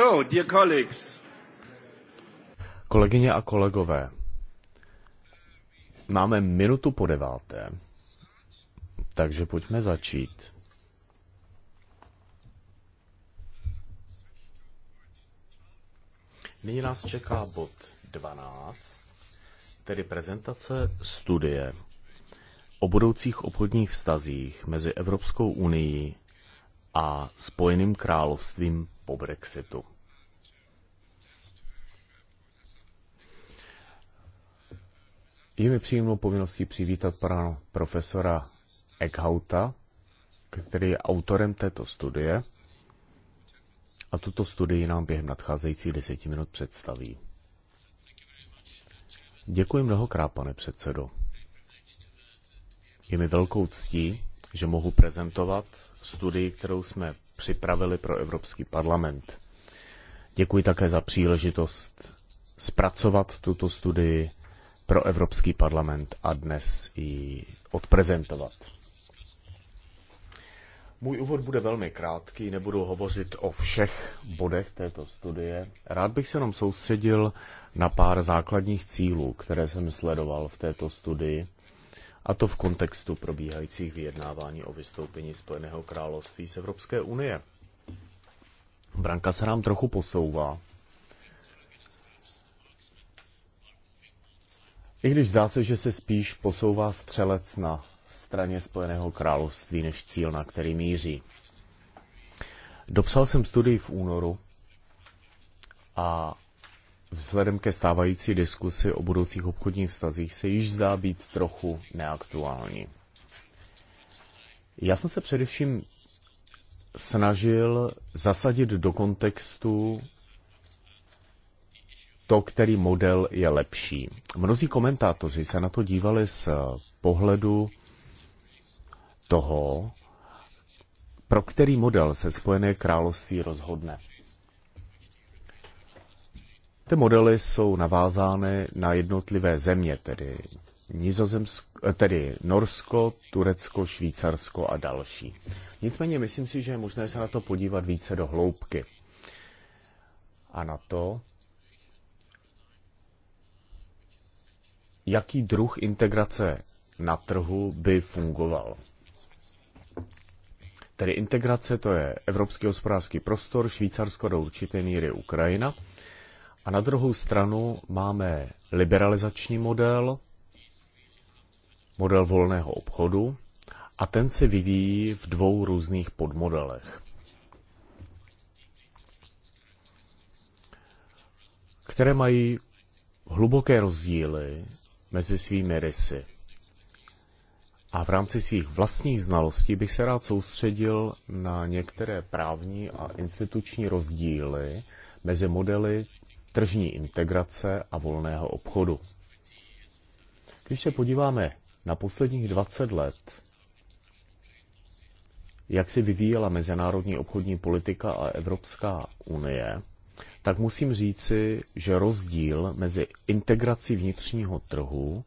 So, dear colleagues. Kolegyně a kolegové, máme minutu po deváté, takže pojďme začít. Nyní nás čeká bod 12, tedy prezentace studie o budoucích obchodních vztazích mezi Evropskou unii a Spojeným královstvím po Brexitu. Je mi příjemnou povinností přivítat pana profesora Eckhouta, který je autorem této studie a tuto studii nám během nadcházejících deseti minut představí. Děkuji mnohokrát, pane předsedo. Je mi velkou ctí, že mohu prezentovat studii, kterou jsme připravili pro Evropský parlament. Děkuji také za příležitost zpracovat tuto studii pro Evropský parlament a dnes ji odprezentovat. Můj úvod bude velmi krátký, nebudu hovořit o všech bodech této studie. Rád bych se jenom soustředil na pár základních cílů, které jsem sledoval v této studii a to v kontextu probíhajících vyjednávání o vystoupení Spojeného království z Evropské unie. Branka se nám trochu posouvá. I když zdá se, že se spíš posouvá střelec na straně Spojeného království než cíl, na který míří. Dopsal jsem studii v únoru a vzhledem ke stávající diskusi o budoucích obchodních vztazích se již zdá být trochu neaktuální. Já jsem se především snažil zasadit do kontextu to, který model je lepší. Mnozí komentátoři se na to dívali z pohledu toho, pro který model se Spojené království rozhodne. Ty modely jsou navázány na jednotlivé země, tedy, Nizozemsk- eh, tedy Norsko, Turecko, Švýcarsko a další. Nicméně myslím si, že je možné se na to podívat více do hloubky. A na to, jaký druh integrace na trhu by fungoval. Tedy integrace to je Evropský hospodářský prostor, Švýcarsko do určité míry Ukrajina a na druhou stranu máme liberalizační model, model volného obchodu, a ten se vyvíjí v dvou různých podmodelech, které mají hluboké rozdíly mezi svými rysy. A v rámci svých vlastních znalostí bych se rád soustředil na některé právní a instituční rozdíly mezi modely tržní integrace a volného obchodu. Když se podíváme na posledních 20 let, jak se vyvíjela mezinárodní obchodní politika a Evropská unie, tak musím říci, že rozdíl mezi integrací vnitřního trhu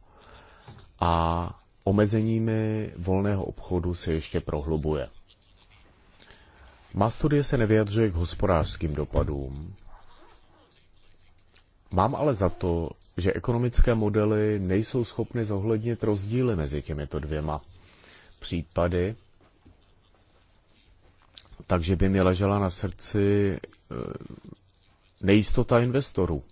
a omezeními volného obchodu se ještě prohlubuje. Má studie se nevyjadřuje k hospodářským dopadům, Mám ale za to, že ekonomické modely nejsou schopny zohlednit rozdíly mezi těmito dvěma případy, takže by mi ležela na srdci eh, nejistota investorů,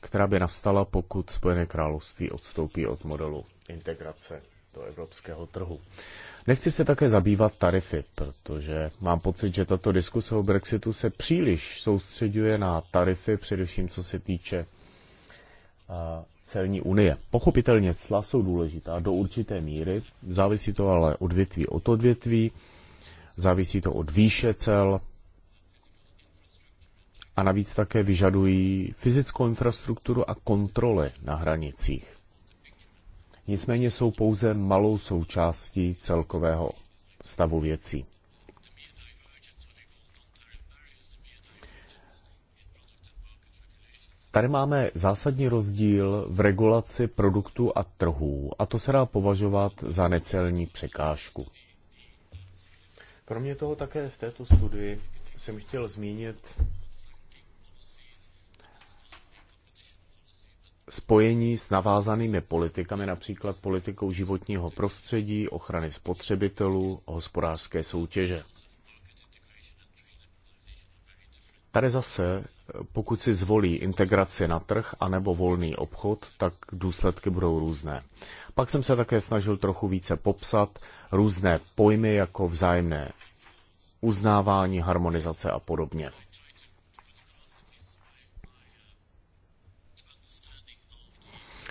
která by nastala, pokud Spojené království odstoupí od modelu integrace do evropského trhu. Nechci se také zabývat tarify, protože mám pocit, že tato diskuse o Brexitu se příliš soustředuje na tarify, především co se týče celní unie. Pochopitelně cla jsou důležitá do určité míry, závisí to ale odvětví od odvětví, závisí to od výše cel a navíc také vyžadují fyzickou infrastrukturu a kontroly na hranicích. Nicméně jsou pouze malou součástí celkového stavu věcí. Tady máme zásadní rozdíl v regulaci produktů a trhů a to se dá považovat za necelní překážku. Kromě toho také v této studii jsem chtěl zmínit spojení s navázanými politikami, například politikou životního prostředí, ochrany spotřebitelů, hospodářské soutěže. Tady zase pokud si zvolí integraci na trh anebo volný obchod, tak důsledky budou různé. Pak jsem se také snažil trochu více popsat různé pojmy jako vzájemné uznávání, harmonizace a podobně.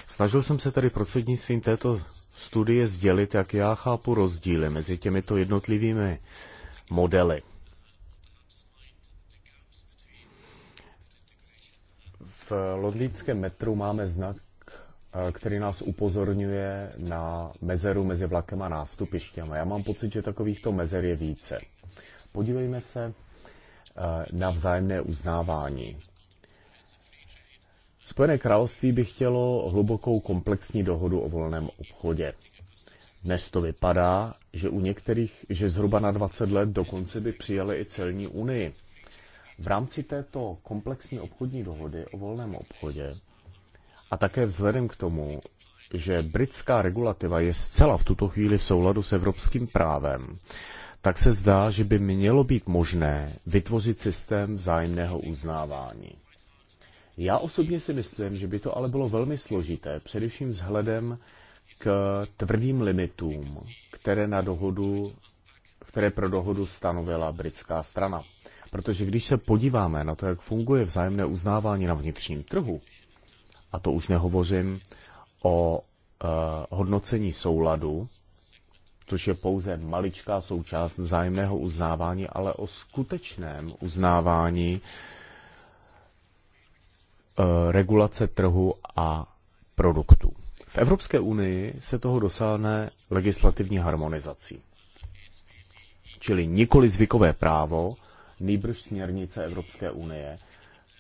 Snažil jsem se tedy prostřednictvím této studie sdělit, jak já chápu rozdíly mezi těmito jednotlivými modely. londýnském metru máme znak, eh, který nás upozorňuje na mezeru mezi vlakem a nástupištěm. A já mám pocit, že takovýchto mezer je více. Podívejme se eh, na vzájemné uznávání. Spojené království by chtělo hlubokou komplexní dohodu o volném obchodě. Dnes to vypadá, že u některých, že zhruba na 20 let dokonce by přijali i celní unii. V rámci této komplexní obchodní dohody o volném obchodě a také vzhledem k tomu, že britská regulativa je zcela v tuto chvíli v souladu s evropským právem, tak se zdá, že by mělo být možné vytvořit systém vzájemného uznávání. Já osobně si myslím, že by to ale bylo velmi složité, především vzhledem k tvrdým limitům, které, na dohodu, které pro dohodu stanovila britská strana. Protože když se podíváme na to, jak funguje vzájemné uznávání na vnitřním trhu, a to už nehovořím o uh, hodnocení souladu, což je pouze maličká součást vzájemného uznávání, ale o skutečném uznávání e, regulace trhu a produktů. V Evropské unii se toho dosáhne legislativní harmonizací. Čili nikoli zvykové právo, nejbrž směrnice Evropské unie,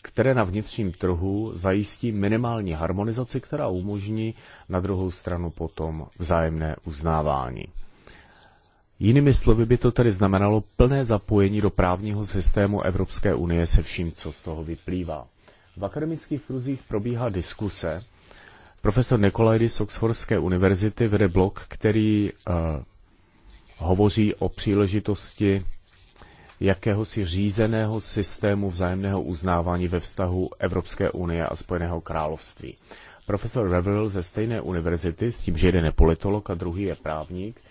které na vnitřním trhu zajistí minimální harmonizaci, která umožní na druhou stranu potom vzájemné uznávání. Jinými slovy by to tedy znamenalo plné zapojení do právního systému Evropské unie se vším, co z toho vyplývá. V akademických kruzích probíhá diskuse. Profesor Nikolajdy z Oxfordské univerzity vede blog, který uh, hovoří o příležitosti jakéhosi řízeného systému vzájemného uznávání ve vztahu Evropské unie a Spojeného království. Profesor Revel ze stejné univerzity, s tím, že jeden je politolog a druhý je právník,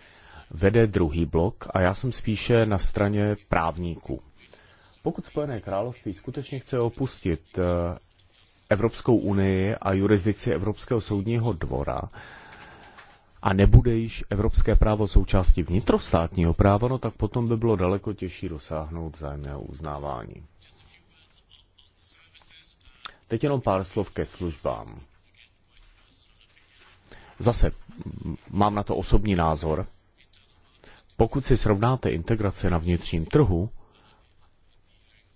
vede druhý blok a já jsem spíše na straně právníků. Pokud Spojené království skutečně chce opustit eh, Evropskou unii a jurisdikci Evropského soudního dvora, a nebude již evropské právo součástí vnitrostátního práva, no tak potom by bylo daleko těžší dosáhnout vzájemného uznávání. Teď jenom pár slov ke službám. Zase mám na to osobní názor. Pokud si srovnáte integrace na vnitřním trhu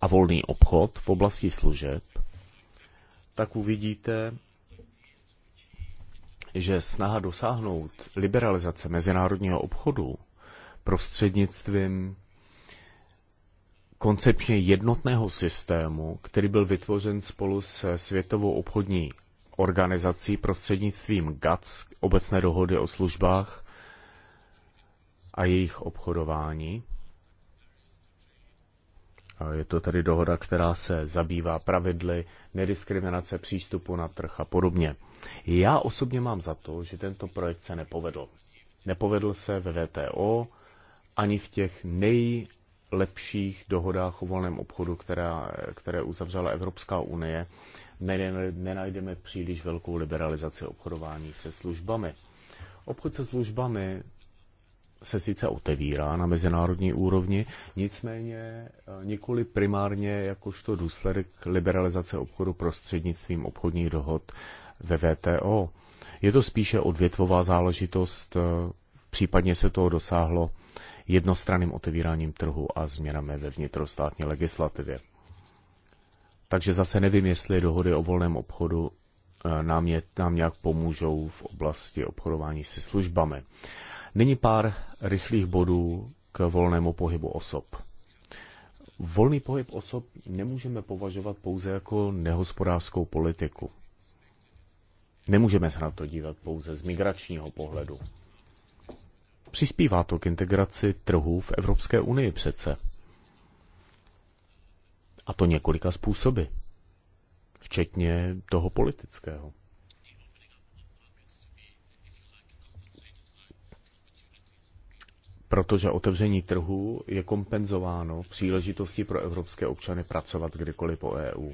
a volný obchod v oblasti služeb, tak uvidíte, že snaha dosáhnout liberalizace mezinárodního obchodu prostřednictvím koncepčně jednotného systému, který byl vytvořen spolu se Světovou obchodní organizací prostřednictvím GATS, obecné dohody o službách a jejich obchodování, je to tedy dohoda, která se zabývá pravidly nediskriminace přístupu na trh a podobně. Já osobně mám za to, že tento projekt se nepovedl. Nepovedl se ve VTO ani v těch nejlepších dohodách o volném obchodu, která, které uzavřela Evropská unie. Nenajdeme příliš velkou liberalizaci obchodování se službami. Obchod se službami se sice otevírá na mezinárodní úrovni, nicméně eh, nikoli primárně jakožto důsledek liberalizace obchodu prostřednictvím obchodních dohod ve VTO. Je to spíše odvětvová záležitost, eh, případně se toho dosáhlo jednostranným otevíráním trhu a změnami ve vnitrostátní legislativě. Takže zase nevím, jestli dohody o volném obchodu eh, nám, je, nám nějak pomůžou v oblasti obchodování se službami. Nyní pár rychlých bodů k volnému pohybu osob. Volný pohyb osob nemůžeme považovat pouze jako nehospodářskou politiku. Nemůžeme se na to dívat pouze z migračního pohledu. Přispívá to k integraci trhů v Evropské unii přece. A to několika způsoby, včetně toho politického. protože otevření trhu je kompenzováno příležitostí pro evropské občany pracovat kdykoliv po EU.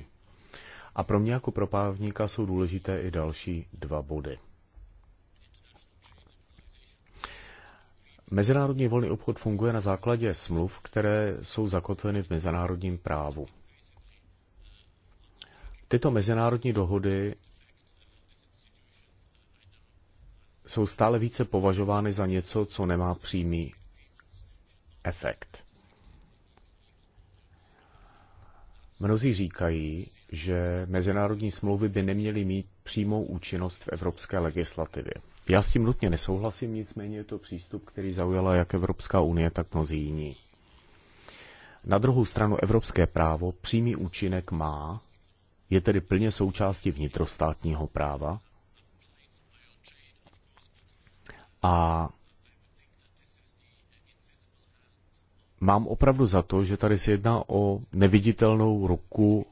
A pro mě jako pro právníka jsou důležité i další dva body. Mezinárodní volný obchod funguje na základě smluv, které jsou zakotveny v mezinárodním právu. Tyto mezinárodní dohody jsou stále více považovány za něco, co nemá přímý efekt. Mnozí říkají, že mezinárodní smlouvy by neměly mít přímou účinnost v evropské legislativě. Já s tím nutně nesouhlasím, nicméně je to přístup, který zaujala jak Evropská unie, tak mnozí jiní. Na druhou stranu evropské právo přímý účinek má, je tedy plně součástí vnitrostátního práva a mám opravdu za to, že tady se jedná o neviditelnou ruku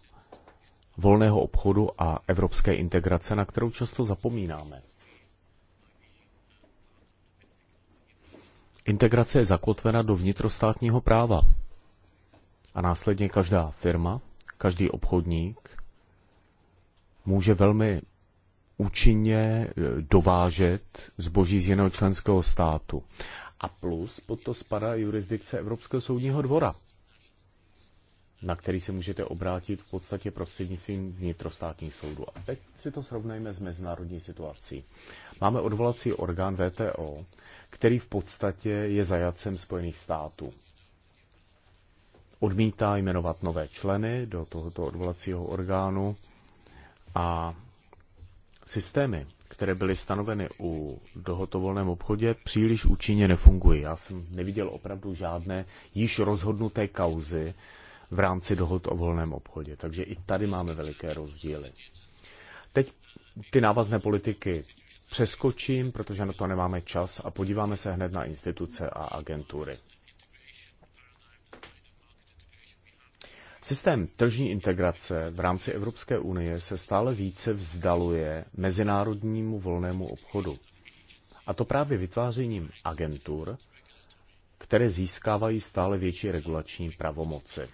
volného obchodu a evropské integrace, na kterou často zapomínáme. Integrace je zakotvena do vnitrostátního práva a následně každá firma, každý obchodník může velmi účinně e, dovážet zboží z jiného členského státu. A plus pod to spadá jurisdikce Evropského soudního dvora, na který se můžete obrátit v podstatě prostřednictvím vnitrostátních soudů. A teď si to srovnejme s mezinárodní situací. Máme odvolací orgán VTO, který v podstatě je zajacem Spojených států. Odmítá jmenovat nové členy do tohoto odvolacího orgánu a systémy, které byly stanoveny u dohod o volném obchodě, příliš účinně nefungují. Já jsem neviděl opravdu žádné již rozhodnuté kauzy v rámci dohod o volném obchodě. Takže i tady máme veliké rozdíly. Teď ty návazné politiky přeskočím, protože na to nemáme čas a podíváme se hned na instituce a agentury. Systém tržní integrace v rámci Evropské unie se stále více vzdaluje mezinárodnímu volnému obchodu. A to právě vytvářením agentur, které získávají stále větší regulační pravomoci.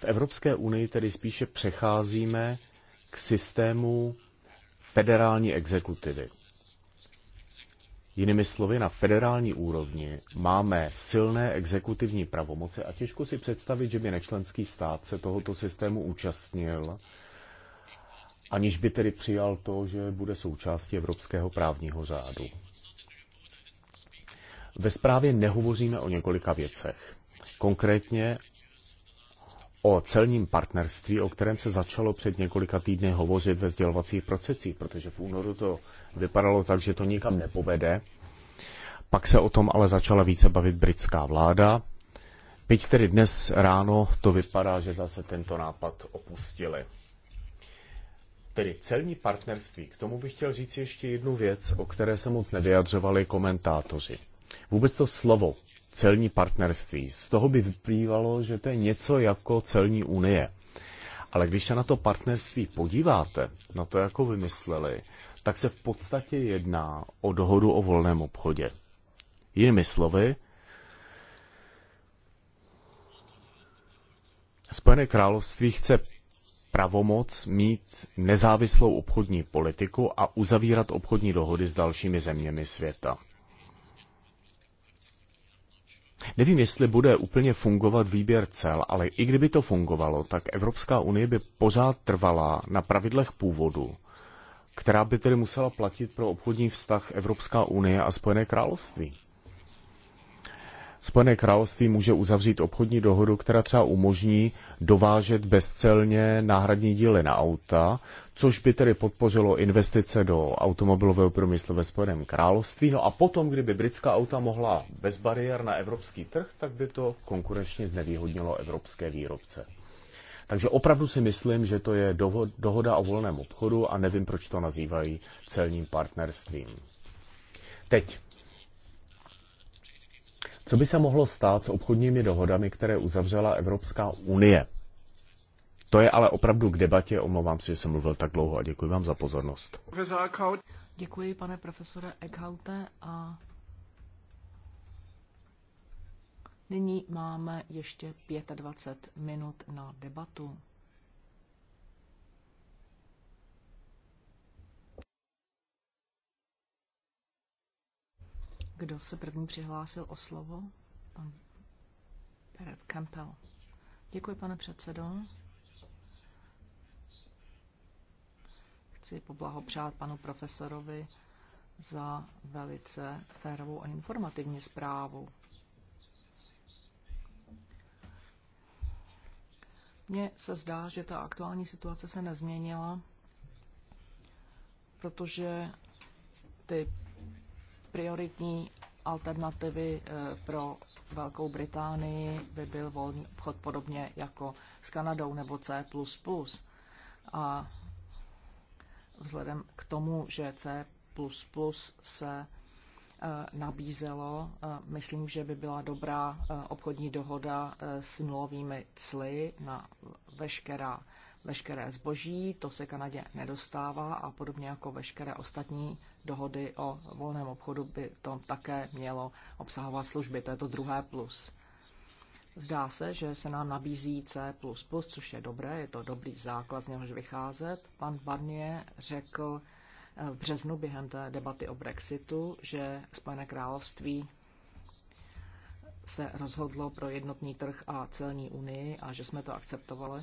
V Evropské unii tedy spíše přecházíme k systému federální exekutivy. Jinými slovy, na federální úrovni máme silné exekutivní pravomoce a těžko si představit, že by nečlenský stát se tohoto systému účastnil, aniž by tedy přijal to, že bude součástí evropského právního řádu. Ve zprávě nehovoříme o několika věcech. Konkrétně o celním partnerství, o kterém se začalo před několika týdny hovořit ve sdělovacích procesích, protože v únoru to vypadalo tak, že to nikam nepovede. Pak se o tom ale začala více bavit britská vláda. Byť tedy dnes ráno to vypadá, že zase tento nápad opustili. Tedy celní partnerství. K tomu bych chtěl říct ještě jednu věc, o které se moc nevyjadřovali komentátoři. Vůbec to slovo celní partnerství. Z toho by vyplývalo, že to je něco jako celní unie. Ale když se na to partnerství podíváte, na to, jako vymysleli, tak se v podstatě jedná o dohodu o volném obchodě. Jinými slovy, Spojené království chce pravomoc mít nezávislou obchodní politiku a uzavírat obchodní dohody s dalšími zeměmi světa. Nevím, jestli bude úplně fungovat výběr cel, ale i kdyby to fungovalo, tak Evropská unie by pořád trvala na pravidlech původu, která by tedy musela platit pro obchodní vztah Evropská unie a Spojené království. Spojené království může uzavřít obchodní dohodu, která třeba umožní dovážet bezcelně náhradní díly na auta, což by tedy podpořilo investice do automobilového průmyslu ve Spojeném království. No a potom, kdyby britská auta mohla bez bariér na evropský trh, tak by to konkurenčně znevýhodnilo evropské výrobce. Takže opravdu si myslím, že to je dohoda o volném obchodu a nevím, proč to nazývají celním partnerstvím. Teď co by se mohlo stát s obchodními dohodami, které uzavřela Evropská unie? To je ale opravdu k debatě, omlouvám se, že jsem mluvil tak dlouho a děkuji vám za pozornost. Děkuji, pane profesore Eckhaute a nyní máme ještě 25 minut na debatu. Kdo se první přihlásil o slovo? Pan Brad Kempel. Děkuji, pane předsedo. Chci poblahopřát panu profesorovi za velice férovou a informativní zprávu. Mně se zdá, že ta aktuální situace se nezměnila, protože ty Prioritní alternativy eh, pro Velkou Británii by byl volný obchod podobně jako s Kanadou nebo C++. A vzhledem k tomu, že C++ se eh, nabízelo. Eh, myslím, že by byla dobrá obchodní dohoda s nulovými cly na veškerá, veškeré zboží. To se Kanadě nedostává a podobně jako veškeré ostatní dohody o volném obchodu by to také mělo obsahovat služby. To je to druhé plus. Zdá se, že se nám nabízí C++, což je dobré, je to dobrý základ, z něhož vycházet. Pan Barnier řekl eh, v březnu během té debaty o Brexitu, že Spojené království se rozhodlo pro jednotný trh a celní unii a že jsme to akceptovali.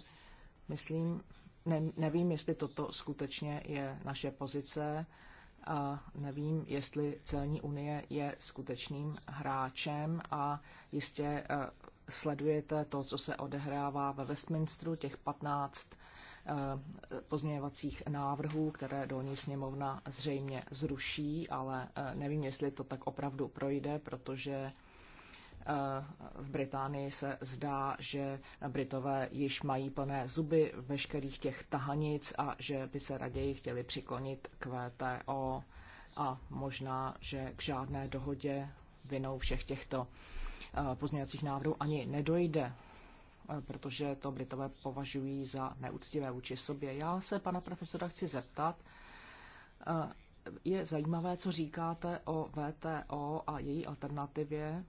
Myslím, ne, nevím, jestli toto skutečně je naše pozice a nevím, jestli celní unie je skutečným hráčem a jistě eh, sledujete to, co se odehrává ve Westminsteru, těch 15 eh, pozměňovacích návrhů, které dolní sněmovna zřejmě zruší, ale eh, nevím, jestli to tak opravdu projde, protože Eh, v Británii se zdá, že Britové již mají plné zuby veškerých těch tahanic a že by se raději chtěli přiklonit k VTO a možná, že k žádné dohodě vinou všech těchto eh, pozměňovacích návrhů ani nedojde eh, protože to Britové považují za neúctivé vůči sobě. Já se pana profesora chci zeptat, je zajímavé, co říkáte o VTO a její alternativě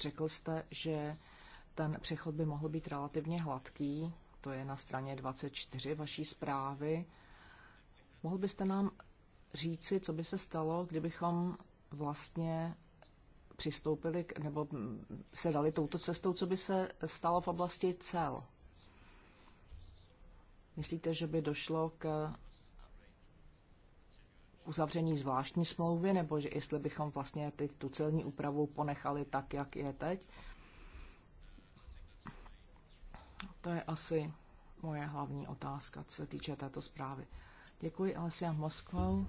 Řekl jste, že ten přechod by mohl být relativně hladký, to je na straně 24 vaší zprávy. Mohl byste nám říci, co by se stalo, kdybychom vlastně přistoupili k, nebo se dali touto cestou, co by se stalo v oblasti cel? Myslíte, že by došlo k uzavření zvláštní smlouvy, nebo že jestli bychom vlastně ty, tu celní úpravu ponechali tak, jak je teď. To je asi moje hlavní otázka, co se týče této zprávy. Děkuji Alessia Moskvou.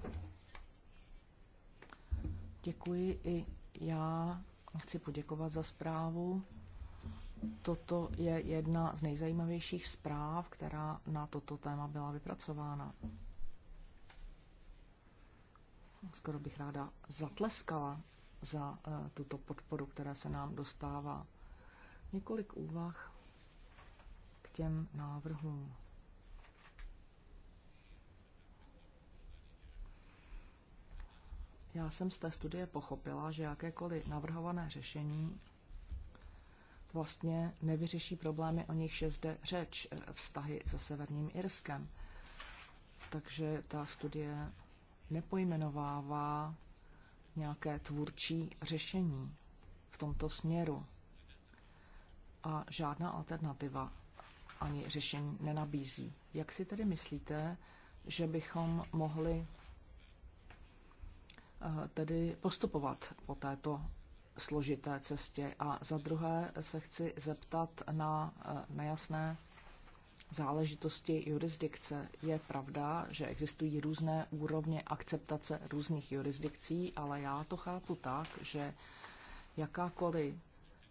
Děkuji i já. Chci poděkovat za zprávu. Toto je jedna z nejzajímavějších zpráv, která na toto téma byla vypracována. Skoro bych ráda zatleskala za eh, tuto podporu, která se nám dostává. Několik úvah k těm návrhům. Já jsem z té studie pochopila, že jakékoliv navrhované řešení vlastně nevyřeší problémy, o nich je zde řeč, eh, vztahy se Severním Irskem. Takže ta studie nepojmenovává nějaké tvůrčí řešení v tomto směru. A žádná alternativa ani řešení nenabízí. Jak si tedy myslíte, že bychom mohli eh, tedy postupovat po této složité cestě? A za druhé se chci zeptat na eh, nejasné záležitosti jurisdikce. Je pravda, že existují různé úrovně akceptace různých jurisdikcí, ale já to chápu tak, že jakákoliv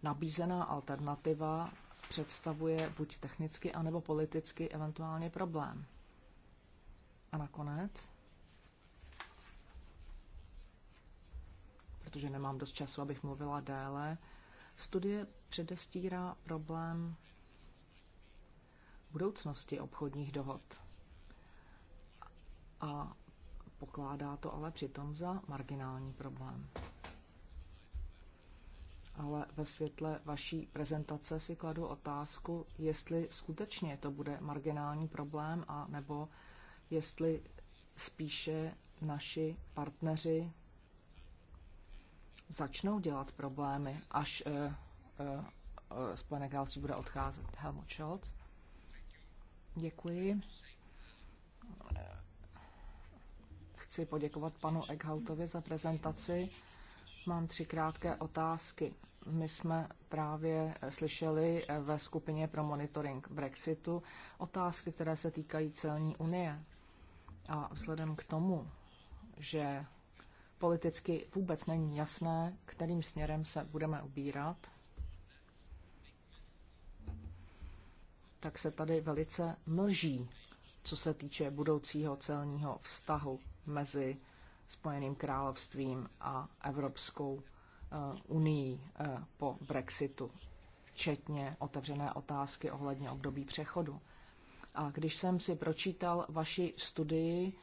nabízená alternativa představuje buď technicky, anebo politicky eventuálně problém. A nakonec, protože nemám dost času, abych mluvila déle, studie předestírá problém budoucnosti obchodních dohod. A pokládá to ale přitom za marginální problém. Ale ve světle vaší prezentace si kladu otázku, jestli skutečně to bude marginální problém, a nebo jestli spíše naši partneři začnou dělat problémy, až uh, uh, uh, Spojené království bude odcházet. Helmut Scholz. Děkuji. Chci poděkovat panu Eckhoutovi za prezentaci. Mám tři krátké otázky. My jsme právě slyšeli ve skupině pro monitoring Brexitu otázky, které se týkají celní unie. A vzhledem k tomu, že politicky vůbec není jasné, kterým směrem se budeme ubírat, tak se tady velice mlží, co se týče budoucího celního vztahu mezi Spojeným královstvím a Evropskou eh, unii eh, po Brexitu, včetně otevřené otázky ohledně období přechodu. A když jsem si pročítal vaši studii,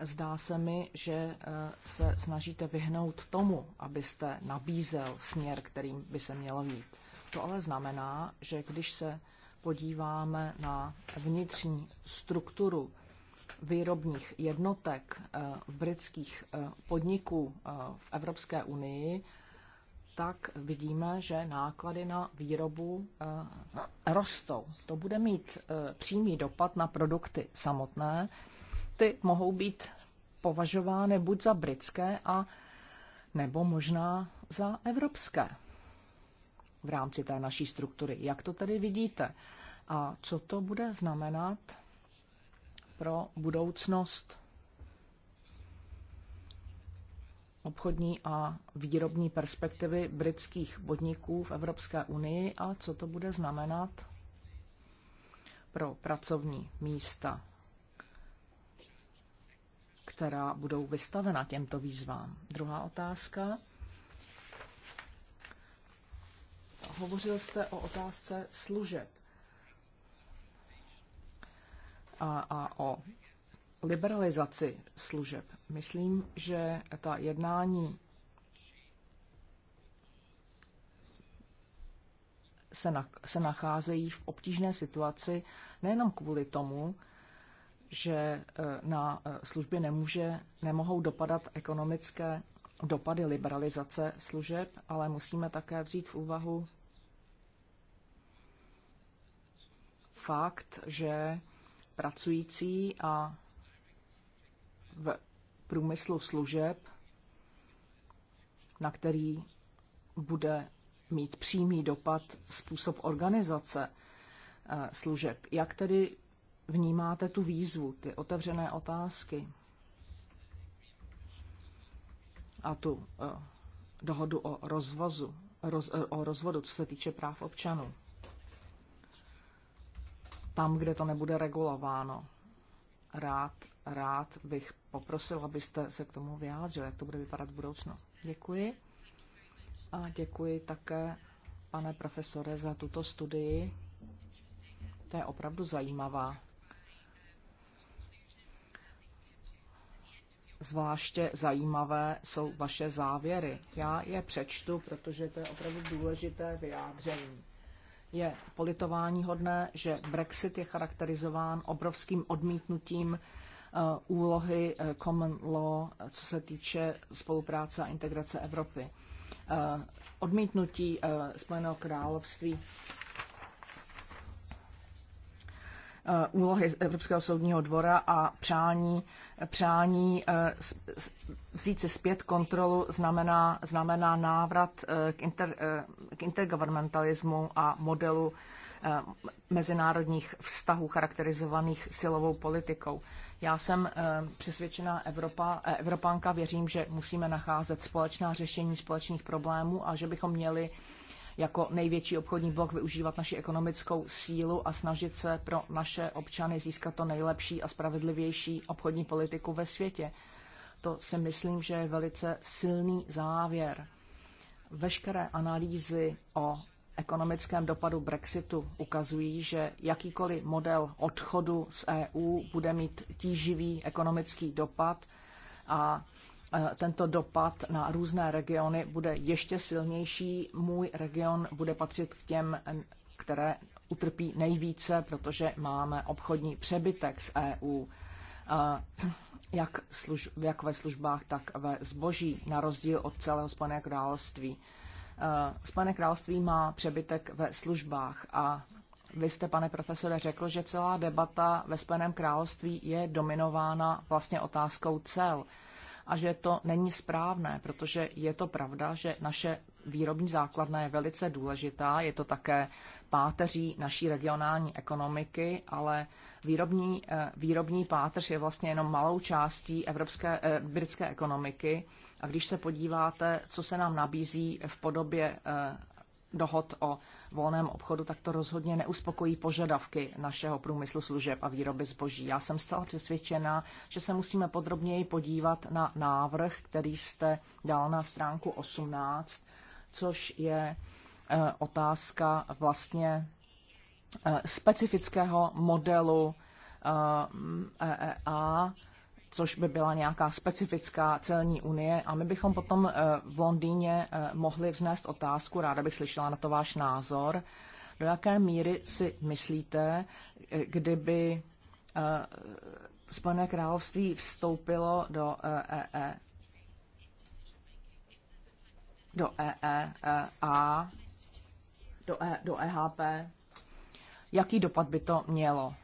zdá se mi, že eh, se snažíte vyhnout tomu, abyste nabízel směr, kterým by se mělo jít. To ale znamená, že když se podíváme na vnitřní strukturu výrobních jednotek eh, v britských eh, podniků eh, v Evropské unii, tak vidíme, že náklady na výrobu rostou. To bude mít přímý dopad na produkty samotné. Ty mohou být považovány buď za britské a nebo možná za evropské v rámci té naší struktury. Jak to tedy vidíte? A co to bude znamenat pro budoucnost obchodní a výrobní perspektivy britských podniků v Evropské unii a co to bude znamenat pro pracovní místa, která budou vystavena těmto výzvám. Druhá otázka. hovořil jste o otázce služeb a, a o liberalizaci služeb. Myslím, že ta jednání se, na, se nacházejí v obtížné situaci nejenom kvůli tomu, že e, na e, služby nemůže, nemohou dopadat ekonomické dopady liberalizace služeb, ale musíme také vzít v úvahu fakt, že pracující a v průmyslu služeb, na který bude mít přímý dopad způsob organizace eh, služeb. Jak tedy vnímáte tu výzvu, ty otevřené otázky a tu eh, dohodu o rozvazu, roz, eh, o rozvodu, co se týče práv občanů? tam, kde to nebude regulováno. Rád, rád bych poprosil, abyste se k tomu vyjádřil, jak to bude vypadat v budoucnu. Děkuji. A děkuji také, pane profesore, za tuto studii. To je opravdu zajímavá. Zvláště zajímavé jsou vaše závěry. Já je přečtu, protože to je opravdu důležité vyjádření. Je politování hodné, že Brexit je charakterizován obrovským odmítnutím eh, úlohy eh, common law, co se týče spolupráce a integrace Evropy. Eh, odmítnutí Spojeného království Eh, úlohy Evropského soudního dvora a přání, přání eh, vzít si zpět kontrolu znamená, znamená návrat eh, k, inter, k intergovernmentalismu a modelu mezinárodních vztahů charakterizovaných silovou politikou. Já jsem přesvědčená Evropa, Evropanka, věřím, že musíme nacházet společná řešení společných problémů a že bychom měli jako největší obchodní blok využívat naši ekonomickou sílu a snažit se pro naše občany získat to nejlepší a spravedlivější obchodní politiku ve světě. To si myslím, že je velice silný závěr. Veškeré analýzy o ekonomickém dopadu Brexitu ukazují, že jakýkoliv model odchodu z EU bude mít tíživý ekonomický dopad a Eh, tento dopad na různé regiony bude ještě silnější. Můj region bude patřit k těm, které utrpí nejvíce, protože máme obchodní přebytek z EU, eh, jak, služ, jak ve službách, tak ve zboží, na rozdíl od celého Spojené království. Eh, Spojené království má přebytek ve službách a vy jste, pane profesore, řekl, že celá debata ve Spojeném království je dominována vlastně otázkou cel a že to není správné, protože je to pravda, že naše výrobní základna je velice důležitá, je to také páteří naší regionální ekonomiky, ale výrobní, eh, výrobní páteř je vlastně jenom malou částí evropské, eh, britské ekonomiky. A když se podíváte, co se nám nabízí v podobě eh, dohod o volném obchodu, tak to rozhodně neuspokojí požadavky našeho průmyslu služeb a výroby zboží. Já jsem zcela přesvědčena, že se musíme podrobněji podívat na návrh, který jste dal na stránku 18, což je e, otázka vlastně e, specifického modelu EEA, což by byla nějaká specifická celní unie. A my bychom potom eh, v Londýně eh, mohli vznést otázku, ráda bych slyšela na to váš názor, do jaké míry si myslíte, eh, kdyby Spojené království vstoupilo do EE, e? do e e a do, e, do EHP, jaký dopad by to mělo?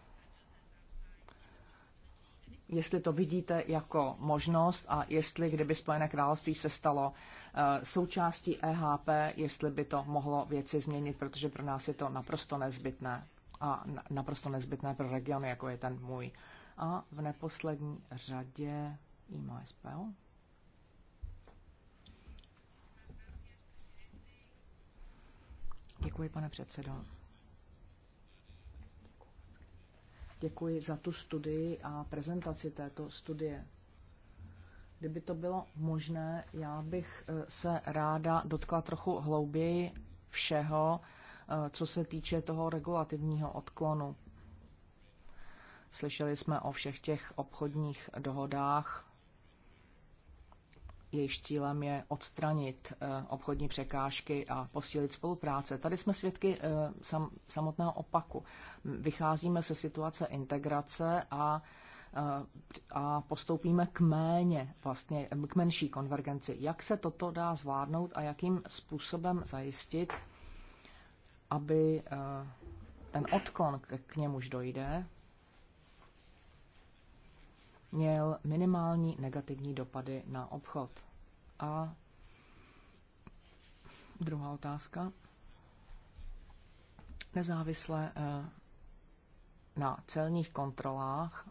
jestli to vidíte jako možnost a jestli, kdyby Spojené království se stalo eh, součástí EHP, jestli by to mohlo věci změnit, protože pro nás je to naprosto nezbytné a naprosto nezbytné pro regiony, jako je ten můj. A v neposlední řadě IMSPL. Děkuji, pane předsedo. děkuji za tu studii a prezentaci této studie. Kdyby to bylo možné, já bych eh, se ráda dotkla trochu hlouběji všeho, eh, co se týče toho regulativního odklonu. Slyšeli jsme o všech těch obchodních dohodách jejíž cílem je odstranit eh, obchodní překážky a posílit spolupráce. Tady jsme svědky eh, samotného opaku. Vycházíme se situace integrace a eh, a postoupíme k méně, vlastně k menší konvergenci. Jak se toto dá zvládnout a jakým způsobem zajistit, aby ten odklon k němuž dojde, měl minimální negativní dopady na obchod. A druhá otázka. Nezávisle eh, na celních kontrolách,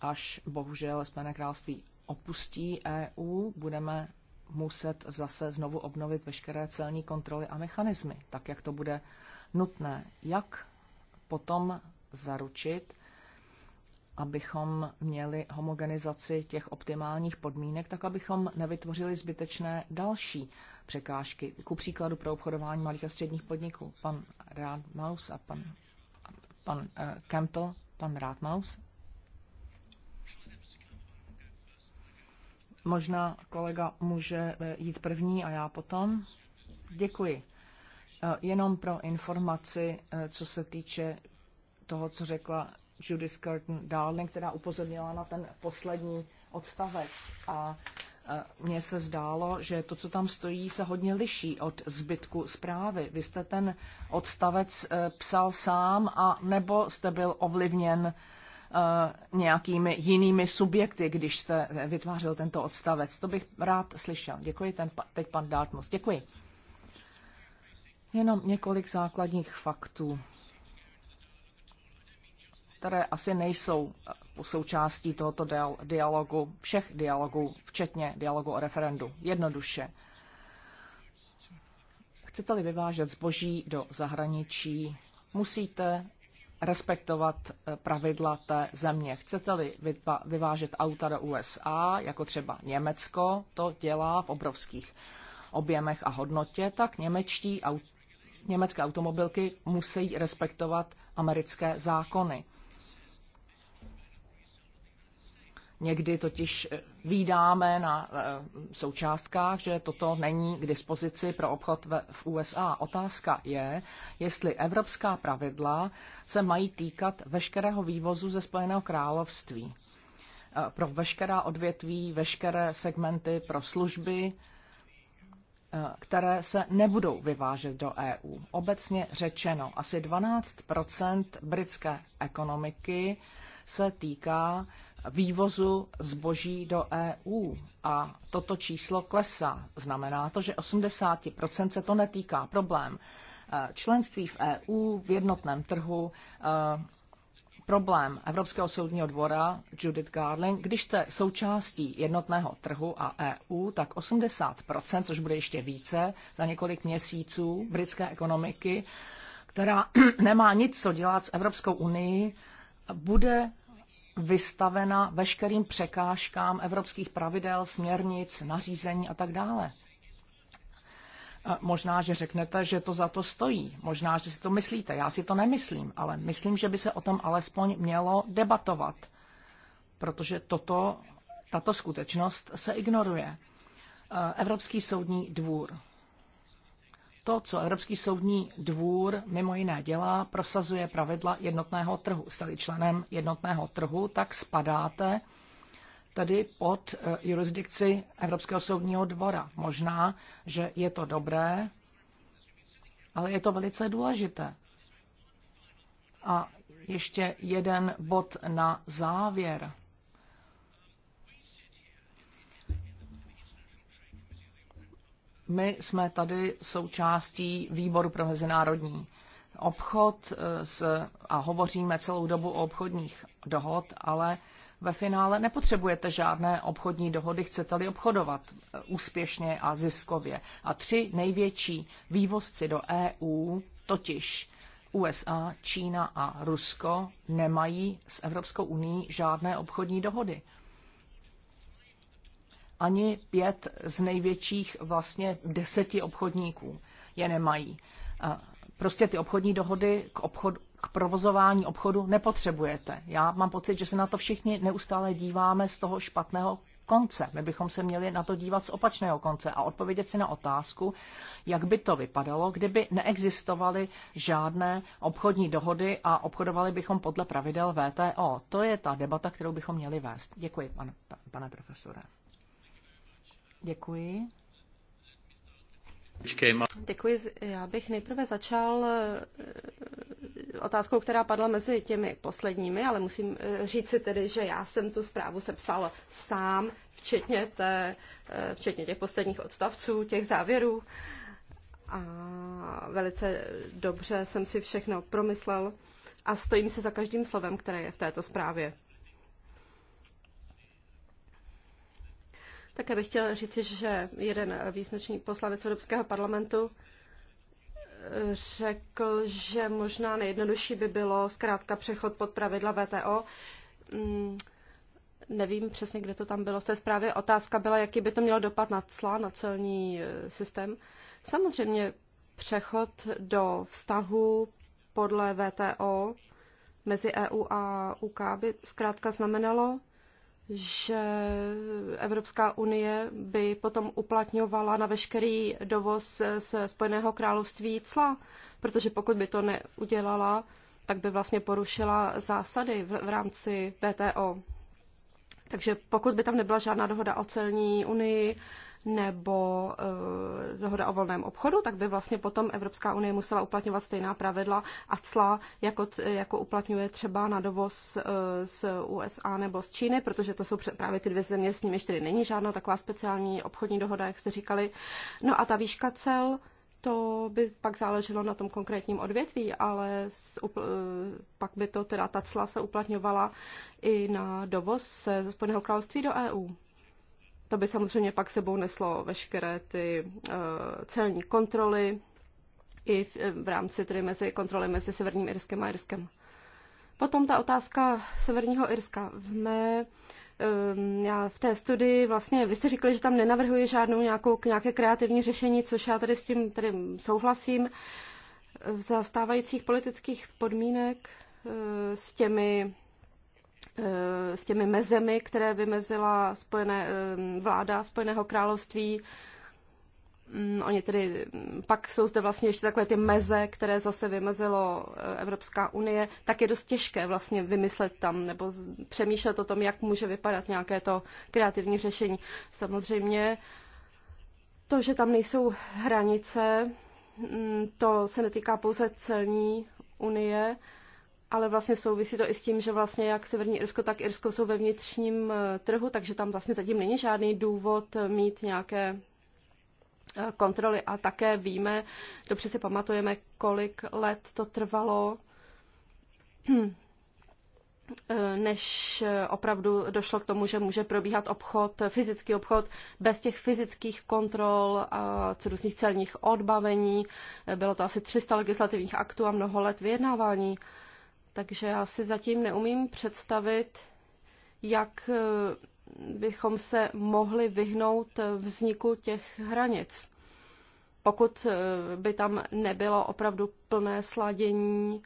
až bohužel Spojené království opustí EU, budeme muset zase znovu obnovit veškeré celní kontroly a mechanismy, tak jak to bude nutné. Jak potom zaručit, abychom měli homogenizaci těch optimálních podmínek, tak abychom nevytvořili zbytečné další překážky. Ku příkladu pro obchodování malých a středních podniků. Pan Rádmaus a pan, pan uh, Campbell, pan Rádmaus. Možná kolega může eh, jít první a já potom. Děkuji. Eh, jenom pro informaci, co se týče toho, co řekla Judith Curtin Darling, která upozornila na ten poslední odstavec. A e, mně se zdálo, že to, co tam stojí, se hodně liší od zbytku zprávy. Vy jste ten odstavec e, psal sám a nebo jste byl ovlivněn e, nějakými jinými subjekty, když jste vytvářel tento odstavec. To bych rád slyšel. Děkuji, ten, teď pan Dátmus. Děkuji. Jenom několik základních faktů které asi nejsou eh, součástí tohoto dialogu, všech dialogů, včetně dialogu o referendu. Jednoduše. Chcete-li vyvážet zboží do zahraničí, musíte respektovat eh, pravidla té země. Chcete-li vyvážet auta do USA, jako třeba Německo to dělá v obrovských objemech a hodnotě, tak němečtí, německé automobilky musí respektovat americké zákony. Někdy totiž eh, výdáme na eh, součástkách, že toto není k dispozici pro obchod v USA. Otázka je, jestli evropská pravidla se mají týkat veškerého vývozu ze Spojeného království. Eh, pro veškerá odvětví, veškeré segmenty pro služby, které se nebudou vyvážet do EU. Obecně řečeno, asi 12 britské ekonomiky se týká vývozu zboží do EU a toto číslo klesá. Znamená to, že 80% se to netýká. Problém eh, členství v EU v jednotném trhu eh, problém Evropského soudního dvora Judith Garling, když jste součástí jednotného trhu a EU, tak 80%, což bude ještě více za několik měsíců britské ekonomiky, která nemá nic co dělat s Evropskou unii, bude vystavena veškerým překážkám evropských pravidel, směrnic, nařízení a tak dále. Eh, možná, že řeknete, že to za to stojí. Možná, že si to myslíte. Já si to nemyslím, ale myslím, že by se o tom alespoň mělo debatovat, protože toto, tato skutečnost se ignoruje. Eh, Evropský soudní dvůr. To, co Evropský soudní dvůr mimo jiné dělá, prosazuje pravidla jednotného trhu. jste členem jednotného trhu, tak spadáte tedy pod eh, jurisdikci Evropského soudního dvora. Možná, že je to dobré, ale je to velice důležité. A ještě jeden bod na závěr. My jsme tady součástí výboru pro mezinárodní obchod eh, s, a hovoříme celou dobu o obchodních dohod, ale ve finále nepotřebujete žádné obchodní dohody, chcete-li obchodovat eh, úspěšně a ziskově. A tři největší vývozci do EU, totiž USA, Čína a Rusko, nemají s Evropskou uní žádné obchodní dohody ani pět z největších vlastně deseti obchodníků je nemají. Prostě ty obchodní dohody k, obchod, k provozování obchodu nepotřebujete. Já mám pocit, že se na to všichni neustále díváme z toho špatného konce. My bychom se měli na to dívat z opačného konce a odpovědět si na otázku, jak by to vypadalo, kdyby neexistovaly žádné obchodní dohody a obchodovali bychom podle pravidel VTO. To je ta debata, kterou bychom měli vést. Děkuji, pan, pane profesore. Děkuji. Děkuji. Já bych nejprve začal eh, otázkou, která padla mezi těmi posledními, ale musím eh, říct si tedy, že já jsem tu zprávu sepsal sám, včetně, té, eh, včetně těch posledních odstavců, těch závěrů. A velice dobře jsem si všechno promyslel a stojím se za každým slovem, které je v této zprávě. Také bych chtěla říci, že jeden význačný poslanec Evropského parlamentu eh, řekl, že možná nejjednodušší by bylo zkrátka přechod pod pravidla VTO. Mm, nevím přesně, kde to tam bylo v té zprávě. Otázka byla, jaký by to mělo dopad na cla, na celní eh, systém. Samozřejmě přechod do vztahu podle VTO mezi EU a UK by zkrátka znamenalo že Evropská unie by potom uplatňovala na veškerý dovoz z Spojeného království cla, protože pokud by to neudělala, tak by vlastně porušila zásady v, v rámci VTO. Takže pokud by tam nebyla žádná dohoda o celní unii, nebo e, dohoda o volném obchodu, tak by vlastně potom Evropská unie musela uplatňovat stejná pravidla a cla, jako, jako uplatňuje třeba na dovoz e, z USA nebo z Číny, protože to jsou právě ty dvě země, s nimi ještě není žádná taková speciální obchodní dohoda, jak jste říkali. No a ta výška cel, to by pak záleželo na tom konkrétním odvětví, ale z, upl, eh, pak by to teda ta cla se uplatňovala i na dovoz ze Spojeného království do EU. To by samozřejmě pak sebou neslo veškeré ty eh, celní kontroly i v, eh, v rámci tedy mezi kontroly mezi Severním Irskem a Irskem. Potom ta otázka Severního Irska. V mé, ehm, já v té studii vlastně, vy jste říkali, že tam nenavrhuji žádnou nějakou, nějaké kreativní řešení, což já tady s tím tady souhlasím. V zastávajících politických podmínek eh, s těmi Eh, s těmi mezemi, které vymezila spojené, eh, vláda Spojeného království. Mm, oni tedy, mm, pak jsou zde vlastně ještě takové ty meze, které zase vymezilo eh, Evropská unie, tak je dost těžké vlastně vymyslet tam nebo přemýšlet o tom, jak může vypadat nějaké to kreativní řešení. Samozřejmě to, že tam nejsou hranice, mm, to se netýká pouze celní unie, ale vlastně souvisí to i s tím, že vlastně jak Severní Irsko, tak Irsko jsou ve vnitřním eh, trhu, takže tam vlastně zatím není žádný důvod eh, mít nějaké eh, kontroly. A také víme, dobře si pamatujeme, kolik let to trvalo, než opravdu došlo k tomu, že může probíhat obchod, fyzický obchod, bez těch fyzických kontrol a různých celních odbavení. Bylo to asi 300 legislativních aktů a mnoho let vyjednávání. Takže já si zatím neumím představit, jak eh, bychom se mohli vyhnout eh, vzniku těch hranic. Pokud eh, by tam nebylo opravdu plné sladění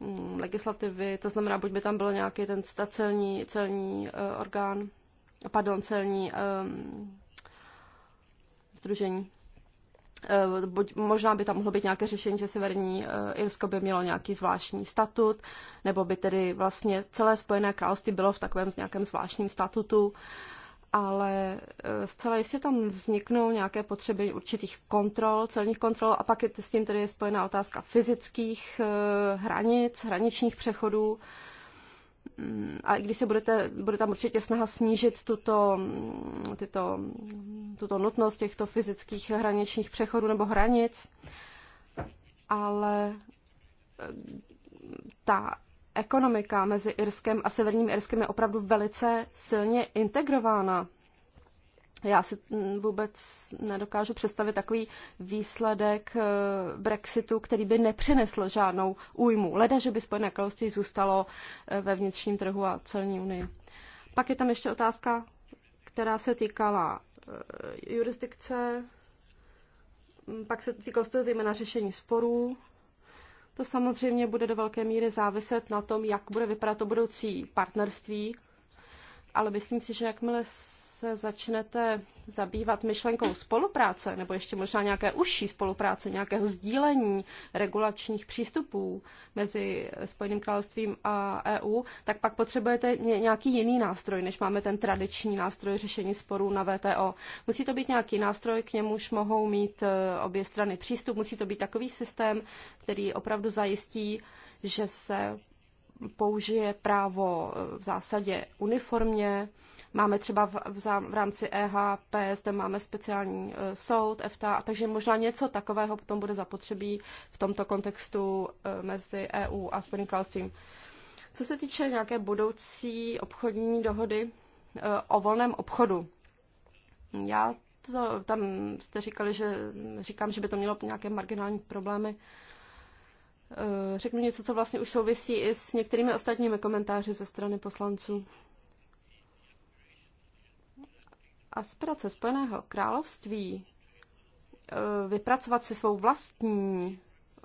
mm, legislativy, to znamená, buď by tam byl nějaký ten celní, celní orgán, pardon, celní um, združení. Eh, buď, možná by tam mohlo být nějaké řešení, že Severní eh, Irsko by mělo nějaký zvláštní statut, nebo by tedy vlastně celé Spojené království bylo v takovém nějakém zvláštním statutu, ale eh, zcela jistě tam vzniknou nějaké potřeby určitých kontrol, celních kontrol a pak je s tím tedy spojená otázka fyzických hranic, hraničních přechodů, a i když se budete, bude tam určitě snaha snížit tuto, tyto, tuto nutnost těchto fyzických hraničních přechodů nebo hranic, ale eh, ta ekonomika mezi Irskem a Severním Irskem je opravdu velice silně integrována. Já si mm, vůbec nedokážu představit takový výsledek eh, Brexitu, který by nepřinesl žádnou újmu. Leda, že by Spojené království zůstalo eh, ve vnitřním trhu a celní unii. Pak je tam ještě otázka, která se týkala eh, jurisdikce, mm, pak se týkalo se zejména řešení sporů. To samozřejmě bude do velké míry záviset na tom, jak bude vypadat to budoucí partnerství, ale myslím si, že jakmile se začnete zabývat myšlenkou spolupráce, nebo ještě možná nějaké užší spolupráce, nějakého sdílení regulačních přístupů mezi Spojeným královstvím a EU, tak pak potřebujete nějaký jiný nástroj, než máme ten tradiční nástroj řešení sporů na VTO. Musí to být nějaký nástroj, k němuž mohou mít e, obě strany přístup, musí to být takový systém, který opravdu zajistí, že se použije právo eh, v zásadě uniformně. Máme třeba v, v, v rámci EHP, zde máme speciální uh, soud, EFTA, takže možná něco takového potom bude zapotřebí v tomto kontextu uh, mezi EU a Spojeným královstvím. Co se týče nějaké budoucí obchodní dohody uh, o volném obchodu, já to, tam jste říkali, že říkám, že by to mělo nějaké marginální problémy. Uh, Eh, řeknu něco, co vlastně už souvisí i s některými ostatními komentáři ze strany poslanců. Aspirace Spojeného království eh, vypracovat si svou vlastní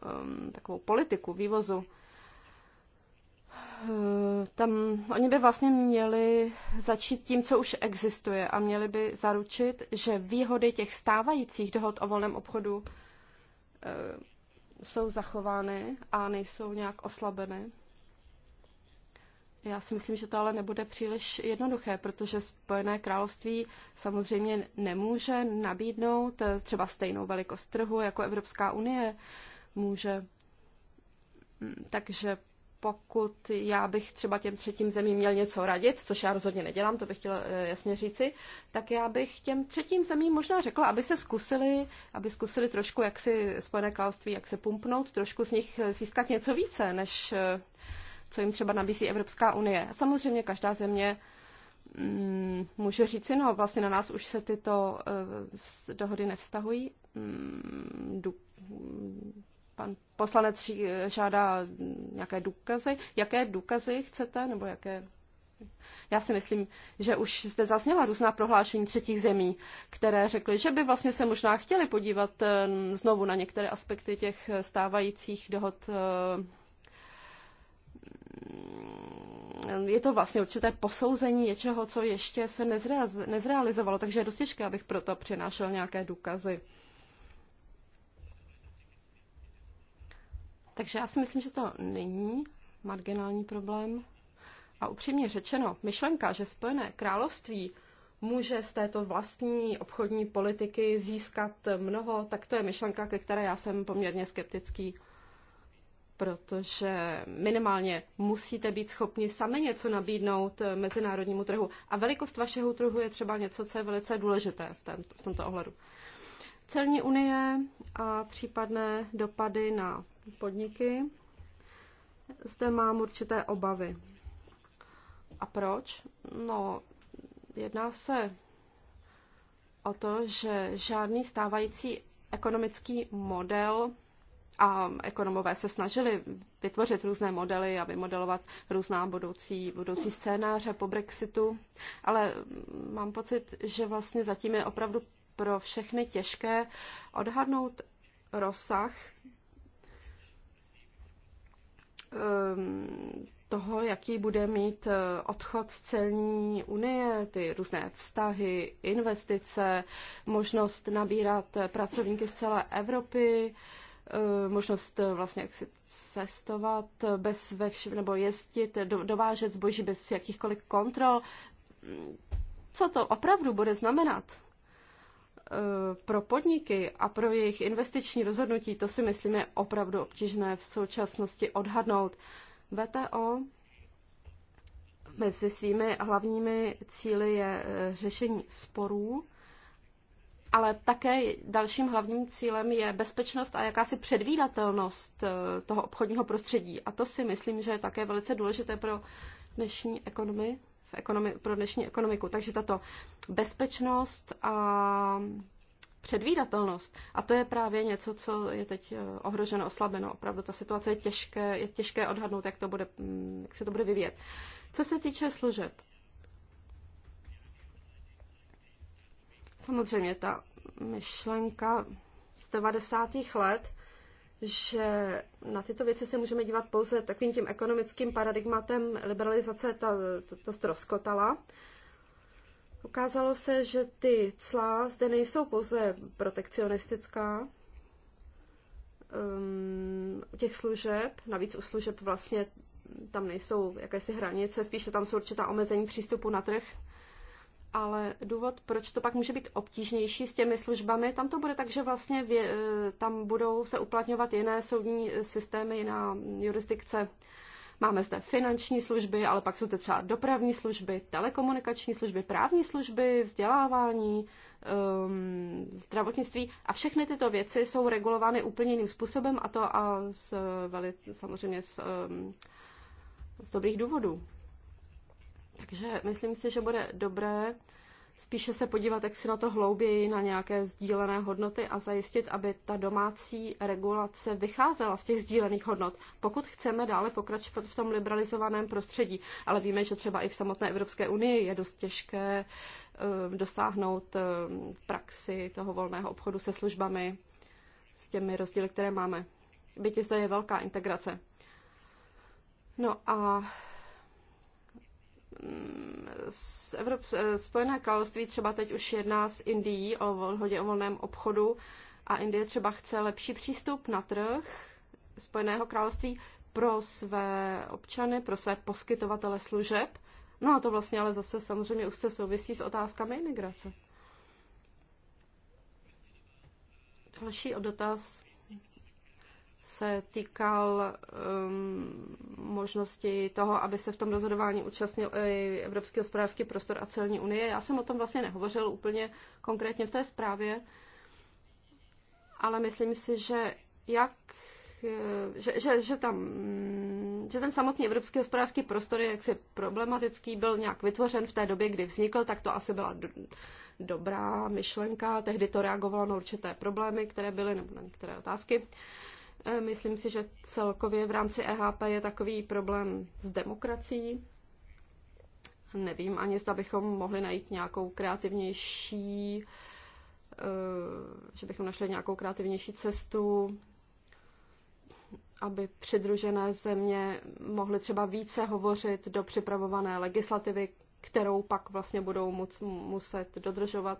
ehm, takovou politiku vývozu, eh, tam oni by vlastně měli začít tím, co už existuje a měli by zaručit, že výhody těch stávajících dohod o volném obchodu jsou zachovány a nejsou nějak oslabeny. Já si myslím, že to ale nebude příliš jednoduché, protože Spojené království samozřejmě nemůže nabídnout eh, třeba stejnou velikost trhu jako Evropská unie může. Mm, takže pokud já bych třeba těm třetím zemím měl něco radit, což já rozhodně nedělám, to bych chtěla eh, jasně říci, tak já bych těm třetím zemím možná řekla, aby se zkusili, aby zkusili trošku, jak si Spojené království, jak se pumpnout, trošku z nich eh, získat něco více, než eh, co jim třeba nabízí Evropská unie. A samozřejmě každá země mm, může říci, no vlastně na nás už se tyto dohody nevztahují. Mm, Pan poslanec žádá nějaké důkazy. Jaké důkazy chcete, nebo jaké já si myslím, že už zde zazněla různá prohlášení třetích zemí, které řekly, že by vlastně se možná chtěli podívat eh, znovu na některé aspekty těch stávajících dohod. Eh, je to vlastně určité posouzení něčeho, co ještě se nezrealizovalo, takže je dost těžké, abych proto přinášel nějaké důkazy. Takže já si myslím, že to není marginální problém. A upřímně řečeno, myšlenka, že Spojené království může z této vlastní obchodní politiky získat mnoho, tak to je myšlenka, ke které já jsem poměrně skeptický, protože minimálně musíte být schopni sami něco nabídnout mezinárodnímu trhu. A velikost vašeho trhu je třeba něco, co je velice důležité v, tém, v tomto ohledu. Celní unie a případné dopady na podniky. Zde mám určité obavy. A proč? No, jedná se o to, že žádný stávající ekonomický model a ekonomové se snažili vytvořit různé modely a vymodelovat různá budoucí, budoucí scénáře po Brexitu, ale mám pocit, že vlastně zatím je opravdu pro všechny těžké odhadnout rozsah Ehm, toho, jaký bude mít eh, odchod z celní unie, ty různé vztahy, investice, možnost nabírat eh, pracovníky z celé Evropy, eh, možnost vlastně jak si cestovat bez ve všem, nebo jezdit, do, dovážet zboží bez jakýchkoliv kontrol. Hmm, co to opravdu bude znamenat? Eh, pro podniky a pro jejich investiční rozhodnutí, to si myslím je opravdu obtížné v současnosti odhadnout. VTO mezi svými hlavními cíly je eh, řešení sporů, ale také dalším hlavním cílem je bezpečnost a jakási předvídatelnost eh, toho obchodního prostředí. A to si myslím, že je také velice důležité pro dnešní ekonomii v ekonomi- pro dnešní ekonomiku. Takže tato bezpečnost a předvídatelnost. A to je právě něco, co je teď eh, ohroženo, oslabeno. Opravdu ta situace je těžké, je těžké odhadnout, jak, to bude, mm, jak se to bude vyvíjet. Co se týče služeb, samozřejmě ta myšlenka z 90. let že na tyto věci se můžeme dívat pouze takovým tím ekonomickým paradigmatem liberalizace ta, ta, ta stroskotala. Ukázalo se, že ty cla zde nejsou pouze protekcionistická um, těch služeb, navíc u služeb vlastně tam nejsou jakési hranice, spíše tam jsou určitá omezení přístupu na trh ale důvod, proč to pak může být obtížnější s těmi službami, tam to bude tak, že vlastně vě, e, tam budou se uplatňovat jiné soudní systémy, jiná jurisdikce. Máme zde finanční služby, ale pak jsou to třeba dopravní služby, telekomunikační služby, právní služby, vzdělávání, um, zdravotnictví a všechny tyto věci jsou regulovány úplně jiným způsobem a to a s, e, veli, samozřejmě s, um, z dobrých důvodů. Takže myslím si, že bude dobré spíše se podívat, jak si na to hlouběji, na nějaké sdílené hodnoty a zajistit, aby ta domácí regulace vycházela z těch sdílených hodnot, pokud chceme dále pokračovat v tom liberalizovaném prostředí. Ale víme, že třeba i v samotné Evropské unii je dost těžké ehm, dosáhnout ehm, praxi toho volného obchodu se službami s těmi rozdíly, které máme. Byť zde je velká integrace. No a z Evrop, eh, Spojené království třeba teď už jedná s Indií o hodě o volném obchodu a Indie třeba chce lepší přístup na trh Spojeného království pro své občany, pro své poskytovatele služeb. No a to vlastně ale zase samozřejmě už se souvisí s otázkami imigrace. Další dotaz se týkal um, možnosti toho, aby se v tom rozhodování účastnil i Evropský hospodářský prostor a celní unie. Já jsem o tom vlastně nehovořil úplně konkrétně v té zprávě, ale myslím si, že jak eh, že, že, že, tam, že ten samotný evropský hospodářský prostor je jaksi problematický, byl nějak vytvořen v té době, kdy vznikl, tak to asi byla do, dobrá myšlenka. Tehdy to reagovalo na určité problémy, které byly, nebo na některé otázky. E, myslím si, že celkově v rámci EHP je takový problém s demokracií. Nevím ani, zda bychom mohli najít nějakou kreativnější, e, že bychom našli nějakou kreativnější cestu, aby přidružené země mohly třeba více hovořit do připravované legislativy, kterou pak vlastně budou moc, muset dodržovat.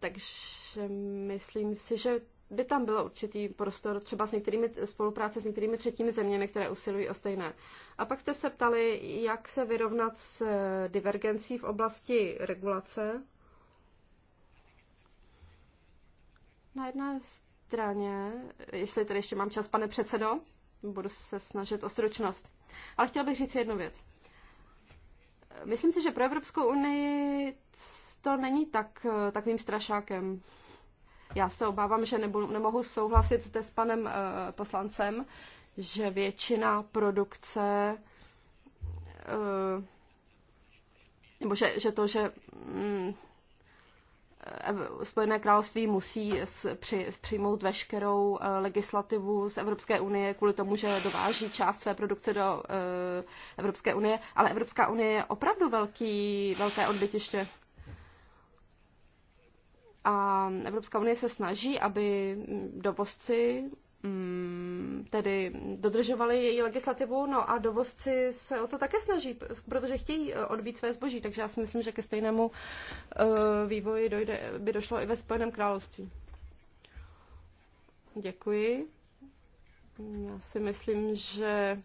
takže myslím si, že by tam byl určitý prostor třeba s některými, spolupráce s některými třetími zeměmi, které usilují o stejné. A pak jste se ptali, jak se vyrovnat s divergencí v oblasti regulace. Na jedné straně, jestli tady ještě mám čas, pane předsedo, budu se snažit o stručnost. Ale chtěla bych říct jednu věc. Myslím si, že pro Evropskou unii to není tak, takovým strašákem. Já se obávám, že nebudu, nemohu souhlasit zde s panem e, poslancem, že většina produkce e, nebo že, že to, že mm, eh, Spojené království musí s, při, přijmout veškerou legislativu z Evropské unie kvůli tomu, že dováží část své produkce do Evropské unie, ale Evropská unie je opravdu velký, velké odbytiště. A Evropská unie se snaží, aby dovozci mm, tedy dodržovali její legislativu, no a dovozci se o to také snaží, protože chtějí eh, odbít své zboží, takže já si myslím, že ke stejnému eh, vývoji dojde, by došlo i ve Spojeném království. Děkuji. Já si myslím, že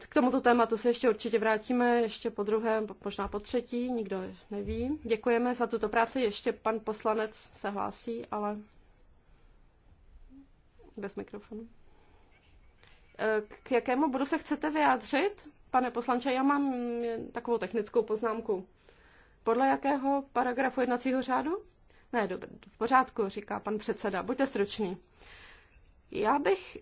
k tomuto tématu se ještě určitě vrátíme, ještě po druhé, možná po třetí, nikdo neví. Děkujeme za tuto práci, ještě pan poslanec se hlásí, ale bez mikrofonu. E, k jakému bodu se chcete vyjádřit? Pane poslanče, já mám takovou technickou poznámku. Podle jakého paragrafu jednacího řádu? Ne, dobře, v pořádku, říká pan předseda. Buďte stručný. Já bych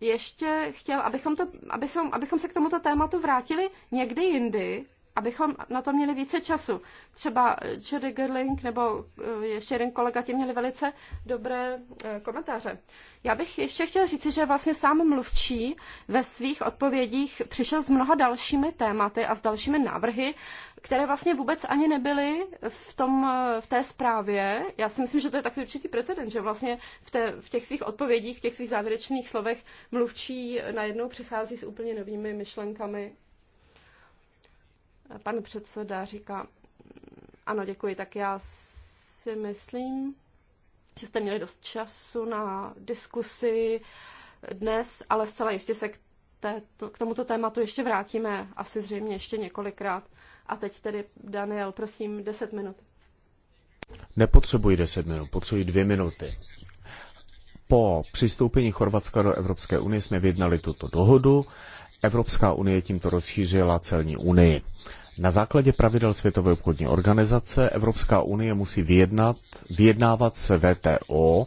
ještě chtěl, abychom, to, abychom, abychom se k tomuto tématu vrátili někdy jindy, abychom na to měli více času. Třeba Jody Gerling nebo eh, ještě jeden kolega ti měli velice dobré eh, komentáře. Já bych ještě chtěl říci, že vlastně sám mluvčí ve svých odpovědích přišel s mnoha dalšími tématy a s dalšími návrhy, které vlastně vůbec ani nebyly v, tom, eh, v té zprávě. Já si myslím, že to je takový určitý precedent, že vlastně v, té, v těch svých odpovědích, v těch svých závěrečných slovech mluvčí najednou přichází s úplně novými myšlenkami Pan předseda říká, ano, děkuji, tak já si myslím, že jste měli dost času na diskusi dnes, ale zcela jistě se k, této, k tomuto tématu ještě vrátíme, asi zřejmě ještě několikrát. A teď tedy, Daniel, prosím, 10 minut. Nepotřebuji 10 minut, potřebuji dvě minuty. Po přistoupení Chorvatska do Evropské unie jsme vyjednali tuto dohodu. Evropská unie tímto rozšířila celní unii. Na základě pravidel Světové obchodní organizace Evropská unie musí vyjednat, vyjednávat se VTO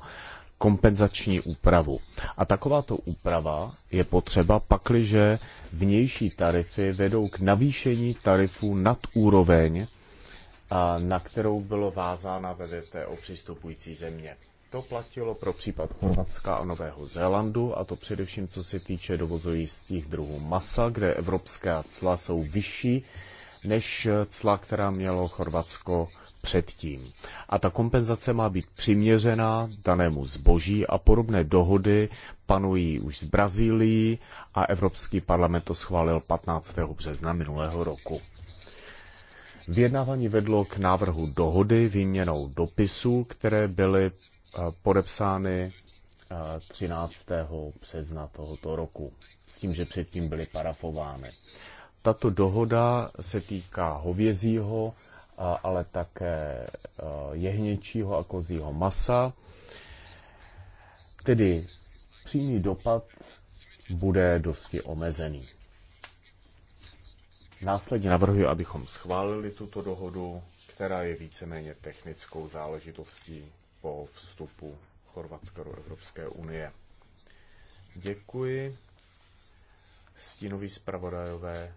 kompenzační úpravu. A takováto úprava je potřeba pakliže vnější tarify vedou k navýšení tarifů nad úroveň, na kterou bylo vázána ve VTO přistupující země. To platilo pro případ Chorvatska a Nového Zélandu, a to především co se týče dovozu jistých druhů masa, kde evropská cla jsou vyšší než cla, která mělo Chorvatsko předtím. A ta kompenzace má být přiměřená danému zboží a podobné dohody panují už z Brazílii a Evropský parlament to schválil 15. března minulého roku. Vyjednávání vedlo k návrhu dohody výměnou dopisů, které byly Eh, podepsány 13. Eh, března tohoto roku, s tím, že předtím byly parafovány. Tato dohoda se týká hovězího, eh, ale také jehněčího a kozího masa. Tedy přímý dopad bude dosti omezený. Následně navrhuji, abychom schválili tuto dohodu, která je víceméně technickou záležitostí po vstupu Chorvatska do Evropské unie. Děkuji. Stínový zpravodajové.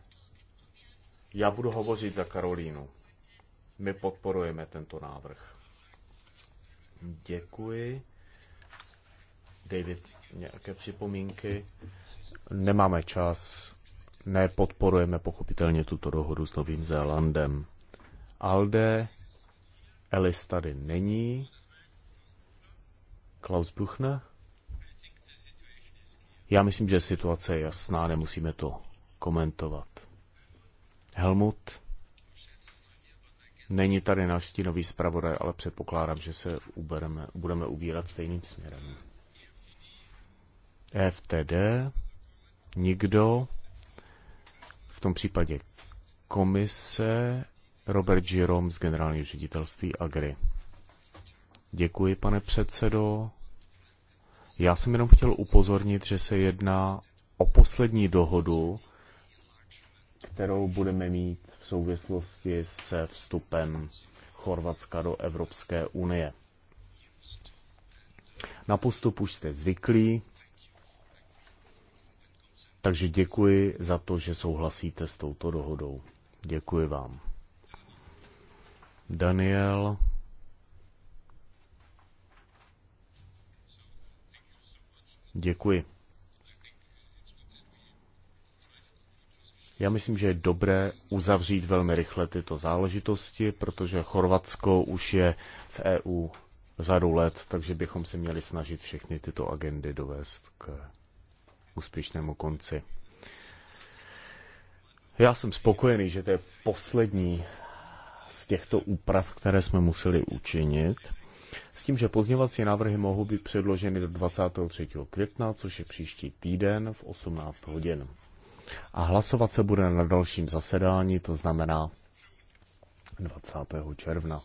Já budu hovořit za Karolínu. My podporujeme tento návrh. Děkuji. David, nějaké připomínky? Nemáme čas. Nepodporujeme pochopitelně tuto dohodu s Novým Zélandem. Alde, Elis tady není. Klaus Buchner? Já myslím, že situace je jasná, nemusíme to komentovat. Helmut? Není tady náš stínový zpravodaj, ale předpokládám, že se ubereme, budeme ubírat stejným směrem. FTD? Nikdo? V tom případě komise Robert Jerome z generálního ředitelství Agri. Děkuji, pane předsedo. Já jsem jenom chtěl upozornit, že se jedná o poslední dohodu, kterou budeme mít v souvislosti se vstupem Chorvatska do Evropské unie. Na postup už jste zvyklí, takže děkuji za to, že souhlasíte s touto dohodou. Děkuji vám. Daniel. Děkuji. Já myslím, že je dobré uzavřít velmi rychle tyto záležitosti, protože Chorvatsko už je v EU řadu let, takže bychom se měli snažit všechny tyto agendy dovést k úspěšnému konci. Já jsem spokojený, že to je poslední z těchto úprav, které jsme museli učinit s tím, že pozněvací návrhy mohou být předloženy do 23. května, což je příští týden v 18 hodin. A hlasovat se bude na dalším zasedání, to znamená 20. června.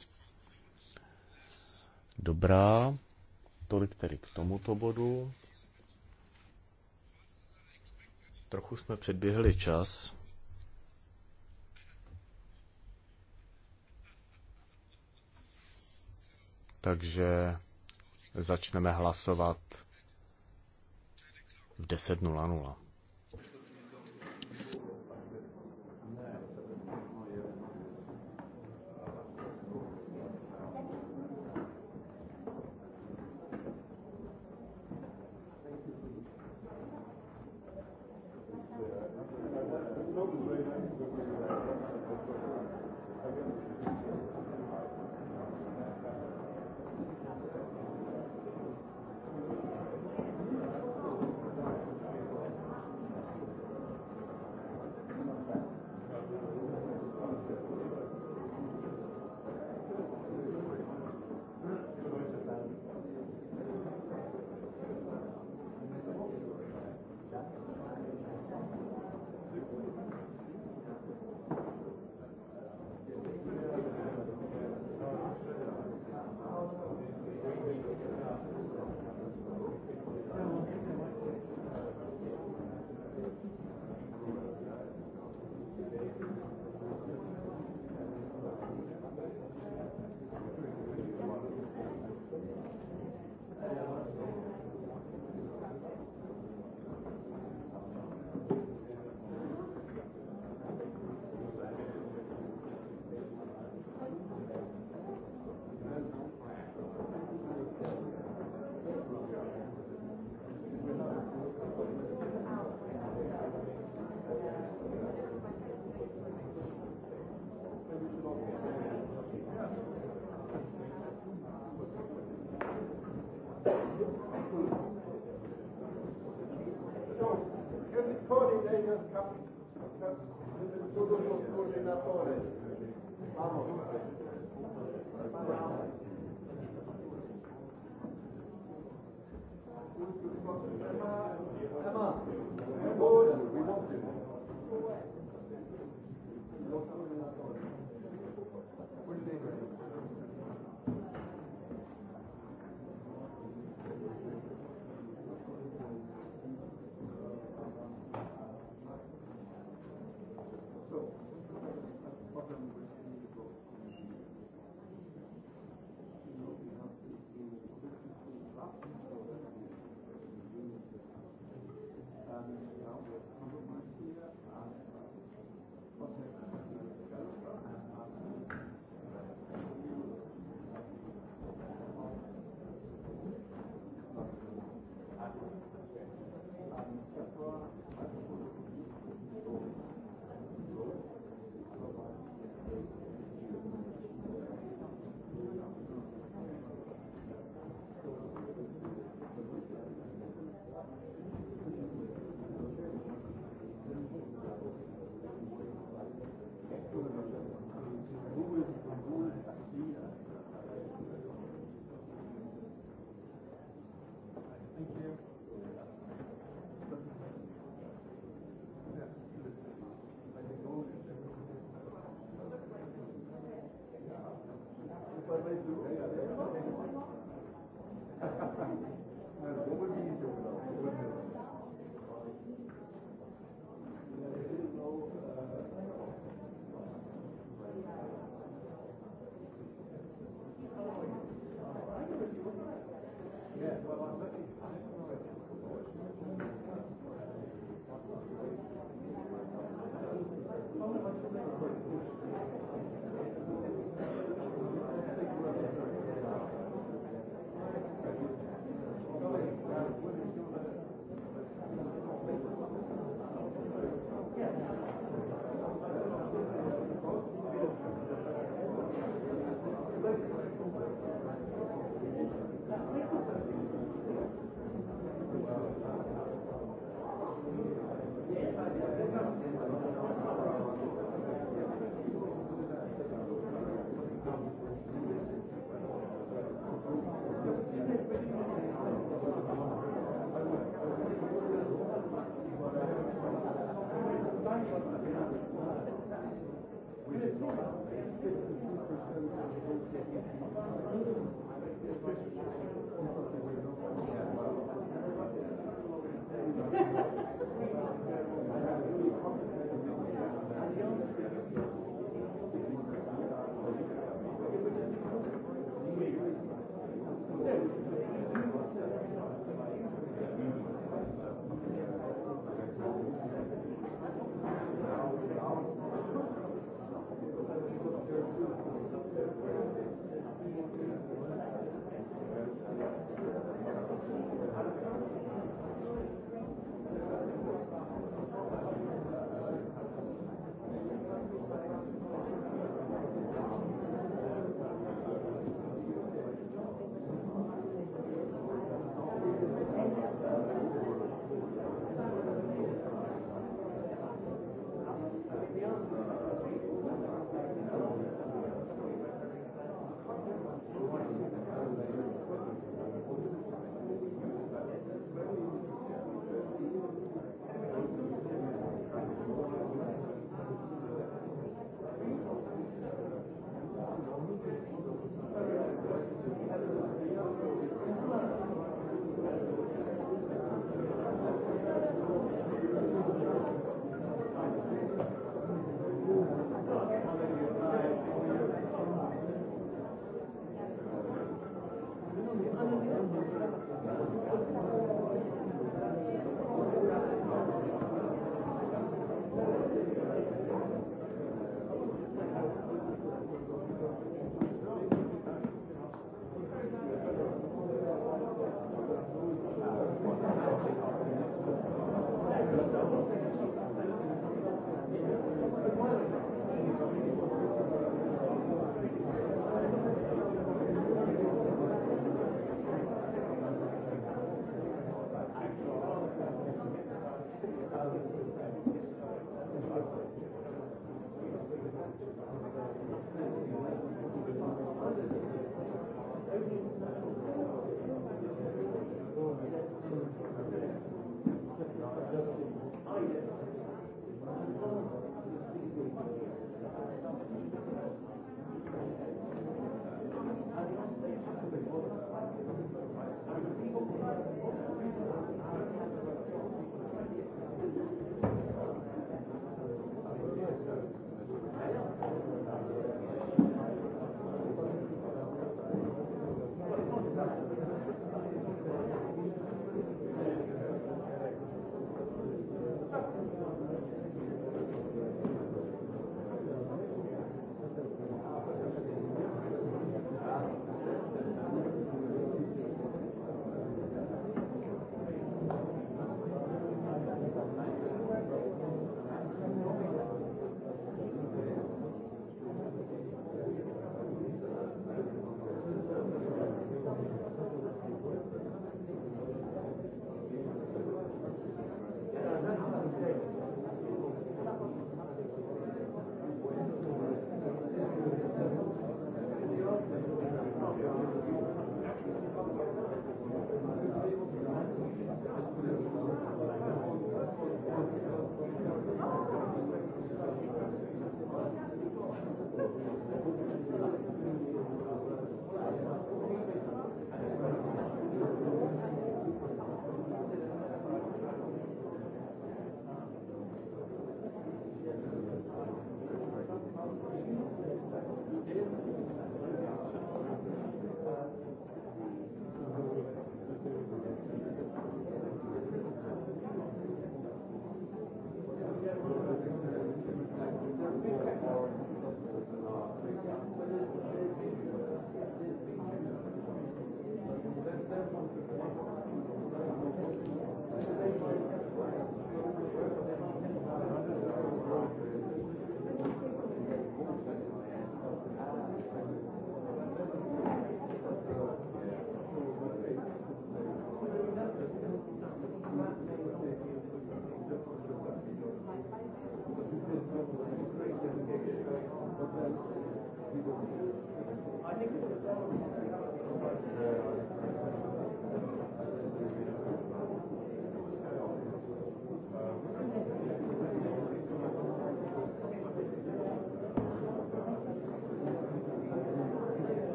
Dobrá, tolik tedy k tomuto bodu. Trochu jsme předběhli čas. takže začneme hlasovat v 10.00.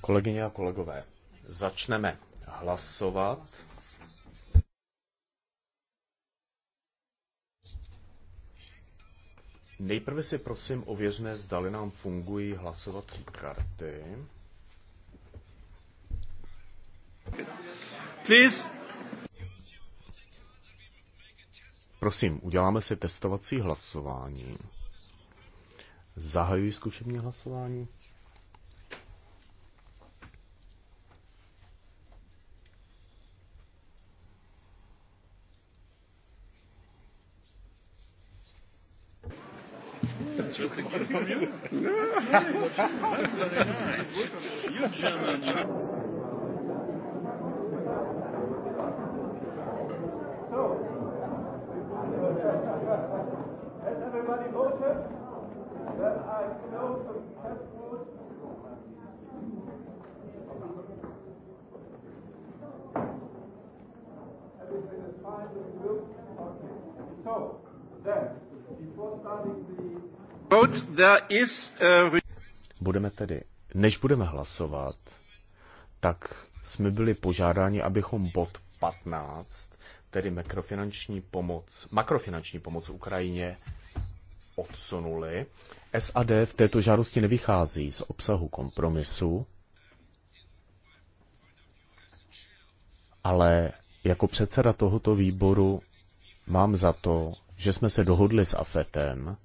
Kolegyně a kolegové, začneme hlasovat. Nejprve si prosím ověřme, zdali nám fungují hlasovací karty. Please. Prosím, uděláme si testovací hlasování. Zahajuji zkušební hlasování. mieux. Uh, budeme tedy, než budeme hlasovat, tak jsme byli požádáni, abychom bod 15, tedy makrofinanční pomoc, makrofinanční pomoc Ukrajině, odsunuli. SAD v této žádosti nevychází z obsahu kompromisu, ale jako předseda tohoto výboru mám za to, že jsme se dohodli s AFETem,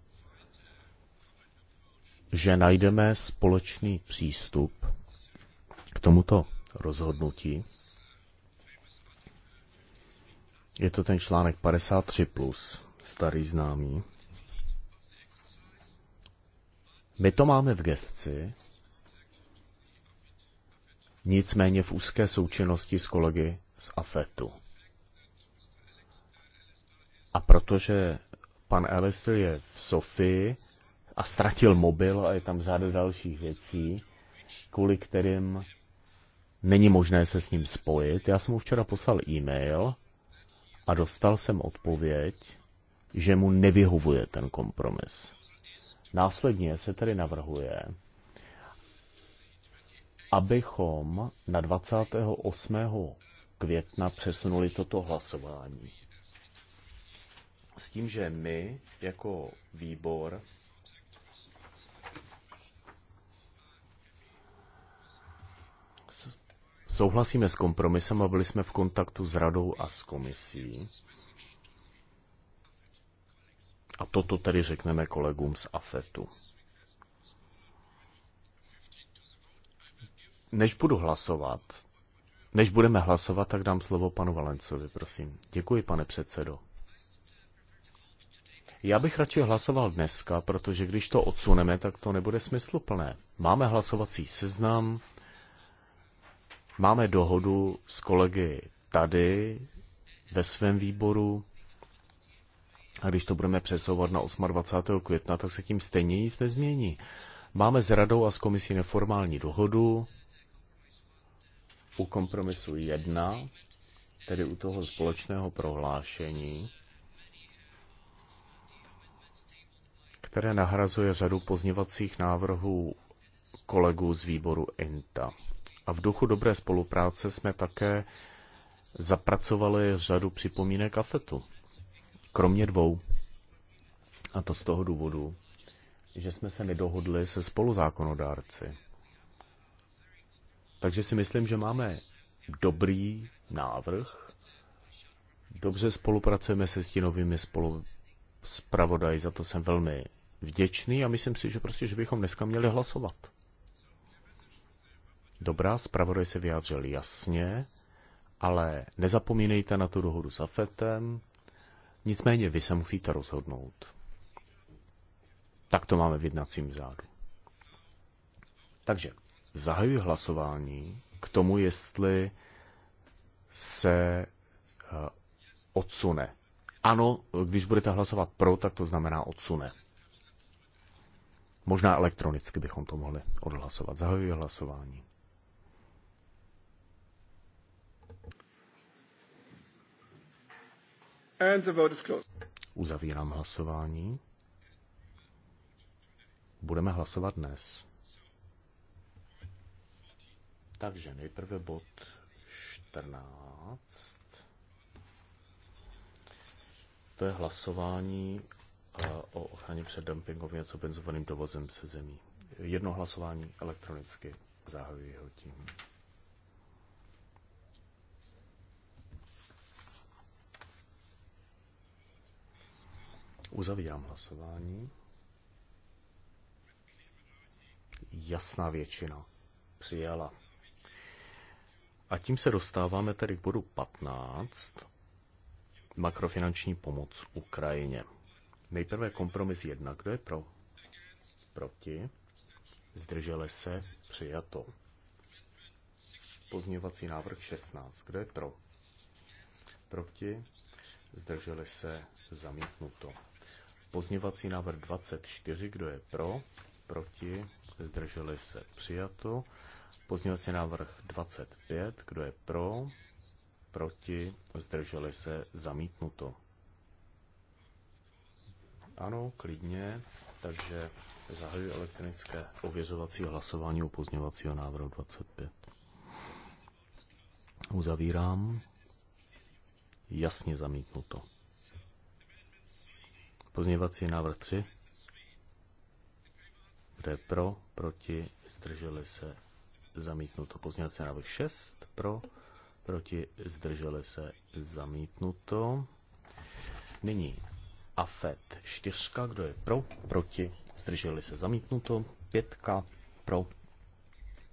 že najdeme společný přístup k tomuto rozhodnutí. Je to ten článek 53, plus, starý známý. My to máme v gesci, nicméně v úzké součinnosti s kolegy z AFETu. A protože pan Alistair je v Sofii, a ztratil mobil a je tam řada dalších věcí, kvůli kterým není možné se s ním spojit. Já jsem mu včera poslal e-mail a dostal jsem odpověď, že mu nevyhovuje ten kompromis. Následně se tedy navrhuje, abychom na 28. května přesunuli toto hlasování. S tím, že my jako výbor Souhlasíme s kompromisem a byli jsme v kontaktu s radou a s komisí. A toto tedy řekneme kolegům z AFETu. Než budu hlasovat, než budeme hlasovat, tak dám slovo panu Valencovi, prosím. Děkuji, pane předsedo. Já bych radši hlasoval dneska, protože když to odsuneme, tak to nebude smysluplné. Máme hlasovací seznam, Máme dohodu s kolegy tady, ve svém výboru, a když to budeme přesouvat na 28. května, tak se tím stejně nic nezmění. Máme s radou a s komisí neformální dohodu u kompromisu 1, tedy u toho společného prohlášení, které nahrazuje řadu pozněvacích návrhů kolegů z výboru INTA. A v duchu dobré spolupráce jsme také zapracovali řadu připomínek AFETu. Kromě dvou. A to z toho důvodu, že jsme se nedohodli se spoluzákonodárci. Takže si myslím, že máme dobrý návrh. Dobře spolupracujeme se s tím spolu zpravodaji, za to jsem velmi vděčný a myslím si, že prostě, že bychom dneska měli hlasovat dobrá, zpravodaj se vyjádřil jasně, ale nezapomínejte na tu dohodu s Afetem, nicméně vy se musíte rozhodnout. Tak to máme v jednacím řádu. Takže zahajuji hlasování k tomu, jestli se eh, odsune. Ano, když budete hlasovat pro, tak to znamená odsune. Možná elektronicky bychom to mohli odhlasovat. Zahajuji hlasování. And the vote is closed. Uzavírám hlasování. Budeme hlasovat dnes. Takže nejprve bod 14. To je hlasování eh, o ochraně před dumpingovým a subvencovaným dovozem se zemí. Jedno hlasování elektronicky zahajuji ho tím. Uzavírám hlasování. Jasná většina přijala. A tím se dostáváme tedy k bodu 15. Makrofinanční pomoc Ukrajině. Nejprve kompromis 1. Kdo je pro? Proti? Zdržele se? Přijato. Pozměňovací návrh 16. Kdo je pro? Proti? Zdrželi se? Zamítnuto. Pozněvací návrh 24, kdo je pro, proti, zdrželi se, přijato. Pozněvací návrh 25, kdo je pro, proti, zdrželi se, zamítnuto. Ano, klidně, takže zahajuji elektronické ověřovací hlasování u pozněvacího návrhu 25. Uzavírám. Jasně zamítnuto. Pozměvací návrh 3. Kde je pro, proti, zdrželi se, zamítnuto. Pozměvací návrh 6. Pro, proti, zdrželi se, zamítnuto. Nyní AFET 4. Kdo je pro, proti, zdrželi se, zamítnuto. 5. pro,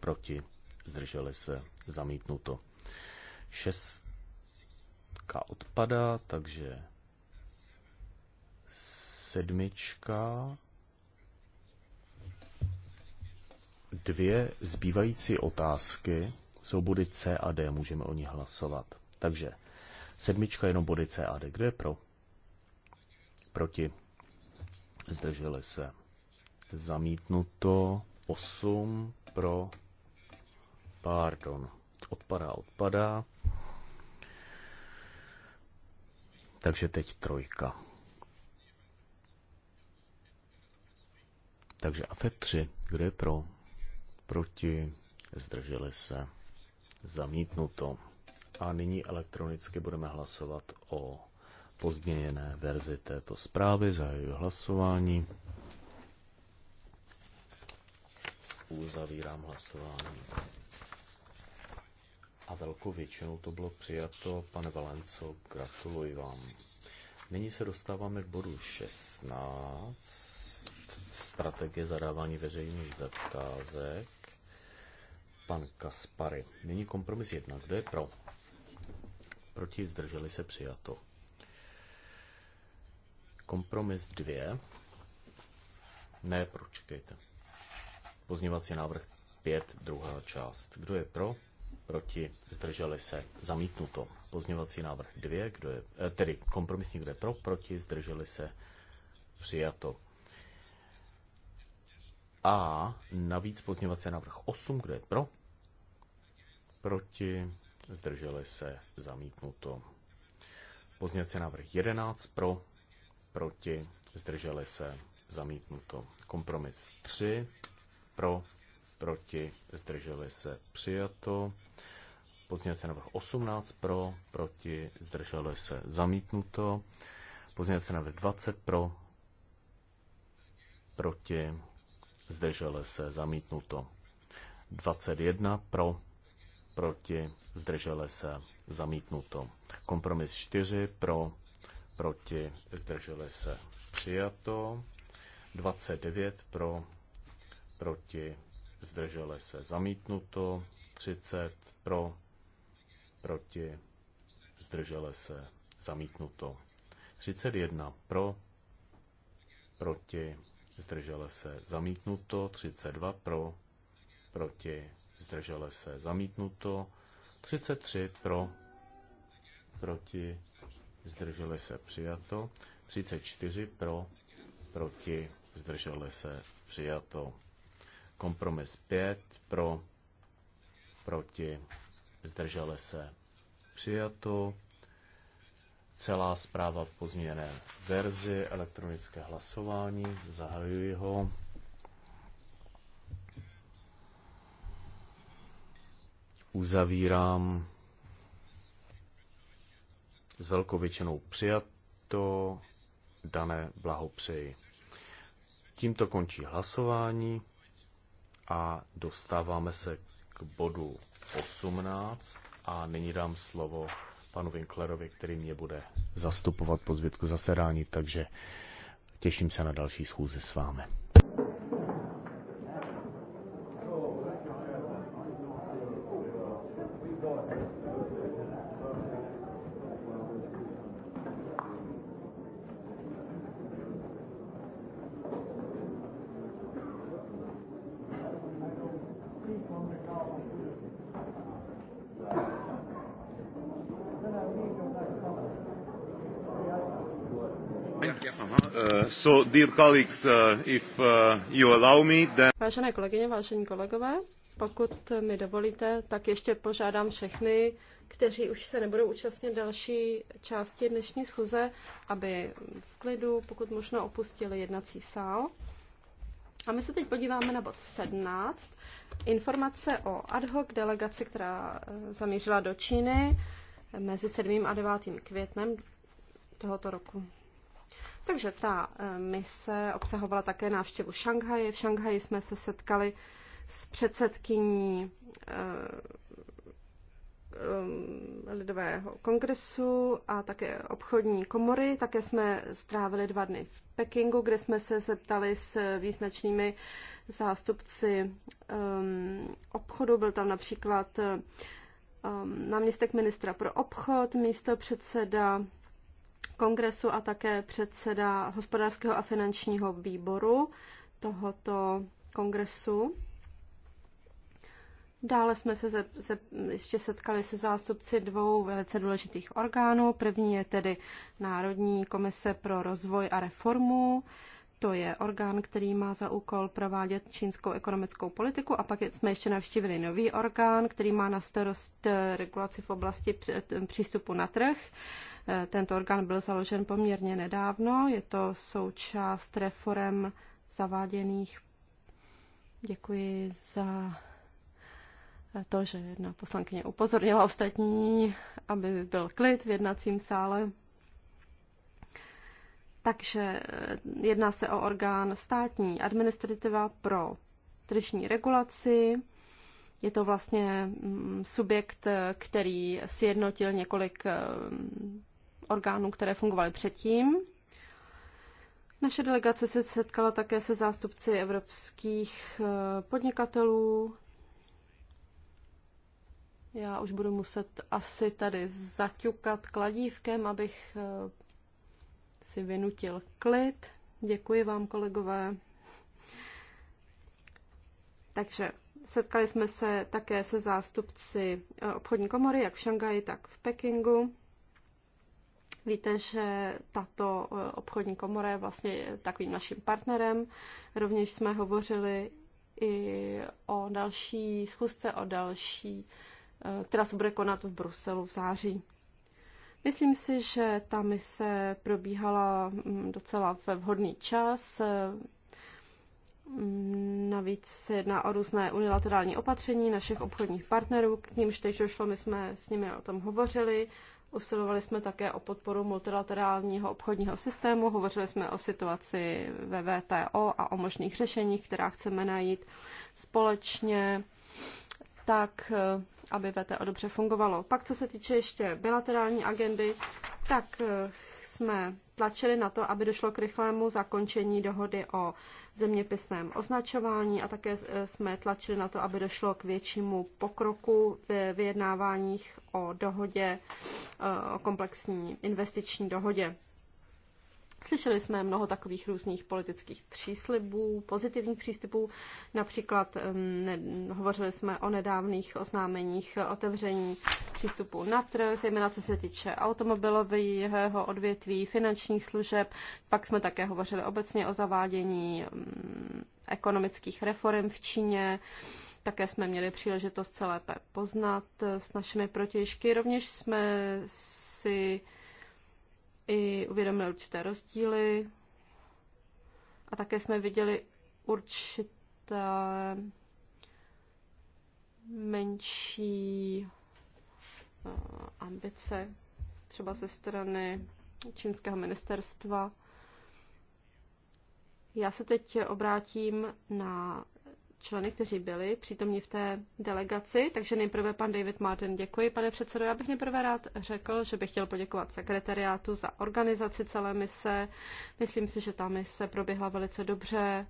proti, zdrželi se, zamítnuto. 6. odpadá, takže sedmička. Dvě zbývající otázky jsou body C a D, můžeme o nich hlasovat. Takže sedmička jenom body C a D. Kdo je pro? Proti? Zdrželi se. Zamítnuto osm pro. Pardon. Odpadá, odpadá. Takže teď trojka. Takže AFET 3, kdo je pro? Proti? Zdrželi se? Zamítnuto. A nyní elektronicky budeme hlasovat o pozměněné verzi této zprávy. Zahajuji hlasování. Uzavírám hlasování. A velkou většinou to bylo přijato. Pane Valenco, gratuluji vám. Nyní se dostáváme k bodu 16 strategie zadávání veřejných zakázek. Pan Kaspary. Nyní kompromis jedna. Kdo je pro? Proti zdrželi se přijato. Kompromis dvě. Ne, pročkejte. Pozněvací návrh 5, druhá část. Kdo je pro? Proti zdrželi se. Zamítnuto. Pozněvací návrh 2, kdo je, eh, tedy kompromisní, kdo je pro? Proti zdrželi se. Přijato. A navíc pozněvací návrh 8, kdo je pro, proti, zdrželi se, zamítnuto. Pozněvací návrh 11 pro, proti, zdrželi se, zamítnuto. Kompromis 3 pro, proti, zdrželi se, přijato. Pozněvací návrh 18 pro, proti, zdrželi se, zamítnuto. Pozněvací návrh 20 pro, proti, zdržel se, zamítnuto. 21 pro, proti, zdržel se, zamítnuto. Kompromis 4 pro, proti, zdržel se, přijato. 29 pro, proti, zdržel se, zamítnuto. 30 pro, proti, zdržel se, zamítnuto. 31 pro, proti, zdržele se zamítnuto, 32 pro, proti, zdržele se zamítnuto, 33 pro, proti, zdržele se přijato, 34 pro, proti, zdržele se přijato. Kompromis 5 pro, proti, zdržele se přijato, Celá zpráva v pozměněné verzi, elektronické hlasování, zahajuji ho. Uzavírám s velkou většinou přijato, dané blahopřeji. Tímto končí hlasování a dostáváme se k bodu 18 a nyní dám slovo panu Winklerovi, který mě bude zastupovat po zbytku zasedání, takže těším se na další schůzi s vámi. So, dear colleagues, uh, if uh, you allow me, then... Vážené kolegyně, vážení kolegové, pokud mi dovolíte, tak ještě požádám všechny, kteří už se nebudou účastnit další části dnešní schůze, aby v klidu, pokud možno, opustili jednací sál. A my se teď podíváme na bod 17. Informace o ad hoc delegaci, která eh, zamířila do Číny mezi 7. a 9. květnem tohoto roku. Takže ta eh, mise obsahovala také návštěvu Šanghaje. V Šanghaji jsme se setkali s předsedkyní eh, eh, Lidového kongresu a také obchodní komory. Také jsme strávili dva dny v Pekingu, kde jsme se zeptali s význačnými zástupci obchodu. Byl tam například náměstek ministra pro obchod, místo předseda kongresu a také předseda hospodářského a finančního výboru tohoto kongresu. Dále jsme se, ze, se ještě setkali se zástupci dvou velice důležitých orgánů. První je tedy Národní komise pro rozvoj a reformu, to je orgán, který má za úkol provádět čínskou ekonomickou politiku a pak jsme ještě navštívili nový orgán, který má na starost eh, regulaci v oblasti přístupu na trh. Eh, tento orgán byl založen poměrně nedávno, je to součást reform zaváděných. Děkuji za eh, to, že jedna poslankyně upozornila ostatní, aby byl klid v jednacím sále. Takže eh, jedná se o orgán státní administrativa pro tržní regulaci. Je to vlastně mm, subjekt, eh, který sjednotil několik eh, orgánů, které fungovaly předtím. Naše delegace se setkala také se zástupci evropských podnikatelů. Já už budu muset asi tady zaťukat kladívkem, abych si vynutil klid. Děkuji vám, kolegové. Takže setkali jsme se také se zástupci eh, obchodní komory, jak v Šangaji, tak v Pekingu. Víte, že tato eh, obchodní komora je vlastně takovým naším partnerem. Rovněž jsme hovořili i o další schůzce, o další, eh, která se bude konat v Bruselu v září. Myslím si, že ta mise probíhala mm, docela ve vhodný čas. Mm, navíc se jedná o různé unilaterální opatření našich obchodních partnerů, k nímž teď došlo, my jsme s nimi o tom hovořili. Usilovali jsme také o podporu multilaterálního obchodního systému, hovořili jsme o situaci ve VTO a o možných řešeních, která chceme najít společně tak eh, aby VTO dobře fungovalo. Pak, co se týče ještě bilaterální agendy, tak eh, jsme tlačili na to, aby došlo k rychlému zakončení dohody o zeměpisném označování a také eh, jsme tlačili na to, aby došlo k většímu pokroku v vyjednáváních o dohodě, o komplexní investiční dohodě. Slyšeli jsme mnoho takových různých politických příslibů, pozitivních přístupů. Například ne, hovořili jsme o nedávných oznámeních otevření přístupu na trh, zejména co se týče automobilového odvětví, finančních služeb. Pak jsme také hovořili obecně o zavádění ekonomických reform v Číně. Také jsme měli příležitost se lépe poznat eh, s našimi protěžky. Rovněž jsme si i uvědomili určité rozdíly a také jsme viděli určité menší eh, ambice, třeba ze strany čínského ministerstva. Já se teď obrátím na členy, kteří byli přítomní v té delegaci. Takže nejprve pan David Martin, děkuji, pane předsedo. Já bych nejprve rád řekl, že bych chtěl poděkovat sekretariátu za organizaci celé mise. Myslím si, že ta mise proběhla velice dobře.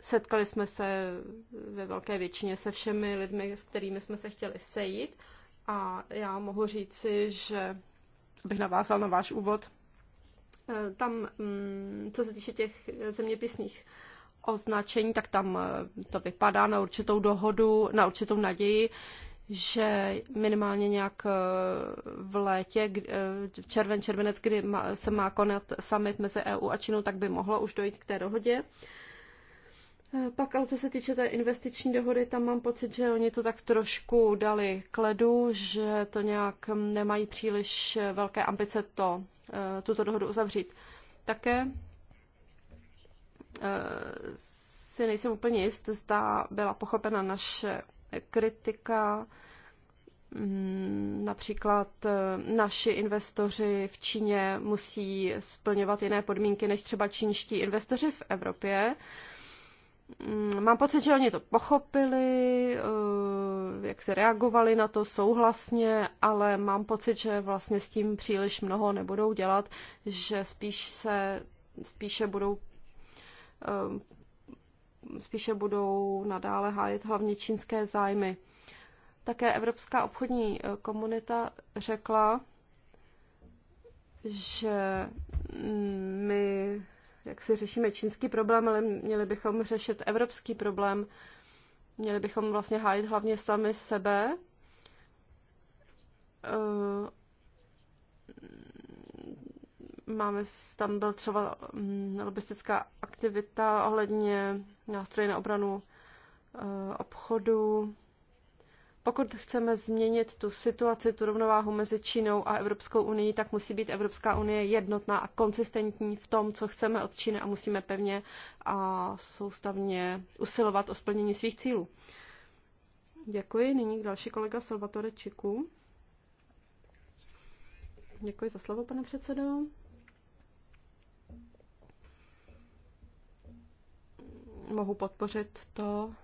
Setkali jsme se ve velké většině se všemi lidmi, s kterými jsme se chtěli sejít. A já mohu říci, že bych navázal na váš úvod, e, tam, mm, co se týče těch zeměpisných označení, tak tam eh, to vypadá na určitou dohodu, na určitou naději, že minimálně nějak eh, v létě, eh, v červen, červenec, kdy se má konat summit mezi EU a Čínou, tak by mohlo už dojít k té dohodě. Pak ale co se týče té investiční dohody, tam mám pocit, že oni to tak trošku dali k ledu, že to nějak hm, nemají příliš velké ambice to, tuto dohodu uzavřít. Také Eh, si nejsem úplně jist, zda byla pochopena naše kritika. Mm, například eh, naši investoři v Číně musí splňovat jiné podmínky než třeba čínští investoři v Evropě. Mm, mám pocit, že oni to pochopili, eh, jak se reagovali na to souhlasně, ale mám pocit, že vlastně s tím příliš mnoho nebudou dělat, že spíš se, spíše budou Ehm, spíše budou nadále hájit hlavně čínské zájmy. Také Evropská obchodní eh, komunita řekla, že mm, my jak si řešíme čínský problém, ale měli bychom řešit evropský problém. Měli bychom vlastně hájit hlavně sami sebe ehm, Máme, tam byl třeba mm, lobbystická aktivita ohledně nástroje na obranu eh, obchodu. Pokud chceme změnit tu situaci, tu rovnováhu mezi Čínou a Evropskou unii, tak musí být Evropská unie jednotná a konsistentní v tom, co chceme od Číny a musíme pevně a soustavně usilovat o splnění svých cílů. Děkuji. Nyní další kolega Salvatore Čiku. Děkuji za slovo, pane předsedo. mohu podpořit to,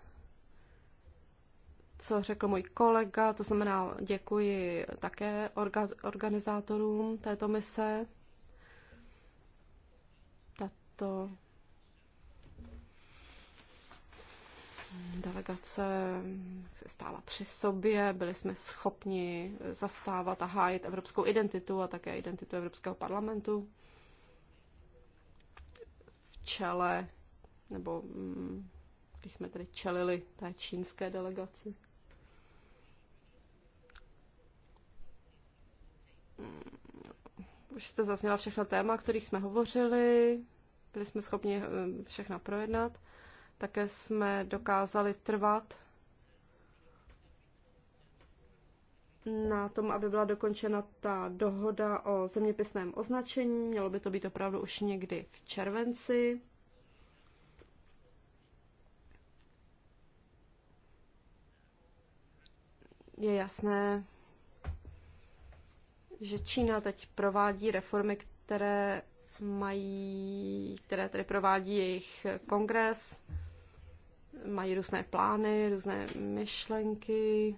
co řekl můj kolega, to znamená děkuji také orga, organizátorům této mise. Tato delegace se stála při sobě, byli jsme schopni zastávat a hájit evropskou identitu a také identitu Evropského parlamentu v čele nebo mm, když jsme tady čelili té čínské delegaci. Mm, už jste zazněla všechna téma, o kterých jsme hovořili, byli jsme schopni eh, všechna projednat. Také jsme dokázali trvat na tom, aby byla dokončena ta dohoda o zeměpisném označení. Mělo by to být opravdu už někdy v červenci. je jasné, že Čína teď provádí reformy, které mají, které tedy provádí jejich kongres, mají různé plány, různé myšlenky.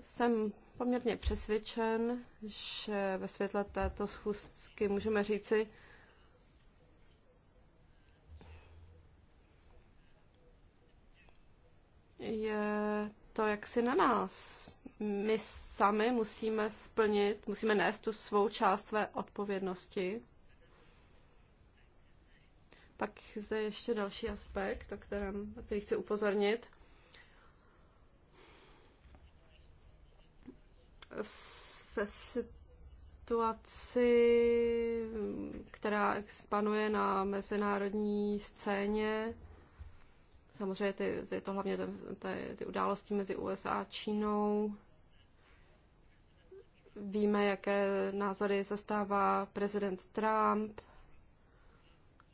Jsem poměrně přesvědčen, že ve světle této schůzky můžeme říci, je to jaksi na nás. My sami musíme splnit, musíme nést tu svou část své odpovědnosti. Pak zde ještě další aspekt, o kterém, o který chci upozornit. Ve situaci, která expanuje na mezinárodní scéně, Samozřejmě ty, ty, to hlavně ten, ty, ty události mezi USA a Čínou. Víme, jaké názory zastává prezident Trump.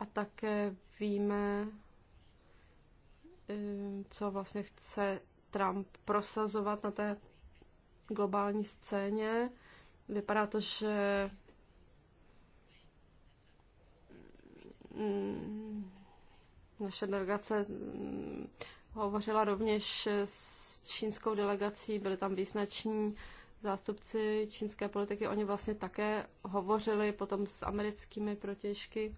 A také víme, eh, co vlastně chce Trump prosazovat na té globální scéně. Vypadá to, že mm, naše delegace mm, hovořila rovněž s čínskou delegací, byli tam význační zástupci čínské politiky, oni vlastně také hovořili potom s americkými protěžky.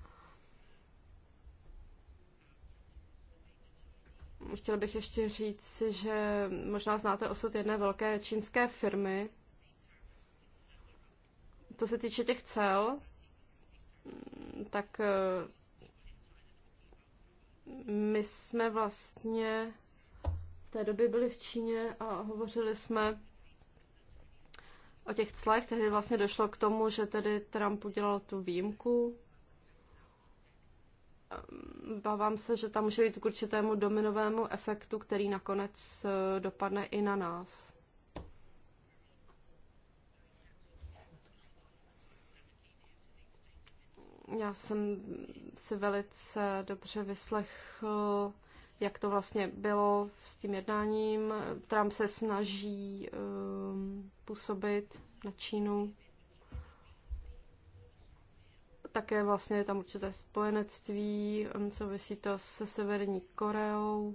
Chtěla bych ještě říct, že možná znáte osud jedné velké čínské firmy. To se týče těch cel, tak my jsme vlastně v té době byli v Číně a hovořili jsme o těch clech. Tehdy vlastně došlo k tomu, že tedy Trump udělal tu výjimku. Bavám se, že tam může být k určitému dominovému efektu, který nakonec eh, dopadne i na nás. Já jsem si velice dobře vyslechl, jak to vlastně bylo s tím jednáním. Trump se snaží um, působit na Čínu. Také vlastně je tam určité spojenectví, um, souvisí to se Severní Koreou.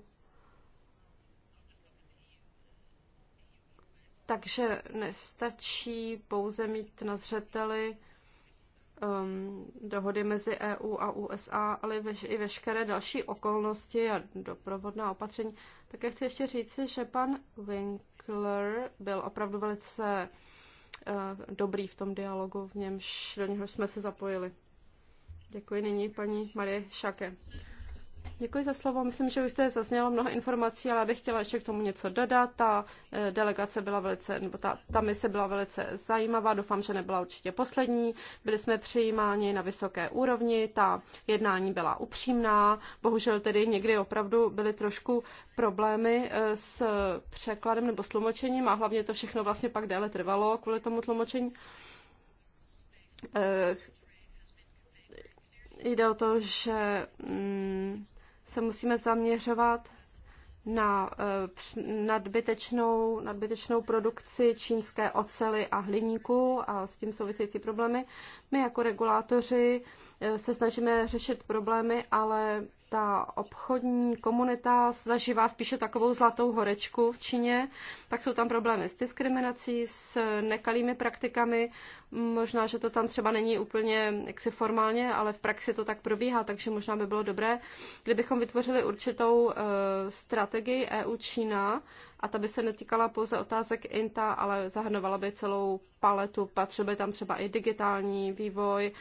Takže nestačí pouze mít na zřeteli um, dohody mezi EU a USA, ale veš, i veškeré další okolnosti a doprovodná opatření. Také chci ještě říci, že pan Winkler byl opravdu velice uh, dobrý v tom dialogu, v němž do něho jsme se zapojili. Děkuji nyní paní Marie Šake. Děkuji za slovo. Myslím, že už jste zaznělo mnoho informací, ale bych chtěla ještě k tomu něco dodat. Ta eh, delegace byla velice, nebo ta, ta mise byla velice zajímavá. Doufám, že nebyla určitě poslední. Byli jsme přijímáni na vysoké úrovni, ta jednání byla upřímná. Bohužel tedy někdy opravdu byly trošku problémy eh, s překladem nebo s tlumočením a hlavně to všechno vlastně pak déle trvalo kvůli tomu tlumočení. Eh, jde o to, že mm, se musíme zaměřovat na eh, nadbytečnou, nadbytečnou produkci čínské ocely a hliníku a s tím související problémy. My jako regulátoři se snažíme řešit problémy, ale ta obchodní komunita zažívá spíše takovou zlatou horečku v Číně, pak jsou tam problémy s diskriminací, s nekalými praktikami, možná, že to tam třeba není úplně jaksi formálně, ale v praxi to tak probíhá, takže možná by bylo dobré, kdybychom vytvořili určitou eh, strategii EU-Čína, a ta by se netýkala pouze otázek INTA, ale zahrnovala by celou paletu. Patřil by tam třeba i digitální vývoj,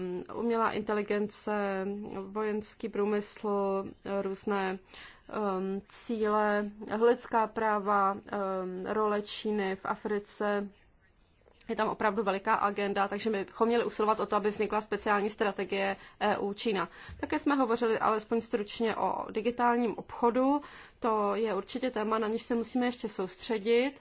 um, umělá inteligence, vojenský průmysl, různé um, cíle, lidská práva, um, role Číny v Africe, je tam opravdu veliká agenda, takže my bychom měli usilovat o to, aby vznikla speciální strategie EU Čína. Také jsme hovořili alespoň stručně o digitálním obchodu. To je určitě téma, na něž se musíme ještě soustředit,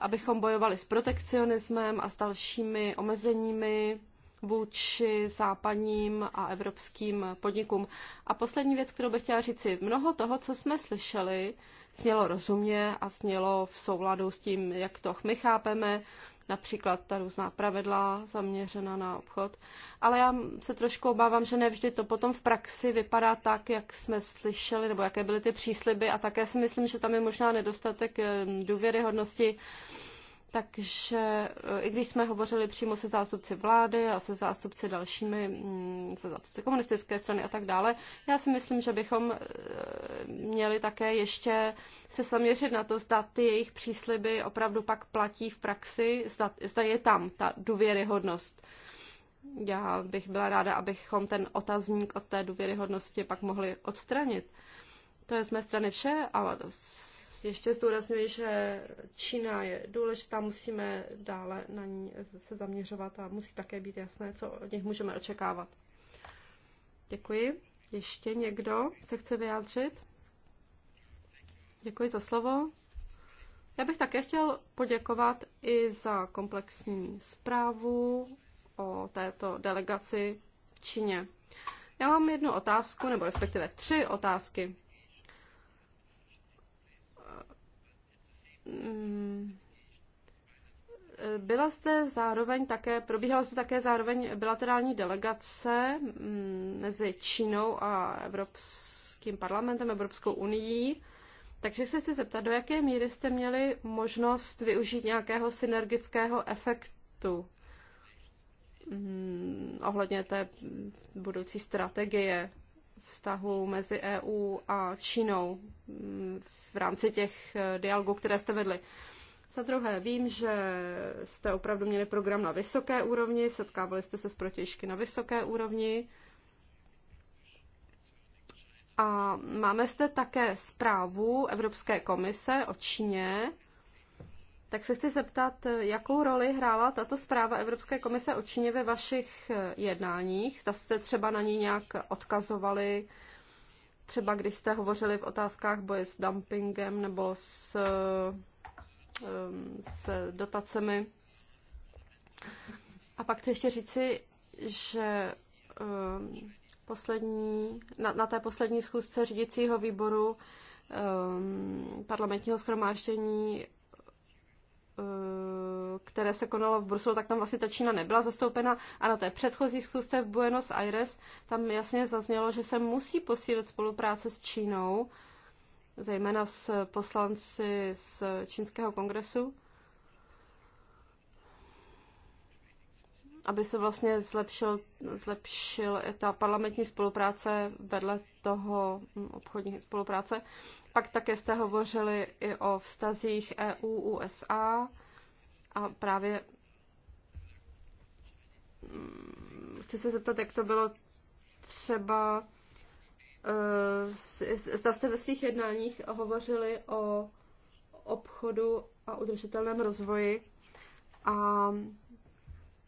abychom bojovali s protekcionismem a s dalšími omezeními vůči západním a evropským podnikům. A poslední věc, kterou bych chtěla říci, mnoho toho, co jsme slyšeli, snělo rozumně a snělo v souladu s tím, jak to my chápeme, například ta různá pravidla zaměřena na obchod. Ale já se trošku obávám, že nevždy to potom v praxi vypadá tak, jak jsme slyšeli, nebo jaké byly ty přísliby a také si myslím, že tam je možná nedostatek eh, důvěryhodnosti. hodnosti takže eh, i když jsme hovořili přímo se zástupci vlády a se zástupci dalšími, mm, se zástupci komunistické strany a tak dále, já si myslím, že bychom eh, měli také ještě se zaměřit na to, zda ty jejich přísliby opravdu pak platí v praxi, zda, zda je tam ta důvěryhodnost. Já bych byla ráda, abychom ten otazník od té důvěryhodnosti pak mohli odstranit. To je z mé strany vše a ještě zdůrazňuji, že Čína je důležitá, musíme dále na ní se zaměřovat a musí také být jasné, co od nich můžeme očekávat. Děkuji. Ještě někdo se chce vyjádřit? Děkuji za slovo. Já bych také chtěl poděkovat i za komplexní zprávu o této delegaci v Číně. Já mám jednu otázku, nebo respektive tři otázky. Mm, byla zde zároveň také, probíhala se také zároveň bilaterální delegace mm, mezi Čínou a Evropským parlamentem, Evropskou unii. Takže se chci zeptat, do jaké míry jste měli možnost využít nějakého synergického efektu mm, ohledně té budoucí strategie vztahu mezi EU a Čínou mm, v rámci těch eh, dialogů, které jste vedli. Za druhé, vím, že jste opravdu měli program na vysoké úrovni, setkávali jste se s protěžky na vysoké úrovni. A máme zde také zprávu Evropské komise o Číně, tak se chci zeptat, jakou roli hrála tato zpráva Evropské komise o Číně ve vašich eh, jednáních? Zda jste třeba na ní nějak odkazovali, třeba když jste hovořili v otázkách boje s dumpingem nebo s, eh, s dotacemi. A pak chci ještě říci, že poslední, na, na té poslední schůzce řídícího výboru parlamentního schromáždění Eh, které se konalo v Bruselu, tak tam vlastně ta Čína nebyla zastoupena a na té předchozí schůzce v Buenos Aires tam jasně zaznělo, že se musí posílit spolupráce s Čínou, zejména s poslanci z čínského kongresu. aby se vlastně zlepšil, zlepšil ta parlamentní spolupráce vedle toho obchodní spolupráce. Pak také jste hovořili i o vztazích EU-USA a právě mm, chci se zeptat, jak to bylo třeba, eh, zda jste ve svých jednáních hovořili o obchodu a udržitelném rozvoji a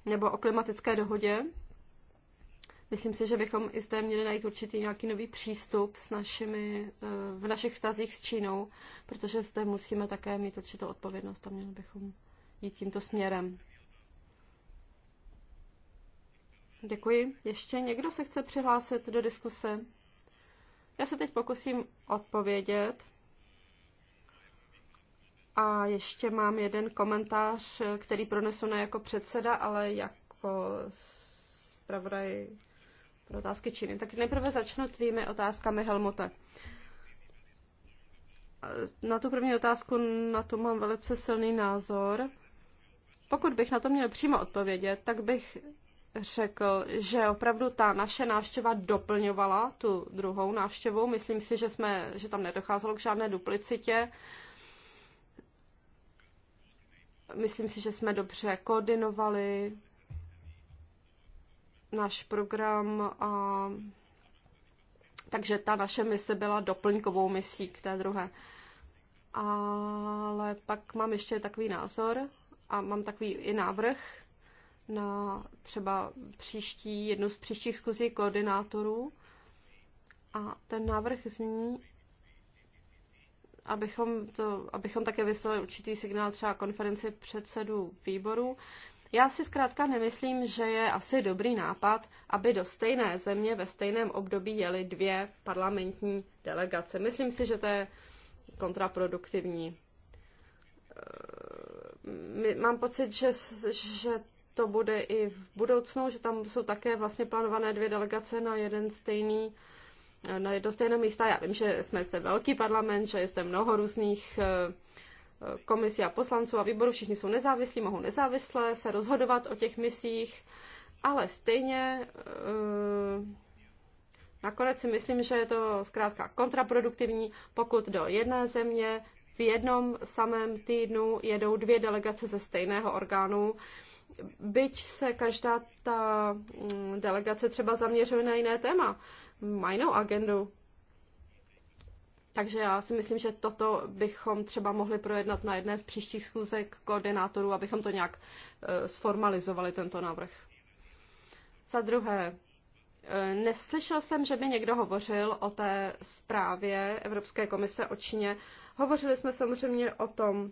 nebo o klimatické dohodě. Myslím si, že bychom i zde měli najít určitý nějaký nový přístup s našimi, eh, v našich vztazích s Čínou, protože zde musíme také mít určitou odpovědnost a měli bychom jít tímto směrem. Děkuji. Ještě někdo se chce přihlásit do diskuse? Já se teď pokusím odpovědět. A ještě mám jeden komentář, který pronesu ne jako předseda, ale jako zpravodaj pro otázky Číny. Tak nejprve začnu tvými otázkami, Helmute. Na tu první otázku, na to mám velice silný názor. Pokud bych na to měl přímo odpovědět, tak bych řekl, že opravdu ta naše návštěva doplňovala tu druhou návštěvu. Myslím si, že, jsme, že tam nedocházelo k žádné duplicitě. Uh, Myslím si, že jsme dobře koordinovali náš program a takže ta naše mise byla doplňkovou misí k té druhé. Ale pak mám ještě takový názor a mám takový i návrh na třeba příští, jednu z příštích zkuzí koordinátorů. A ten návrh zní, abychom, to, abychom také vyslali určitý signál třeba konferenci předsedů výborů. Já si zkrátka nemyslím, že je asi dobrý nápad, aby do stejné země ve stejném období jeli dvě parlamentní delegace. Myslím si, že to je kontraproduktivní. Eh, mám pocit, že, že to bude i v budoucnu, že tam jsou také vlastně plánované dvě delegace na jeden stejný na jedno stejné místa. Já vím, že jsme zde velký parlament, že je zde mnoho různých eh, komisí a poslanců a výborů, všichni jsou nezávislí, mohou nezávisle se rozhodovat o těch misích, ale stejně eh, nakonec si myslím, že je to zkrátka kontraproduktivní, pokud do jedné země v jednom samém týdnu jedou dvě delegace ze stejného orgánu, byť se každá ta mm, delegace třeba zaměřuje na jiné téma má jinou agendu. Takže já si myslím, že toto bychom třeba mohli projednat na jedné z příštích schůzek koordinátorů, abychom to nějak eh, sformalizovali, tento návrh. Za druhé, eh, neslyšel jsem, že by někdo hovořil o té zprávě Evropské komise o Číně. Hovořili jsme samozřejmě o tom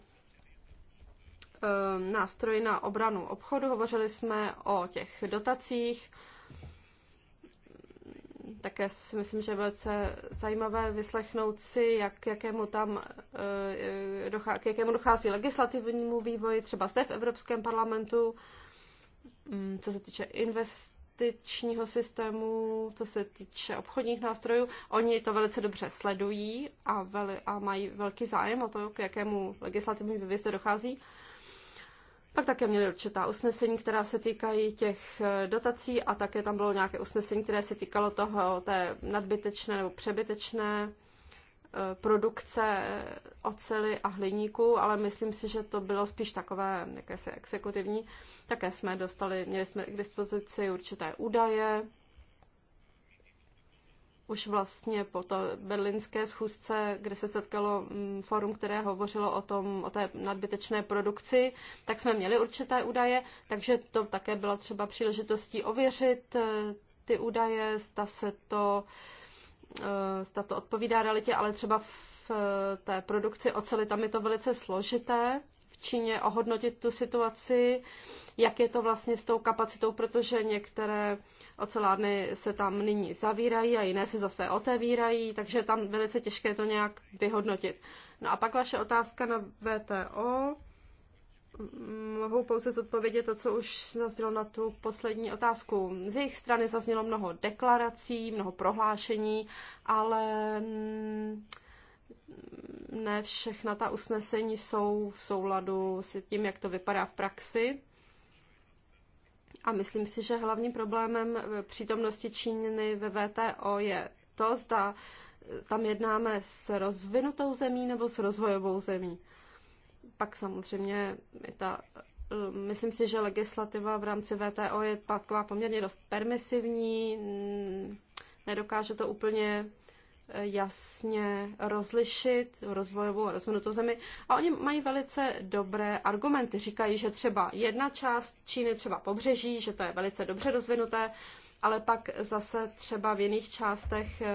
eh, nástroji na obranu obchodu, hovořili jsme o těch dotacích, také si myslím, že je velice zajímavé vyslechnout si, jak, jakému tam, eh, eh, k jakému dochází legislativnímu vývoji, třeba zde v Evropském parlamentu, mm, co se týče investičního systému, co se týče obchodních nástrojů. Oni to velice dobře sledují a, veli, a mají velký zájem o to, k jakému legislativnímu vývoji se dochází. Pak také měli určitá usnesení, která se týkají těch eh, dotací a také tam bylo nějaké usnesení, které se týkalo toho té nadbytečné nebo přebytečné eh, produkce ocely a hliníku, ale myslím si, že to bylo spíš takové jakési exekutivní. Také jsme dostali, měli jsme k dispozici určité údaje, už vlastně po té berlínské schůzce, kde se setkalo mm, forum, které hovořilo o, tom, o té nadbytečné produkci, tak jsme měli určité údaje, takže to také byla třeba příležitostí ověřit eh, ty údaje, zda se to, eh, zda to odpovídá realitě, ale třeba v eh, té produkci oceli tam je to velice složité v Číně, ohodnotit tu situaci, jak je to vlastně s tou kapacitou, protože některé ocelárny se tam nyní zavírají a jiné se zase otevírají, takže tam velice těžké to nějak vyhodnotit. No a pak vaše otázka na VTO. Mohu pouze zodpovědět to, co už zaznělo na tu poslední otázku. Z jejich strany zaznělo mnoho deklarací, mnoho prohlášení, ale mm, ne všechna ta usnesení jsou v souladu s tím, jak to vypadá v praxi. A myslím si, že hlavním problémem přítomnosti Číny ve VTO je to, zda tam jednáme s rozvinutou zemí nebo s rozvojovou zemí. Pak samozřejmě je ta, eh, myslím si, že legislativa v rámci VTO je taková poměrně dost permisivní, mm, nedokáže to úplně jasně rozlišit rozvojovou a rozvinutou zemi. A oni mají velice dobré argumenty. Říkají, že třeba jedna část Číny, třeba pobřeží, že to je velice dobře rozvinuté, ale pak zase třeba v jiných částech eh,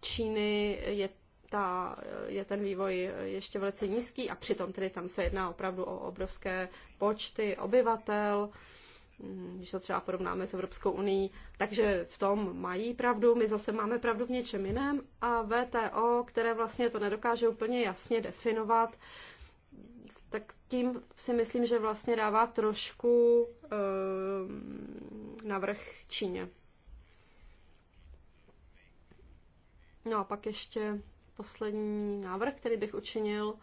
Číny je, ta, eh, je ten vývoj eh, ještě velice nízký a přitom tedy tam se jedná opravdu o obrovské počty obyvatel. Mm, když to třeba porovnáme s Evropskou unii, takže v tom mají pravdu, my zase máme pravdu v něčem jiném a VTO, které vlastně to nedokáže úplně jasně definovat, tak tím si myslím, že vlastně dává trošku e, navrh Číně. No a pak ještě poslední návrh, který bych učinil,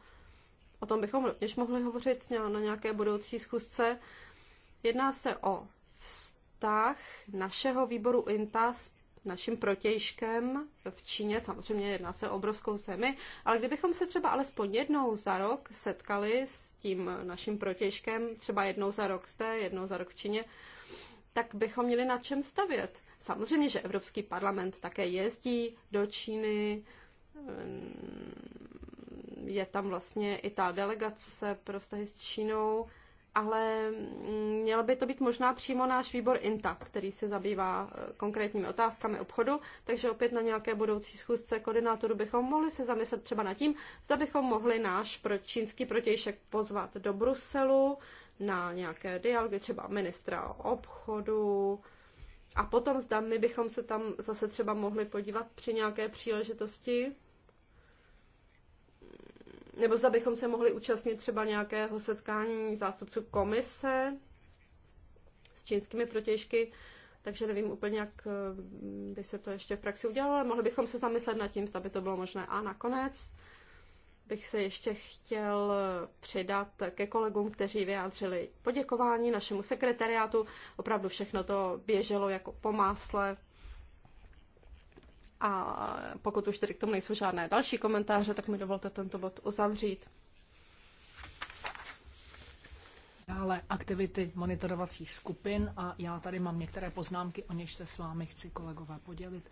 o tom bychom rovněž mohli hovořit na nějaké budoucí schůzce, Jedná se o vztah našeho výboru INTA s naším protějškem v Číně. Samozřejmě jedná se o obrovskou zemi, ale kdybychom se třeba alespoň jednou za rok setkali s tím naším protějškem, třeba jednou za rok zde, jednou za rok v Číně, tak bychom měli na čem stavět. Samozřejmě, že Evropský parlament také jezdí do Číny, je tam vlastně i ta delegace pro vztahy s Čínou, ale mm, měl by to být možná přímo náš výbor INTA, který se zabývá eh, konkrétními otázkami obchodu, takže opět na nějaké budoucí schůzce koordinátoru bychom mohli se zamyslet třeba nad tím, zda bychom mohli náš pro čínský protějšek pozvat do Bruselu na nějaké dialogy, třeba ministra obchodu, a potom zda my bychom se tam zase třeba mohli podívat při nějaké příležitosti nebo zda bychom se mohli účastnit třeba nějakého setkání zástupců komise s čínskými protěžky, takže nevím úplně, jak eh, by se to ještě v praxi udělalo, ale mohli bychom se zamyslet nad tím, zda by to bylo možné. A nakonec bych se ještě chtěl přidat ke kolegům, kteří vyjádřili poděkování našemu sekretariátu. Opravdu všechno to běželo jako po másle. A pokud už tedy k tomu nejsou žádné další komentáře, tak mi dovolte tento bod uzavřít. Dále aktivity monitorovacích skupin a já tady mám některé poznámky, o něž se s vámi chci kolegové podělit.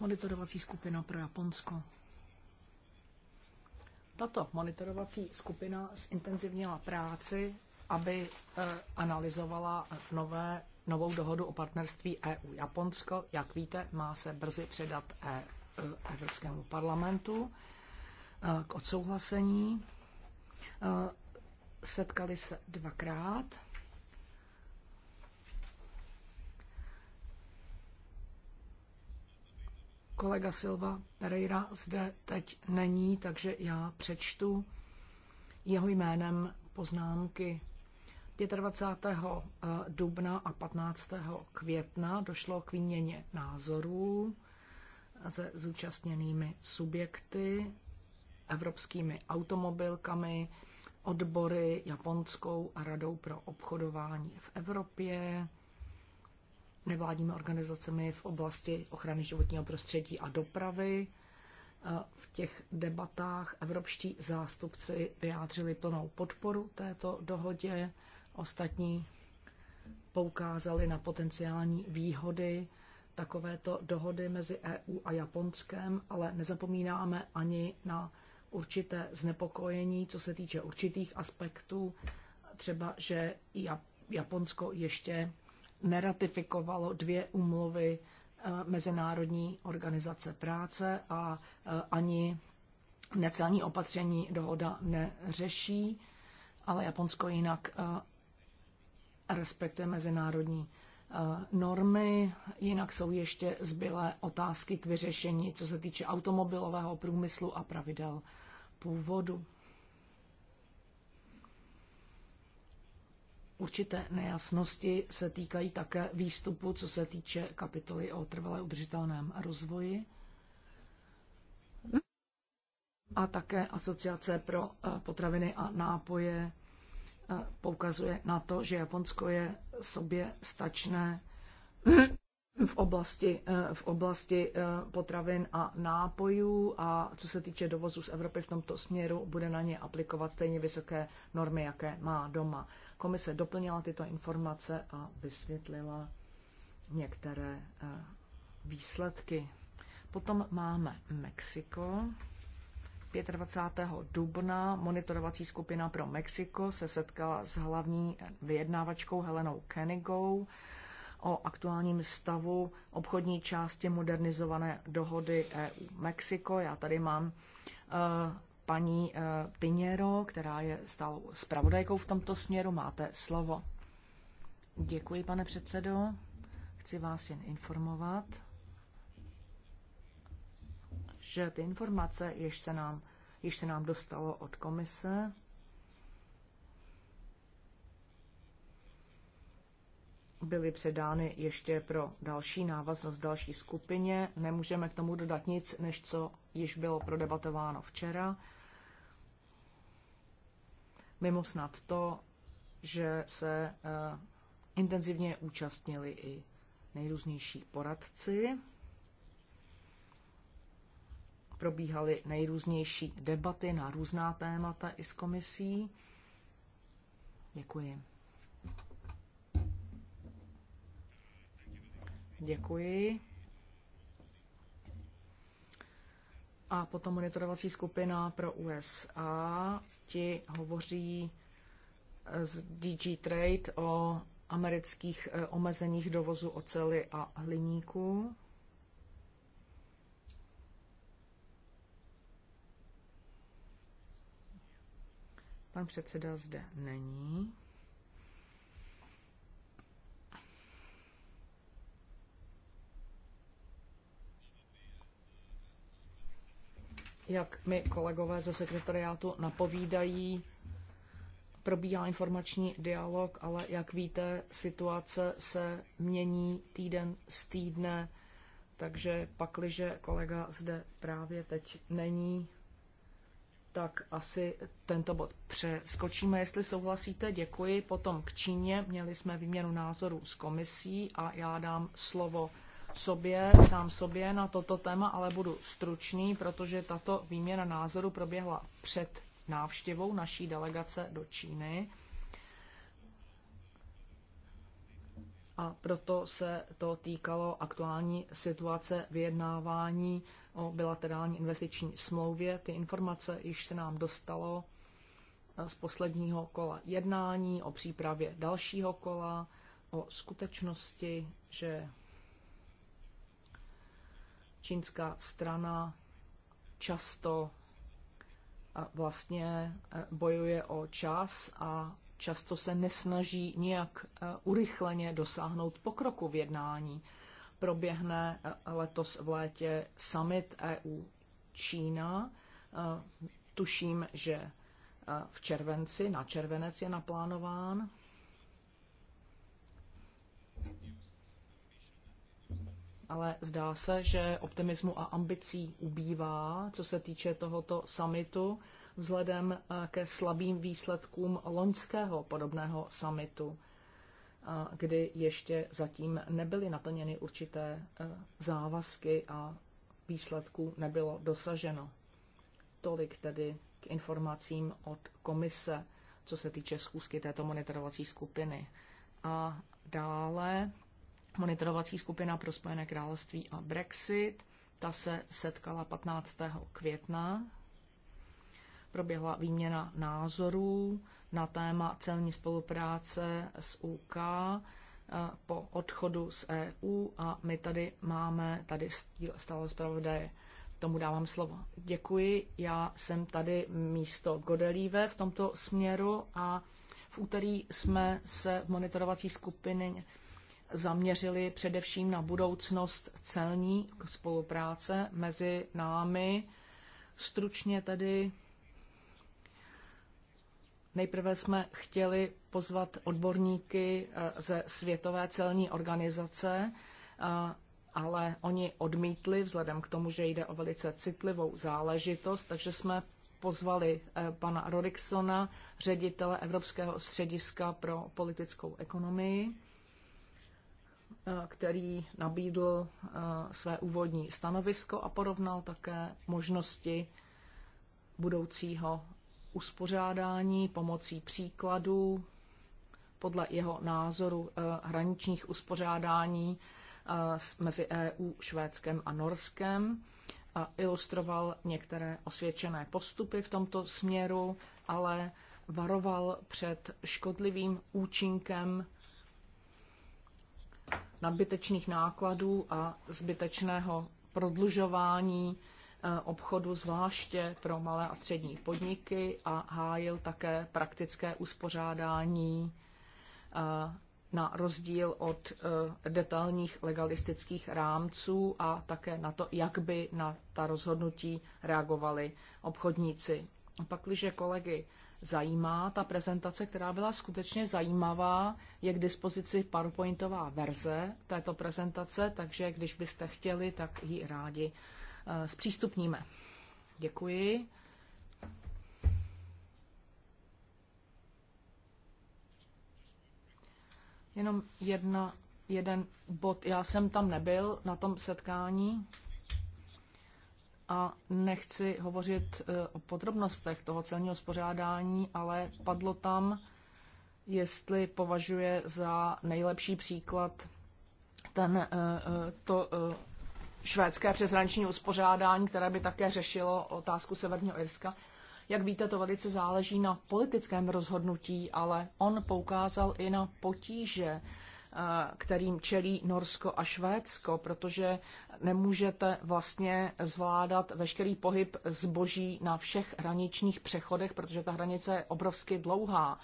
Monitorovací skupina pro Japonsko. Tato monitorovací skupina zintenzivnila práci, aby eh, analyzovala nové novou dohodu o partnerství EU-Japonsko. Jak víte, má se brzy předat e- Evropskému parlamentu e, k odsouhlasení. E, setkali se dvakrát. Kolega Silva Pereira zde teď není, takže já přečtu jeho jménem poznámky 25. Eh, dubna a 15. května došlo k výměně názorů se zúčastněnými subjekty, evropskými automobilkami, odbory, Japonskou a Radou pro obchodování v Evropě, nevládními organizacemi v oblasti ochrany životního prostředí a dopravy. Eh, v těch debatách evropští zástupci vyjádřili plnou podporu této dohodě. Ostatní poukázali na potenciální výhody takovéto dohody mezi EU a Japonskem, ale nezapomínáme ani na určité znepokojení, co se týče určitých aspektů, třeba, že Japonsko ještě neratifikovalo dvě umluvy eh, Mezinárodní organizace práce a eh, ani necelní opatření dohoda neřeší, ale Japonsko jinak eh, respektuje mezinárodní eh, normy, jinak jsou ještě zbylé otázky k vyřešení, co se týče automobilového průmyslu a pravidel původu. Určité nejasnosti se týkají také výstupu, co se týče kapitoly o trvalé udržitelném rozvoji a také Asociace pro eh, potraviny a nápoje poukazuje na to, že Japonsko je sobě stačné v oblasti, eh, v oblasti eh, potravin a nápojů a co se týče dovozu z Evropy v tomto směru, bude na ně aplikovat stejně vysoké normy, jaké má doma. Komise doplnila tyto informace a vysvětlila některé eh, výsledky. Potom máme Mexiko. 25. dubna monitorovací skupina pro Mexiko se setkala s hlavní vyjednávačkou Helenou Kennigou o aktuálním stavu obchodní části modernizované dohody EU-Mexiko. Já tady mám uh, paní uh, eh, Piněro, která je stálou zpravodajkou v tomto směru. Máte slovo. Děkuji, pane předsedo. Chci vás jen informovat, že ty informace, jež se nám, jež se nám dostalo od komise, byly předány ještě pro další návaznost další skupině. Nemůžeme k tomu dodat nic, než co již bylo prodebatováno včera. Mimo snad to, že se uh, intenzivně účastnili i nejrůznější poradci probíhaly nejrůznější debaty na různá témata i s komisí. Děkuji. Děkuji. A potom monitorovací skupina pro USA. Ti hovoří eh, z DG Trade o amerických eh, omezeních dovozu oceli a hliníku. Pan předseda zde není. Jak mi kolegové ze sekretariátu napovídají, probíhá informační dialog, ale jak víte, situace se mění týden z týdne, takže pakliže kolega zde právě teď není, tak asi tento bod přeskočíme. Jestli souhlasíte, děkuji. Potom k Číně. Měli jsme výměnu názorů s komisí a já dám slovo sobě, sám sobě na toto téma, ale budu stručný, protože tato výměna názoru proběhla před návštěvou naší delegace do Číny. a proto se to týkalo aktuální situace vyjednávání o bilaterální investiční smlouvě. Ty informace již se nám dostalo eh, z posledního kola jednání o přípravě dalšího kola, o skutečnosti, že čínská strana často eh, vlastně eh, bojuje o čas a často se nesnaží nějak eh, urychleně dosáhnout pokroku v jednání. Proběhne eh, letos v létě summit EU Čína. Eh, tuším, že v červenci, na červenec je naplánován. Ale zdá se, že optimismu a ambicí ubývá, co se týče tohoto summitu vzhledem eh, ke slabým výsledkům loňského podobného summitu, eh, kdy ještě zatím nebyly naplněny určité eh, závazky a výsledků nebylo dosaženo. Tolik tedy k informacím od komise, co se týče schůzky této monitorovací skupiny. A dále monitorovací skupina pro Spojené království a Brexit. Ta se setkala 15. května proběhla výměna názorů na téma celní spolupráce s UK eh, po odchodu z EU a my tady máme tady stále zpravodaje. Tomu dávám slovo. Děkuji. Já jsem tady místo Godelíve v tomto směru a v úterý jsme se v monitorovací skupině zaměřili především na budoucnost celní spolupráce mezi námi. Stručně tedy Nejprve jsme chtěli pozvat odborníky eh, ze Světové celní organizace, eh, ale oni odmítli vzhledem k tomu, že jde o velice citlivou záležitost, takže jsme pozvali eh, pana Roriksona, ředitele Evropského střediska pro politickou ekonomii, který nabídl své úvodní stanovisko a porovnal také možnosti budoucího uspořádání pomocí příkladů podle jeho názoru eh, hraničních uspořádání eh, mezi EU, Švédskem a Norskem. Ilustroval některé osvědčené postupy v tomto směru, ale varoval před škodlivým účinkem nadbytečných nákladů a zbytečného prodlužování Eh, obchodu, zvláště pro malé a střední podniky a hájil také praktické uspořádání eh, na rozdíl od eh, detailních legalistických rámců a také na to, jak by na ta rozhodnutí reagovali obchodníci. A pak, když kolegy zajímá. Ta prezentace, která byla skutečně zajímavá, je k dispozici PowerPointová verze této prezentace, takže když byste chtěli, tak ji rádi Eh, zpřístupníme. Děkuji. Jenom jedna, jeden bod. Já jsem tam nebyl na tom setkání a nechci hovořit eh, o podrobnostech toho celního spořádání, ale padlo tam, jestli považuje za nejlepší příklad ten, eh, to švédské přeshraniční uspořádání, které by také řešilo otázku Severního Irska. Jak víte, to velice záleží na politickém rozhodnutí, ale on poukázal i na potíže, eh, kterým čelí Norsko a Švédsko, protože nemůžete vlastně zvládat veškerý pohyb zboží na všech hraničních přechodech, protože ta hranice je obrovsky dlouhá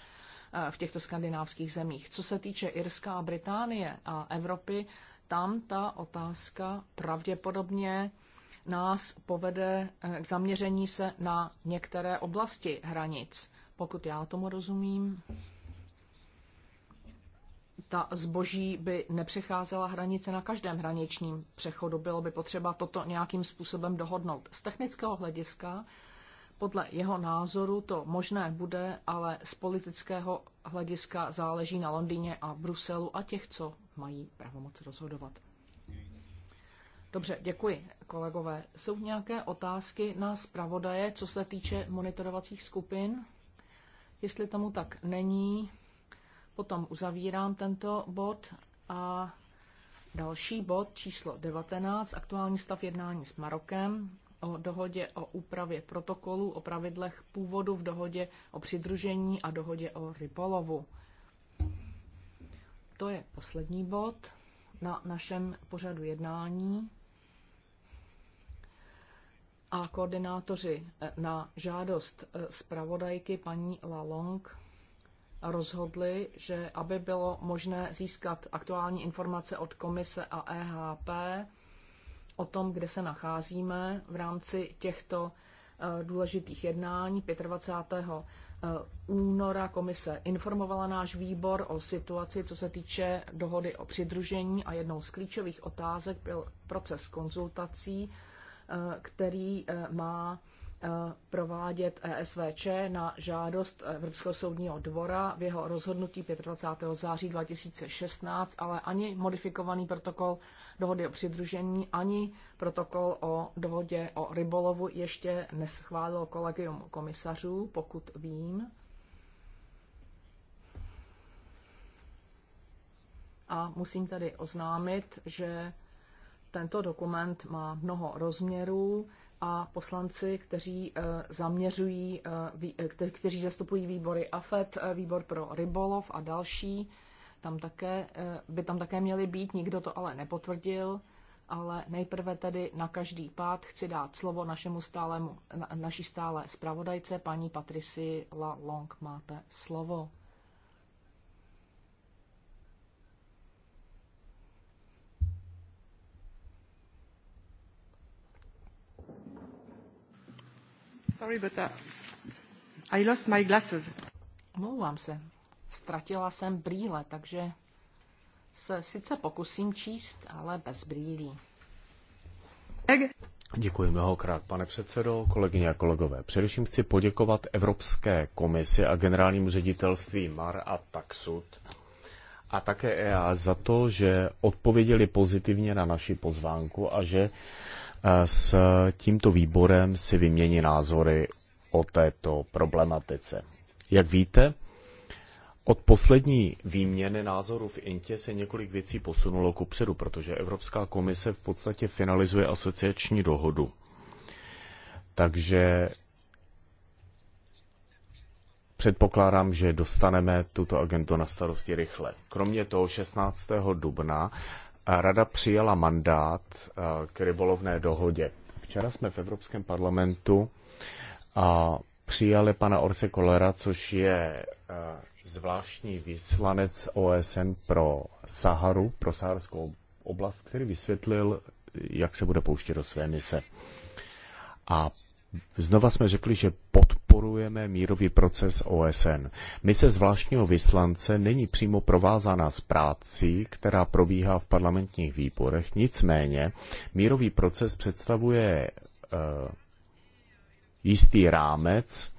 eh, v těchto skandinávských zemích. Co se týče Irska a Británie a Evropy, tam ta otázka pravděpodobně nás povede eh, k zaměření se na některé oblasti hranic. Pokud já tomu rozumím, ta zboží by nepřecházela hranice na každém hraničním přechodu. Bylo by potřeba toto nějakým způsobem dohodnout. Z technického hlediska, podle jeho názoru, to možné bude, ale z politického hlediska záleží na Londýně a Bruselu a těch, co mají pravomoc rozhodovat. Dobře, děkuji, kolegové. Jsou nějaké otázky na zpravodaje, co se týče monitorovacích skupin? Jestli tomu tak není, potom uzavírám tento bod a další bod číslo 19, aktuální stav jednání s Marokem o dohodě o úpravě protokolů, o pravidlech původu v dohodě o přidružení a dohodě o rybolovu. To je poslední bod na našem pořadu jednání. A koordinátoři eh, na žádost eh, zpravodajky paní Lalong rozhodli, že aby bylo možné získat aktuální informace od komise a EHP, o tom, kde se nacházíme v rámci těchto eh, důležitých jednání. 25. Eh, února komise informovala náš výbor o situaci, co se týče dohody o přidružení a jednou z klíčových otázek byl proces konzultací, eh, který má Eh, provádět ESVČ na žádost Evropského soudního dvora v jeho rozhodnutí 25. září 2016, ale ani modifikovaný protokol dohody o přidružení, ani protokol o dohodě o rybolovu ještě neschválilo kolegium komisařů, pokud vím. A musím tady oznámit, že tento dokument má mnoho rozměrů a poslanci, kteří eh, zaměřují, eh, eh, kteří zastupují výbory AFET, výbor pro rybolov a další, tam také, by tam také měli být, nikdo to ale nepotvrdil, ale nejprve tedy na každý pád chci dát slovo našemu stálemu, na, naší stále zpravodajce, paní Patrici La Long, máte slovo. Sorry, but uh, I lost my glasses. Omlouvám se. Ztratila jsem brýle, takže se sice pokusím číst, ale bez brýlí. Děkuji mnohokrát, pane předsedo, kolegyně a kolegové. Především chci poděkovat Evropské komisi a generálnímu ředitelství MAR a Taxud a také EA za to, že odpověděli pozitivně na naši pozvánku a že Eh, s tímto výborem si vymění názory o této problematice. Jak víte, od poslední výměny názorů v Intě se několik věcí posunulo předu, protože Evropská komise v podstatě finalizuje asociační dohodu. Takže předpokládám, že dostaneme tuto agentu na starosti rychle. Kromě toho 16. dubna Rada přijala mandát eh, k rybolovné dohodě. Včera jsme v Evropském parlamentu a přijali pana Orse Kolera, což je eh, zvláštní vyslanec OSN pro Saharu, pro saharskou oblast, který vysvětlil, jak se bude pouštět do své mise. A Znova jsme řekli, že podporujeme mírový proces OSN. Mise zvláštního vyslance není přímo provázaná s práci, která probíhá v parlamentních výborech. Nicméně mírový proces představuje uh, jistý rámec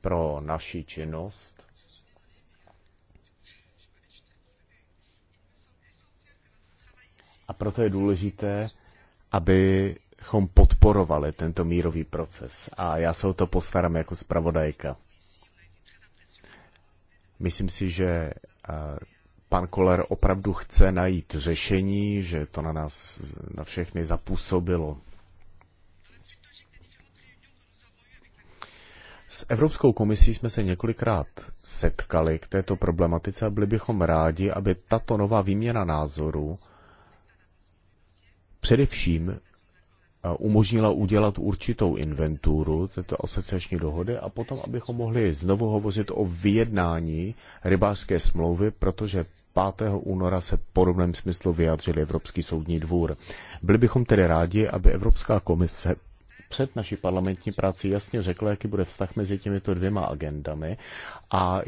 pro naši činnost. A proto je důležité, aby abychom podporovali tento mírový proces. A já se o to postaram jako zpravodajka. Myslím si, že eh, pan Koller opravdu chce najít řešení, že to na nás, na všechny zapůsobilo. S Evropskou komisí jsme se několikrát setkali k této problematice a byli bychom rádi, aby tato nová výměna názorů především umožnila udělat určitou inventuru této asociační dohody a potom, abychom mohli znovu hovořit o vyjednání rybářské smlouvy, protože 5. února se v podobném smyslu vyjádřil Evropský soudní dvůr. Byli bychom tedy rádi, aby Evropská komise před naší parlamentní práci jasně řekla, jaký bude vztah mezi těmito dvěma agendami a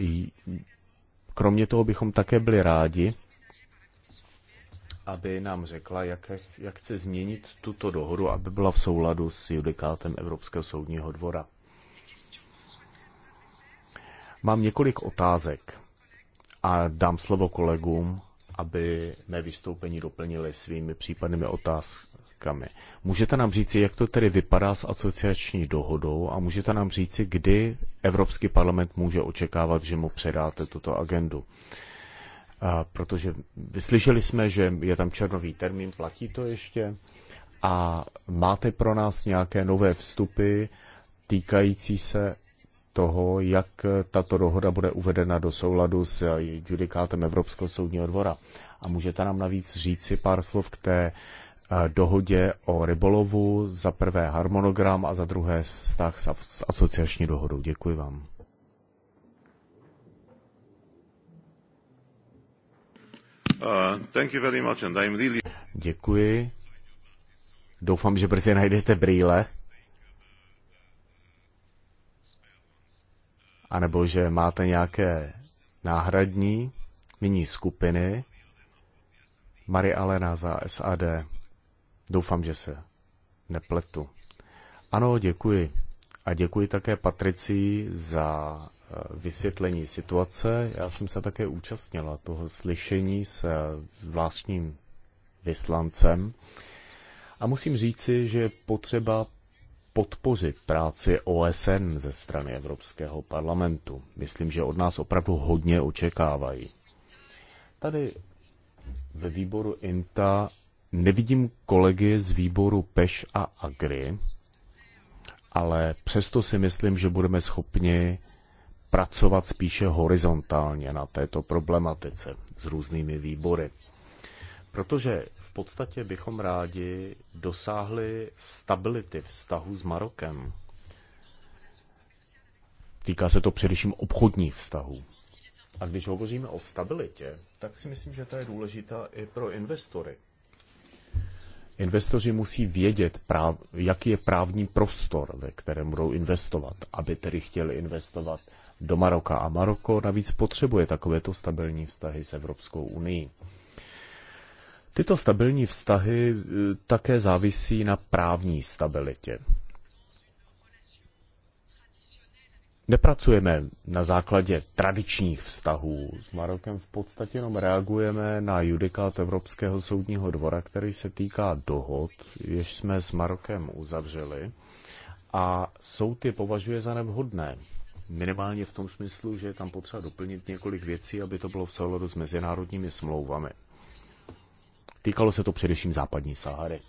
kromě toho bychom také byli rádi, aby nám řekla, jak, jak chce změnit tuto dohodu, aby byla v souladu s judikátem Evropského soudního dvora. Mám několik otázek a dám slovo kolegům, aby mé vystoupení doplnili svými případnými otázkami. Můžete nám říci, jak to tedy vypadá s asociační dohodou a můžete nám říci, kdy Evropský parlament může očekávat, že mu předáte tuto agendu. A protože vyslyšeli jsme, že je tam černový termín, platí to ještě. A máte pro nás nějaké nové vstupy týkající se toho, jak tato dohoda bude uvedena do souladu s judikátem Evropského soudního dvora. A můžete nám navíc si pár slov k té eh, dohodě o rybolovu, za prvé harmonogram a za druhé vztah s asociační dohodou. Děkuji vám. Uh, thank you very much and I'm really... Děkuji. Doufám, že brzy najdete brýle. A nebo že máte nějaké náhradní, nyní skupiny. Marie Alena za SAD. Doufám, že se nepletu. Ano, děkuji. A děkuji také Patrici za vysvětlení situace. Já jsem se také účastnila toho slyšení s eh, vlastním vyslancem a musím říci, že je potřeba podpořit práci OSN ze strany Evropského parlamentu. Myslím, že od nás opravdu hodně očekávají. Tady ve výboru INTA nevidím kolegy z výboru PEŠ a AGRI, ale přesto si myslím, že budeme schopni pracovat spíše horizontálně na této problematice s různými výbory. Protože v podstatě bychom rádi dosáhli stability vztahu s Marokem. Týká se to především obchodních vztahů. A když hovoříme o stabilitě, tak si myslím, že to je důležitá i pro investory. Investoři musí vědět, práv, jaký je právní prostor, ve kterém budou investovat, aby tedy chtěli investovat do Maroka. A Maroko navíc potřebuje takovéto stabilní vztahy s Evropskou unii. Tyto stabilní vztahy eh, také závisí na právní stabilitě. Nepracujeme na základě tradičních vztahů s Marokem, v podstatě jenom reagujeme na judikát Evropského soudního dvora, který se týká dohod, jež jsme s Marokem uzavřeli a soud je považuje za nevhodné. Minimálně v tom smyslu, že je tam potřeba doplnit několik věcí, aby to bylo v souladu s mezinárodními smlouvami. Týkalo se to především západní Sahary.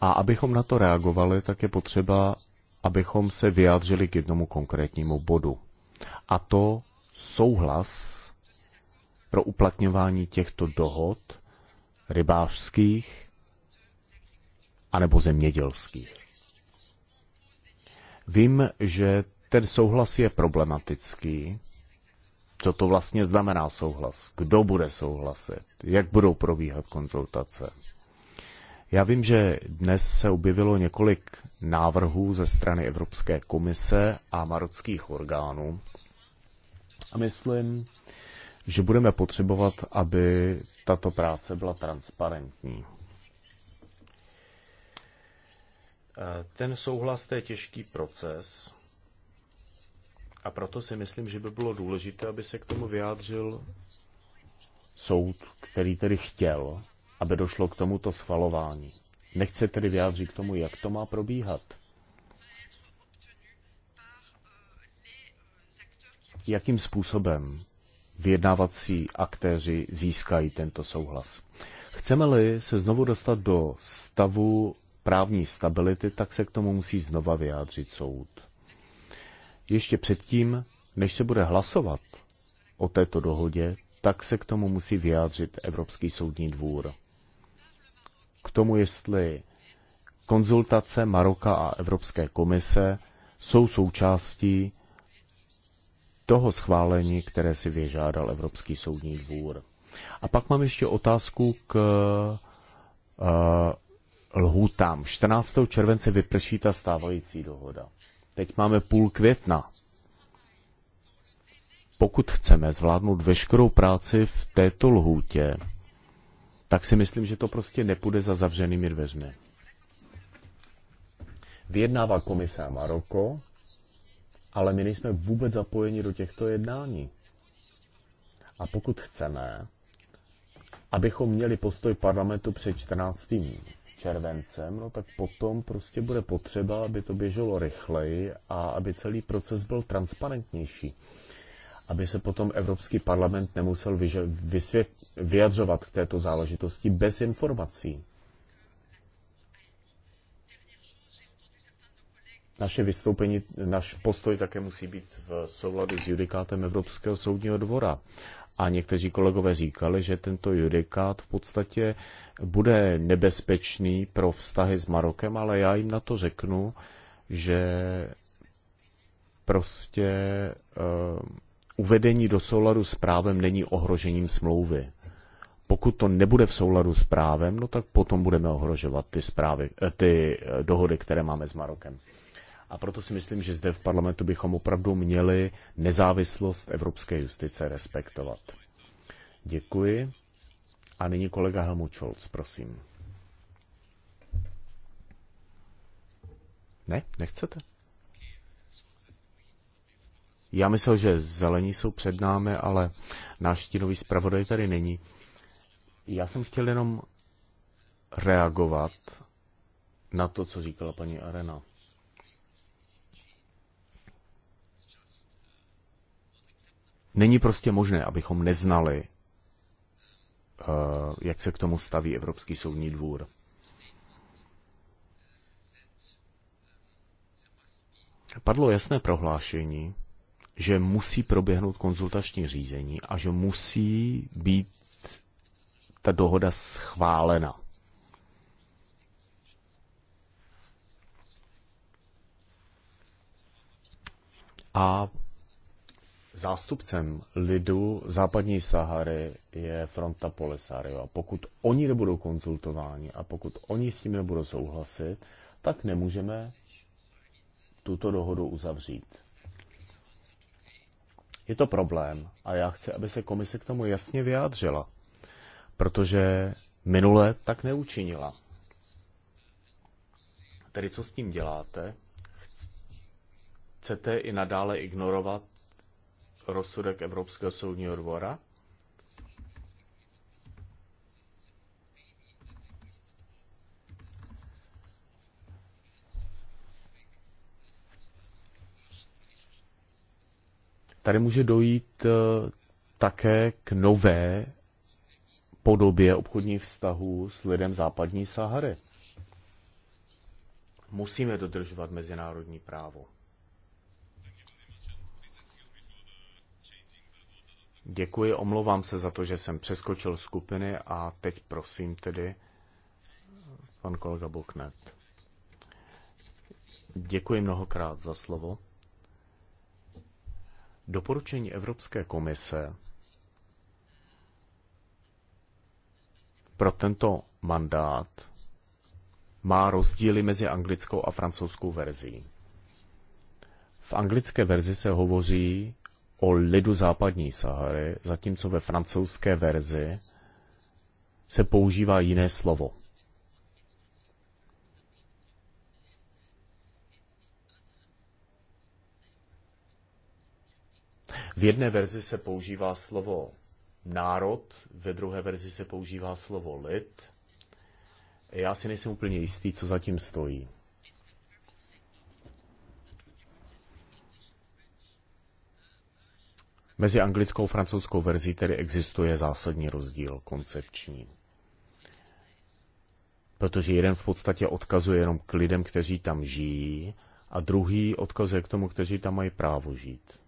A abychom na to reagovali, tak je potřeba, abychom se vyjádřili k jednomu konkrétnímu bodu. A to souhlas pro uplatňování těchto dohod rybářských anebo zemědělských. Vím, že ten souhlas je problematický. Co to vlastně znamená souhlas? Kdo bude souhlasit? Jak budou probíhat konzultace? Já vím, že dnes se objevilo několik návrhů ze strany Evropské komise a marockých orgánů. A myslím, že budeme potřebovat, aby tato práce byla transparentní. Eh, ten souhlas, to je těžký proces a proto si myslím, že by bylo důležité, aby se k tomu vyjádřil soud, který tedy chtěl, aby došlo k tomuto schvalování. Nechce tedy vyjádřit k tomu, jak to má probíhat. Jakým způsobem vyjednávací aktéři získají tento souhlas. Chceme-li se znovu dostat do stavu právní stability, tak se k tomu musí znova vyjádřit soud. Ještě předtím, než se bude hlasovat o této dohodě, tak se k tomu musí vyjádřit Evropský soudní dvůr. K tomu, jestli konzultace Maroka a Evropské komise jsou součástí toho schválení, které si vyžádal Evropský soudní dvůr. A pak mám ještě otázku k eh, lhůtám. 14. července vyprší ta stávající dohoda. Teď máme půl května. Pokud chceme zvládnout veškerou práci v této lhůtě, tak si myslím, že to prostě nepůjde za zavřenými dveřmi. Vyjednává komise Maroko, ale my nejsme vůbec zapojeni do těchto jednání. A pokud chceme, abychom měli postoj parlamentu před 14 červencem, no tak potom prostě bude potřeba, aby to běželo rychleji a aby celý proces byl transparentnější. Aby se potom Evropský parlament nemusel vyjadřovat k této záležitosti bez informací. Naše vystoupení, náš postoj také musí být v souladu s judikátem Evropského soudního dvora a někteří kolegové říkali, že tento judikát v podstatě bude nebezpečný pro vztahy s Marokem, ale já jim na to řeknu, že prostě uh, uvedení do souladu s právem není ohrožením smlouvy. Pokud to nebude v souladu s právem, no tak potom budeme ohrožovat ty, zprávy, eh, ty eh, dohody, které máme s Marokem. A proto si myslím, že zde v parlamentu bychom opravdu měli nezávislost evropské justice respektovat. Děkuji. A nyní kolega Helmut Scholz, prosím. Ne, nechcete? Já myslel, že zelení jsou před námi, ale náš stínový zpravodaj tady není. Já jsem chtěl jenom reagovat na to, co říkala paní Arena. Není prostě možné, abychom neznali, eh, jak se k tomu staví Evropský soudní dvůr. Padlo jasné prohlášení, že musí proběhnout konzultační řízení a že musí být ta dohoda schválena. A zástupcem lidu západní Sahary je Fronta Polisario. A pokud oni nebudou konzultováni a pokud oni s tím nebudou souhlasit, tak nemůžeme tuto dohodu uzavřít. Je to problém a já chci, aby se komise k tomu jasně vyjádřila, protože minule tak neučinila. Tedy co s tím děláte? Chcete i nadále ignorovat rozsudek Evropského soudního dvora. Tady může dojít eh, také k nové podobě obchodních vztahů s lidem západní Sahary. Musíme dodržovat mezinárodní právo. Děkuji, omlouvám se za to, že jsem přeskočil skupiny a teď prosím tedy pan kolega Buknet. Děkuji mnohokrát za slovo. Doporučení Evropské komise pro tento mandát má rozdíly mezi anglickou a francouzskou verzí. V anglické verzi se hovoří o lidu západní Sahary, zatímco ve francouzské verzi se používá jiné slovo. V jedné verzi se používá slovo národ, ve druhé verzi se používá slovo lid. Já si nejsem úplně jistý, co zatím stojí. Mezi anglickou a francouzskou verzí tedy existuje zásadní rozdíl koncepční. Protože jeden v podstatě odkazuje jenom k lidem, kteří tam žijí, a druhý odkazuje k tomu, kteří tam mají právo žít.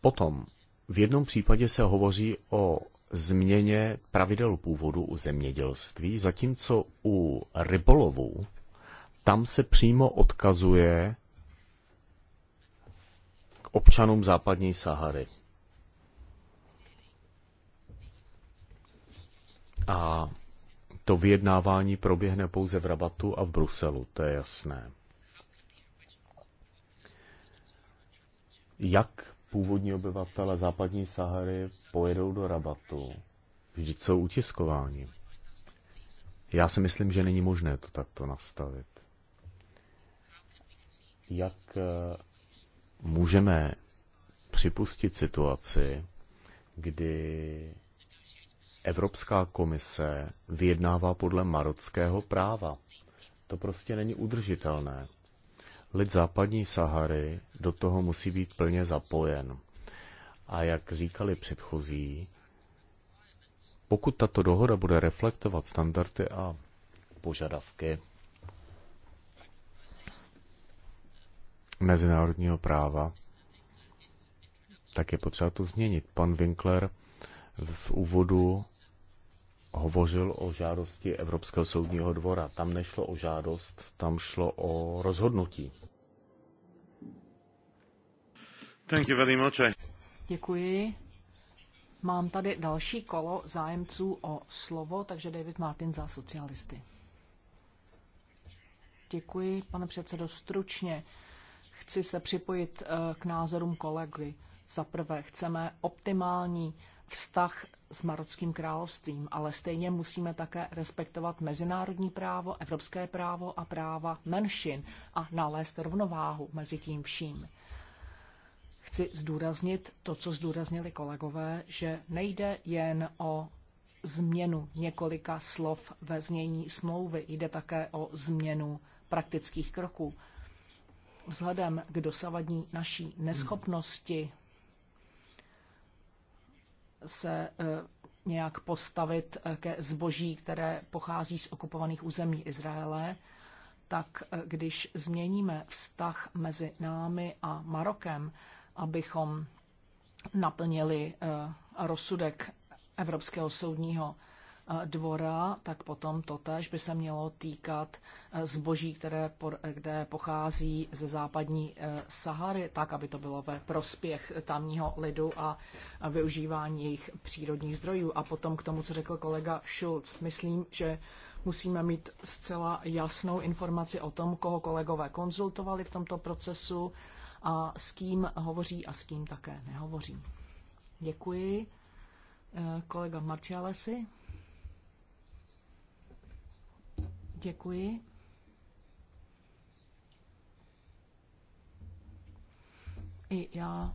Potom v jednom případě se hovoří o změně pravidel původu u zemědělství, zatímco u rybolovu tam se přímo odkazuje k občanům západní Sahary. A to vyjednávání proběhne pouze v Rabatu a v Bruselu, to je jasné. Jak původní obyvatele západní Sahary pojedou do Rabatu. Vždyť jsou utiskováni. Já si myslím, že není možné to takto nastavit. Jak eh, můžeme připustit situaci, kdy Evropská komise vyjednává podle marockého práva? To prostě není udržitelné. Lid západní Sahary do toho musí být plně zapojen. A jak říkali předchozí, pokud tato dohoda bude reflektovat standardy a požadavky mezinárodního práva, tak je potřeba to změnit. Pan Winkler v úvodu hovořil o žádosti Evropského soudního dvora. Tam nešlo o žádost, tam šlo o rozhodnutí. Thank you very much. Děkuji. Mám tady další kolo zájemců o slovo, takže David Martin za socialisty. Děkuji, pane předsedo, stručně. Chci se připojit eh, k názorům kolegy. Za prvé, chceme optimální vztah s Marockým královstvím, ale stejně musíme také respektovat mezinárodní právo, evropské právo a práva menšin a nalézt rovnováhu mezi tím vším. Chci zdůraznit to, co zdůraznili kolegové, že nejde jen o změnu několika slov ve znění smlouvy, jde také o změnu praktických kroků. Vzhledem k dosavadní naší neschopnosti se eh, nějak postavit eh, ke zboží, které pochází z okupovaných území Izraele, tak eh, když změníme vztah mezi námi a Marokem, abychom naplnili rozsudek Evropského soudního dvora, tak potom tež by se mělo týkat eh, zboží, které kde pochází ze západní eh, Sahary, tak, aby to bylo ve prospěch tamního lidu a využívání jejich přírodních zdrojů. A potom k tomu, co řekl kolega Schulz, myslím, že musíme mít zcela jasnou informaci o tom, koho kolegové konzultovali v tomto procesu a s kým hovoří a s kým také nehovoří. Děkuji. Eh, kolega Marcialesi. Děkuji. I já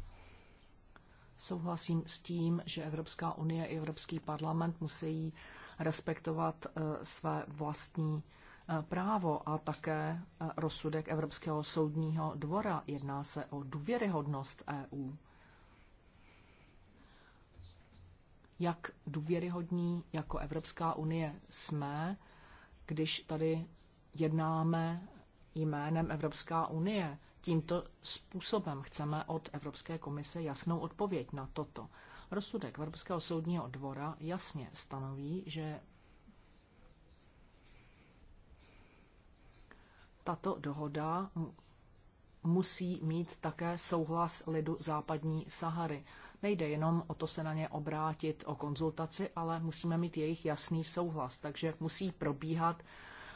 souhlasím s tím, že Evropská unie i Evropský parlament musí respektovat eh, své vlastní eh, právo a také eh, rozsudek Evropského soudního dvora. Jedná se o důvěryhodnost EU. Jak důvěryhodní jako Evropská unie jsme, když tady jednáme jménem Evropská unie. Tímto způsobem chceme od Evropské komise jasnou odpověď na toto. Rozsudek Evropského soudního dvora jasně stanoví, že tato dohoda musí mít také souhlas lidu západní Sahary. Nejde jenom o to se na ně obrátit o konzultaci, ale musíme mít jejich jasný souhlas, takže musí probíhat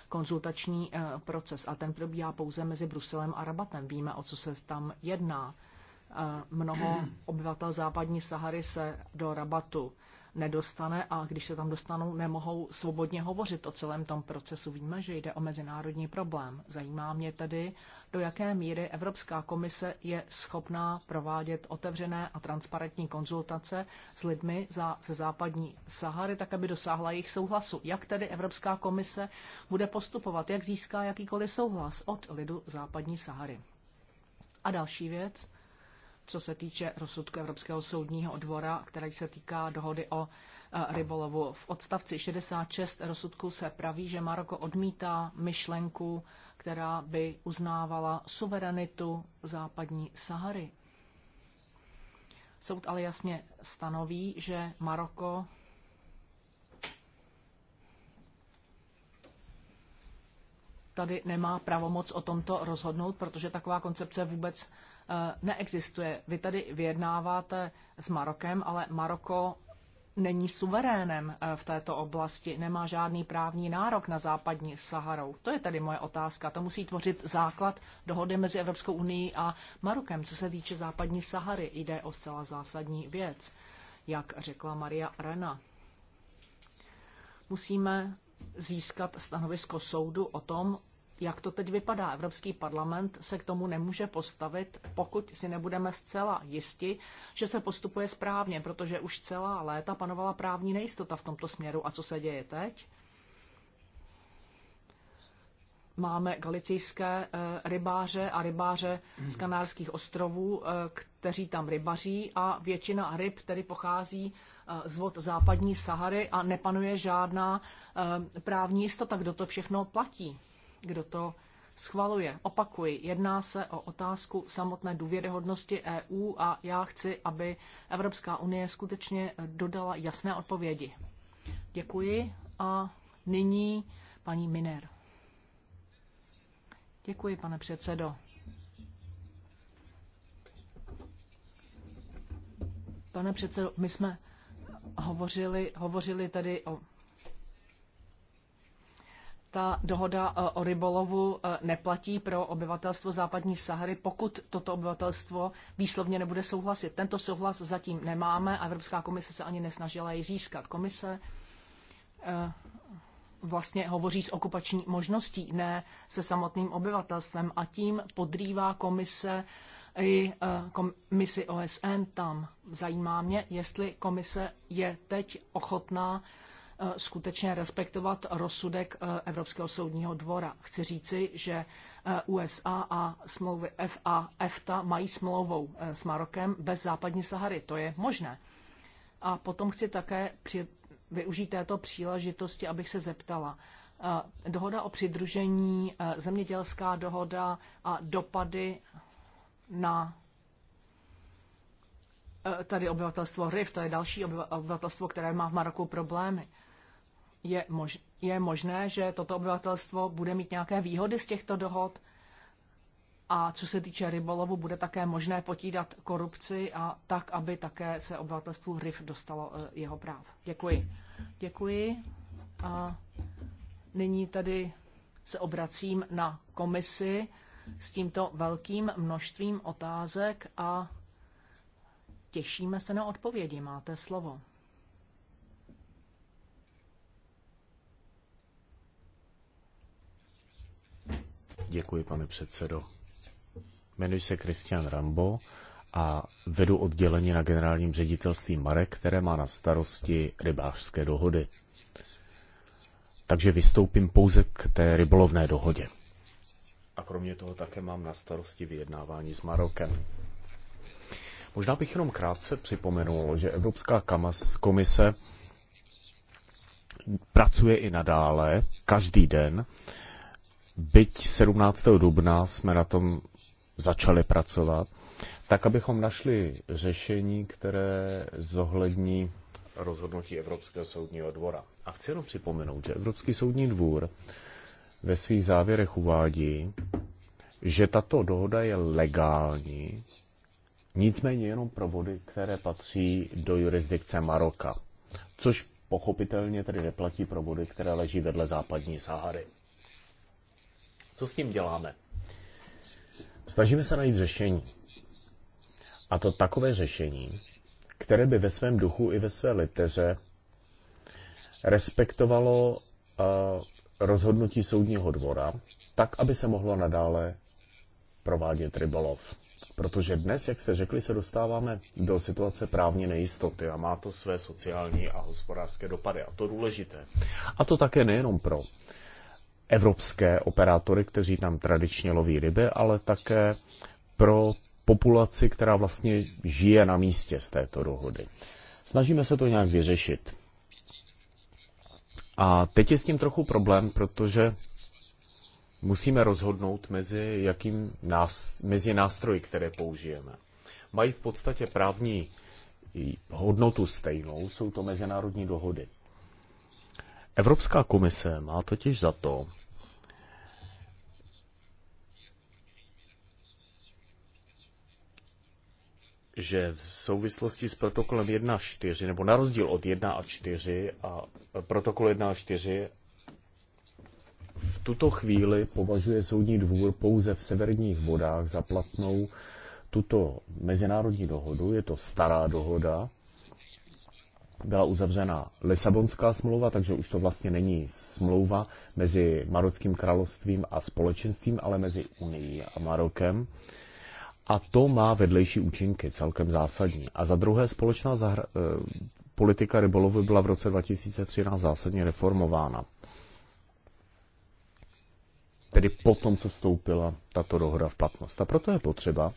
konzultační eh, proces a ten probíhá pouze mezi Bruselem a Rabatem. Víme, o co se tam jedná. Eh, mnoho obyvatel západní Sahary se do Rabatu nedostane a když se tam dostanou, nemohou svobodně hovořit o celém tom procesu. Víme, že jde o mezinárodní problém. Zajímá mě tedy, do jaké míry Evropská komise je schopná provádět otevřené a transparentní konzultace s lidmi za, ze západní Sahary, tak aby dosáhla jejich souhlasu. Jak tedy Evropská komise bude postupovat, jak získá jakýkoliv souhlas od lidu západní Sahary. A další věc, co se týče rozsudku Evropského soudního dvora, který se týká dohody o e, rybolovu. V odstavci 66 rozsudku se praví, že Maroko odmítá myšlenku, která by uznávala suverenitu západní Sahary. Soud ale jasně stanoví, že Maroko tady nemá pravomoc o tomto rozhodnout, protože taková koncepce vůbec Eh, neexistuje. Vy tady vyjednáváte s Marokem, ale Maroko není suverénem eh, v této oblasti, nemá žádný právní nárok na západní Saharou. To je tedy moje otázka. To musí tvořit základ dohody mezi Evropskou unii a Marokem. Co se týče západní Sahary, jde o zcela zásadní věc, jak řekla Maria Rena. Musíme získat stanovisko soudu o tom, jak to teď vypadá. Evropský parlament se k tomu nemůže postavit, pokud si nebudeme zcela jisti, že se postupuje správně, protože už celá léta panovala právní nejistota v tomto směru. A co se děje teď? Máme galicijské eh, rybáře a rybáře z hmm. Kanárských ostrovů, eh, kteří tam rybaří a většina ryb tedy pochází eh, z vod západní Sahary a nepanuje žádná právní jistota, kdo to všechno platí kdo to schvaluje. Opakuji, jedná se o otázku samotné důvěryhodnosti EU a já chci, aby Evropská unie skutečně dodala jasné odpovědi. Děkuji a nyní paní Miner. Děkuji, pane předsedo. Pane předsedo, my jsme hovořili, hovořili tady o ta dohoda e, o rybolovu e, neplatí pro obyvatelstvo západní Sahary, pokud toto obyvatelstvo výslovně nebude souhlasit. Tento souhlas zatím nemáme a Evropská komise se ani nesnažila jej získat. Komise e, vlastně hovoří s okupační možností, ne se samotným obyvatelstvem a tím podrývá komise i komisi OSN tam. Zajímá mě, jestli komise je teď ochotná Eh, skutečně respektovat rozsudek eh, Evropského soudního dvora. Chci říci, že eh, USA a smlouvy FA, EFTA mají smlouvou s Marokem bez západní Sahary. To je možné. A potom chci také při, využít této příležitosti, abych se zeptala. Dohoda o přidružení, zemědělská dohoda a dopady na tady obyvatelstvo RIF, to je další obyvatelstvo, které má v Maroku problémy. Je, mož, je možné, že toto obyvatelstvo bude mít nějaké výhody z těchto dohod? A co se týče rybolovu, bude také možné potídat korupci a tak, aby také se obyvatelstvu RIF dostalo e, jeho práv. Děkuji. Děkuji. A nyní tedy se obracím na komisi s tímto velkým množstvím otázek a těšíme se na odpovědi. Máte slovo. Děkuji, pane předsedo. Jmenuji se Kristian Rambo a vedu oddělení na generálním ředitelství Marek, které má na starosti rybářské dohody. Takže vystoupím pouze k té rybolovné dohodě. A kromě toho také mám na starosti vyjednávání s Marokem. Možná bych jenom krátce připomenul, že Evropská komise pracuje i nadále, každý den, byť 17. dubna jsme na tom začali pracovat, tak abychom našli řešení, které zohlední rozhodnutí Evropského soudního dvora. A chci jenom připomenout, že Evropský soudní dvůr ve svých závěrech uvádí, že tato dohoda je legální, nicméně jenom pro vody, které patří do jurisdikce Maroka, což pochopitelně tedy neplatí pro vody, které leží vedle západní Sahary. Co s tím děláme? Snažíme se najít řešení. A to takové řešení, které by ve svém duchu i ve své liteře respektovalo eh, rozhodnutí soudního dvora, tak, aby se mohlo nadále provádět rybolov. Protože dnes, jak jste řekli, se dostáváme do situace právní nejistoty a má to své sociální a hospodářské dopady. A to důležité. A to také nejenom pro evropské operátory, kteří tam tradičně loví ryby, ale také pro populaci, která vlastně žije na místě z této dohody. Snažíme se to nějak vyřešit. A teď je s tím trochu problém, protože musíme rozhodnout mezi, jakým nás, mezi nástroji, které použijeme. Mají v podstatě právní hodnotu stejnou, jsou to mezinárodní dohody. Evropská komise má totiž za to, že v souvislosti s protokolem 1/4 nebo na rozdíl od 1 a 4 a protokol 1 a 4 v tuto chvíli považuje soudní dvůr pouze v severních vodách za platnou tuto mezinárodní dohodu. Je to stará dohoda. Byla uzavřena Lisabonská smlouva, takže už to vlastně není smlouva mezi Marockým královstvím a společenstvím, ale mezi Unii a Marokem. A to má vedlejší účinky, celkem zásadní. A za druhé, společná zahra- eh, politika rybolovu byla v roce 2013 zásadně reformována. Tedy po tom, co vstoupila tato dohoda v platnost. A proto je potřeba,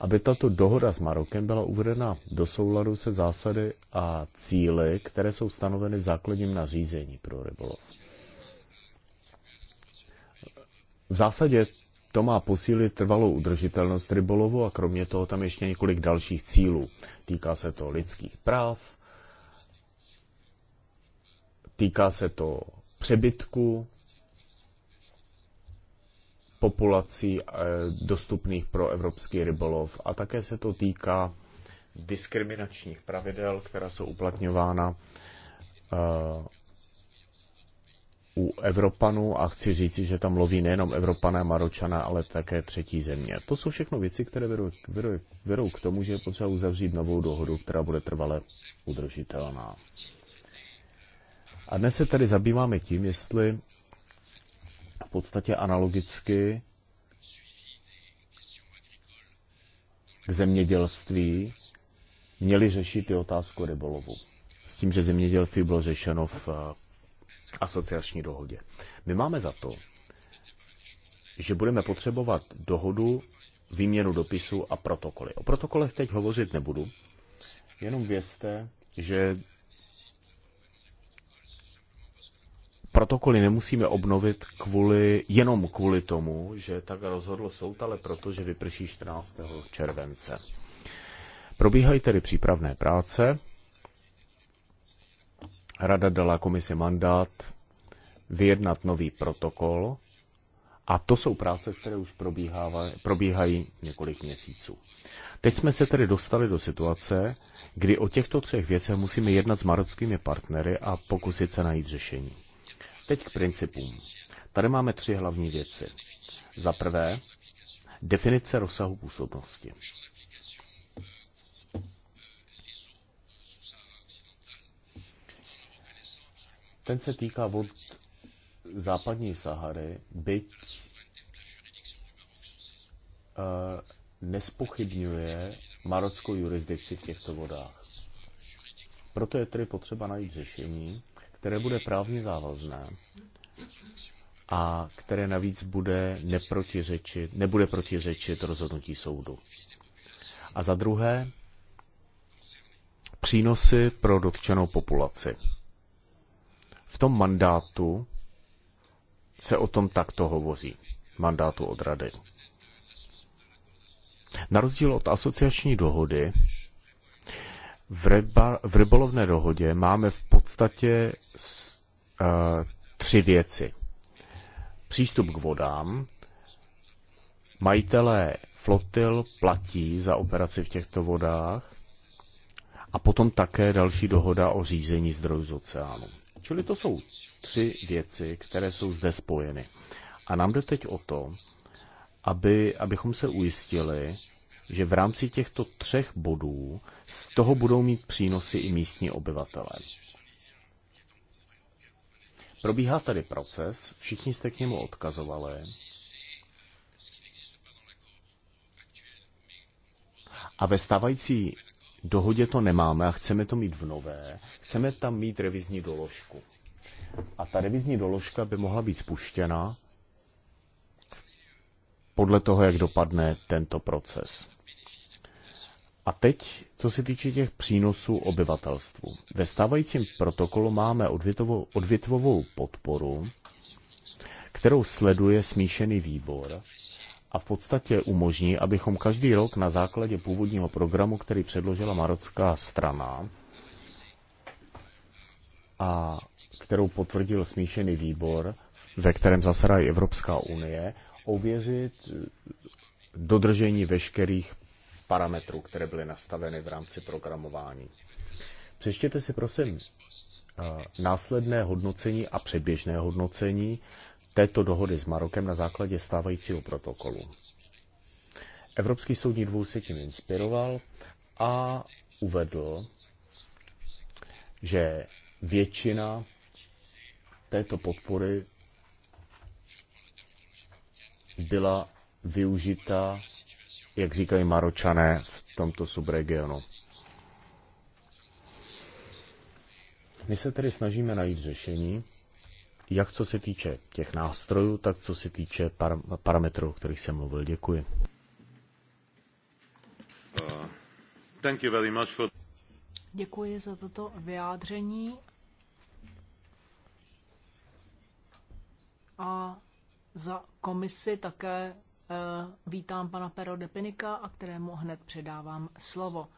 aby tato dohoda s Marokem byla uvedena do souladu se zásady a cíly, které jsou stanoveny v základním nařízení pro rybolov. V zásadě to má posílit trvalou udržitelnost rybolovu a kromě toho tam ještě několik dalších cílů. Týká se to lidských práv, týká se to přebytku, populací eh, dostupných pro evropský rybolov a také se to týká diskriminačních pravidel, která jsou uplatňována eh, u Evropanů a chci říci, že tam loví nejenom Evropané, Maročana, ale také třetí země. To jsou všechno věci, které vedou, vedou, vedou k tomu, že je potřeba uzavřít novou dohodu, která bude trvale udržitelná. A dnes se tady zabýváme tím, jestli v podstatě analogicky k zemědělství měli řešit i otázku rybolovu. S tím, že zemědělství bylo řešeno v asociační dohodě. My máme za to, že budeme potřebovat dohodu, výměnu dopisů a protokoly. O protokolech teď hovořit nebudu, jenom vězte, že protokoly nemusíme obnovit kvůli, jenom kvůli tomu, že tak rozhodl soud, ale protože vyprší 14. července. Probíhají tedy přípravné práce, Rada dala komisi mandát vyjednat nový protokol a to jsou práce, které už probíhají několik měsíců. Teď jsme se tedy dostali do situace, kdy o těchto třech věcech musíme jednat s marockými partnery a pokusit se najít řešení. Teď k principům. Tady máme tři hlavní věci. Za prvé, definice rozsahu působnosti. Ten se týká vod západní Sahary, byť eh, nespochybňuje marockou jurisdikci v těchto vodách. Proto je tedy potřeba najít řešení, které bude právně závazné a které navíc bude neprotiřečit, nebude protiřečit rozhodnutí soudu. A za druhé, přínosy pro dotčenou populaci. V tom mandátu se o tom takto hovoří. Mandátu od rady. Na rozdíl od asociační dohody, v, ryba, v rybolovné dohodě máme v podstatě uh, tři věci. Přístup k vodám, majitelé flotil platí za operaci v těchto vodách a potom také další dohoda o řízení zdrojů z oceánu. Čili to jsou tři věci, které jsou zde spojeny. A nám jde teď o to, aby, abychom se ujistili, že v rámci těchto třech bodů z toho budou mít přínosy i místní obyvatelé. Probíhá tady proces, všichni jste k němu odkazovali. A ve stávající dohodě to nemáme a chceme to mít v nové, chceme tam mít revizní doložku. A ta revizní doložka by mohla být spuštěna podle toho, jak dopadne tento proces. A teď, co se týče těch přínosů obyvatelstvu. Ve stávajícím protokolu máme odvětovou, odvětovou podporu, kterou sleduje smíšený výbor a v podstatě umožní, abychom každý rok na základě původního programu, který předložila marocká strana a kterou potvrdil smíšený výbor, ve kterém zasedá i Evropská unie, ověřit dodržení veškerých parametrů, které byly nastaveny v rámci programování. Přečtěte si prosím eh, následné hodnocení a předběžné hodnocení této dohody s Marokem na základě stávajícího protokolu. Evropský soudní dvůr se tím inspiroval a uvedl, že většina této podpory byla využita, jak říkají Maročané, v tomto subregionu. My se tedy snažíme najít řešení, jak co se týče těch nástrojů, tak co se týče par- parametrů, o kterých jsem mluvil. Děkuji. Uh, thank you very much for... Děkuji za toto vyjádření. A za komisi také eh, vítám pana Pero Depinika, a kterému hned předávám slovo.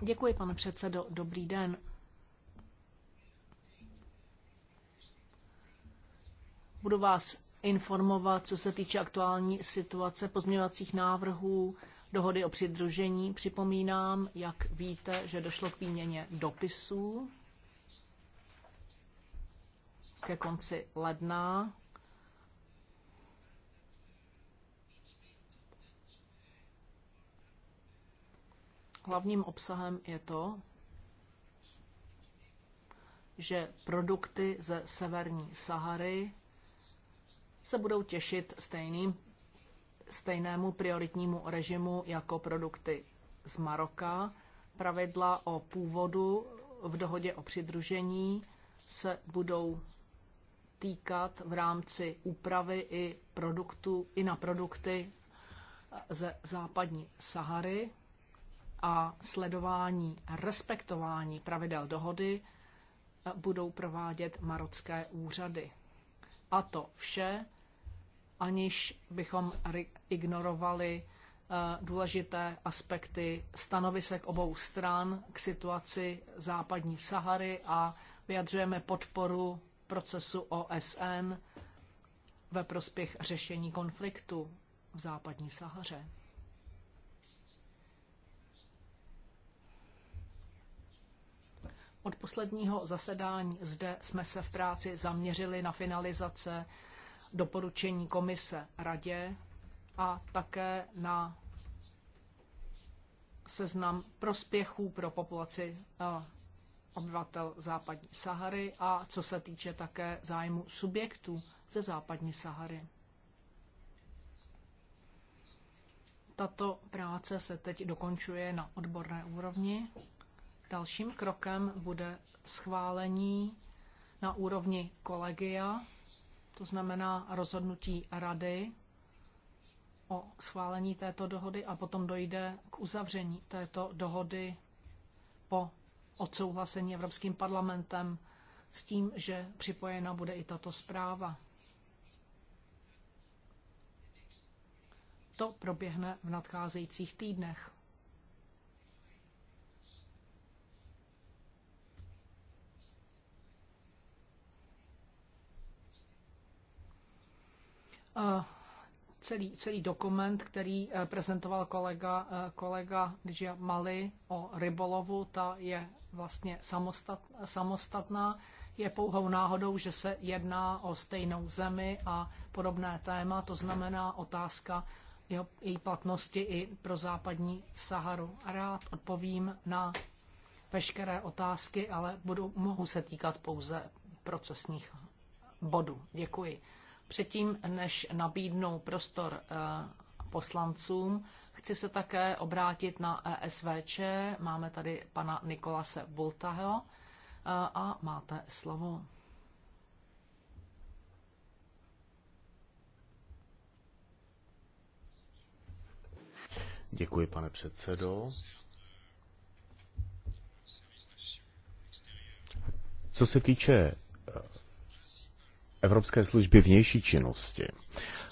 Děkuji, pane předsedo. Dobrý den. Budu vás informovat, co se týče aktuální situace pozměňovacích návrhů dohody o přidružení. Připomínám, jak víte, že došlo k výměně dopisů ke konci ledna. Hlavním obsahem je to, že produkty ze severní Sahary se budou těšit stejným, stejnému prioritnímu režimu jako produkty z Maroka. Pravidla o původu v dohodě o přidružení se budou týkat v rámci úpravy i, produktu, i na produkty ze západní Sahary a sledování respektování pravidel dohody budou provádět marocké úřady. A to vše aniž bychom ignorovali eh, důležité aspekty stanovisek obou stran k situaci západní Sahary a vyjadřujeme podporu procesu OSN ve prospěch řešení konfliktu v západní Sahaře. Od posledního zasedání zde jsme se v práci zaměřili na finalizace doporučení komise radě a také na seznam prospěchů pro populaci eh, obyvatel západní Sahary a co se týče také zájmu subjektů ze západní Sahary. Tato práce se teď dokončuje na odborné úrovni. Dalším krokem bude schválení na úrovni kolegia to znamená rozhodnutí rady o schválení této dohody a potom dojde k uzavření této dohody po odsouhlasení Evropským parlamentem s tím, že připojena bude i tato zpráva. To proběhne v nadcházejících týdnech. celý, celý dokument, který eh, prezentoval kolega, eh, kolega Džia Mali o rybolovu, ta je vlastně samostat, samostatná. Je pouhou náhodou, že se jedná o stejnou zemi a podobné téma, to znamená otázka jeho, její platnosti i pro západní Saharu. Rád odpovím na veškeré otázky, ale budu, mohu se týkat pouze procesních bodů. Děkuji. Předtím, než nabídnou prostor eh, poslancům, chci se také obrátit na ESVČ. Máme tady pana Nikolase Bultaho eh, a máte slovo. Děkuji, pane předsedo. Co se týče Evropské služby vnější činnosti,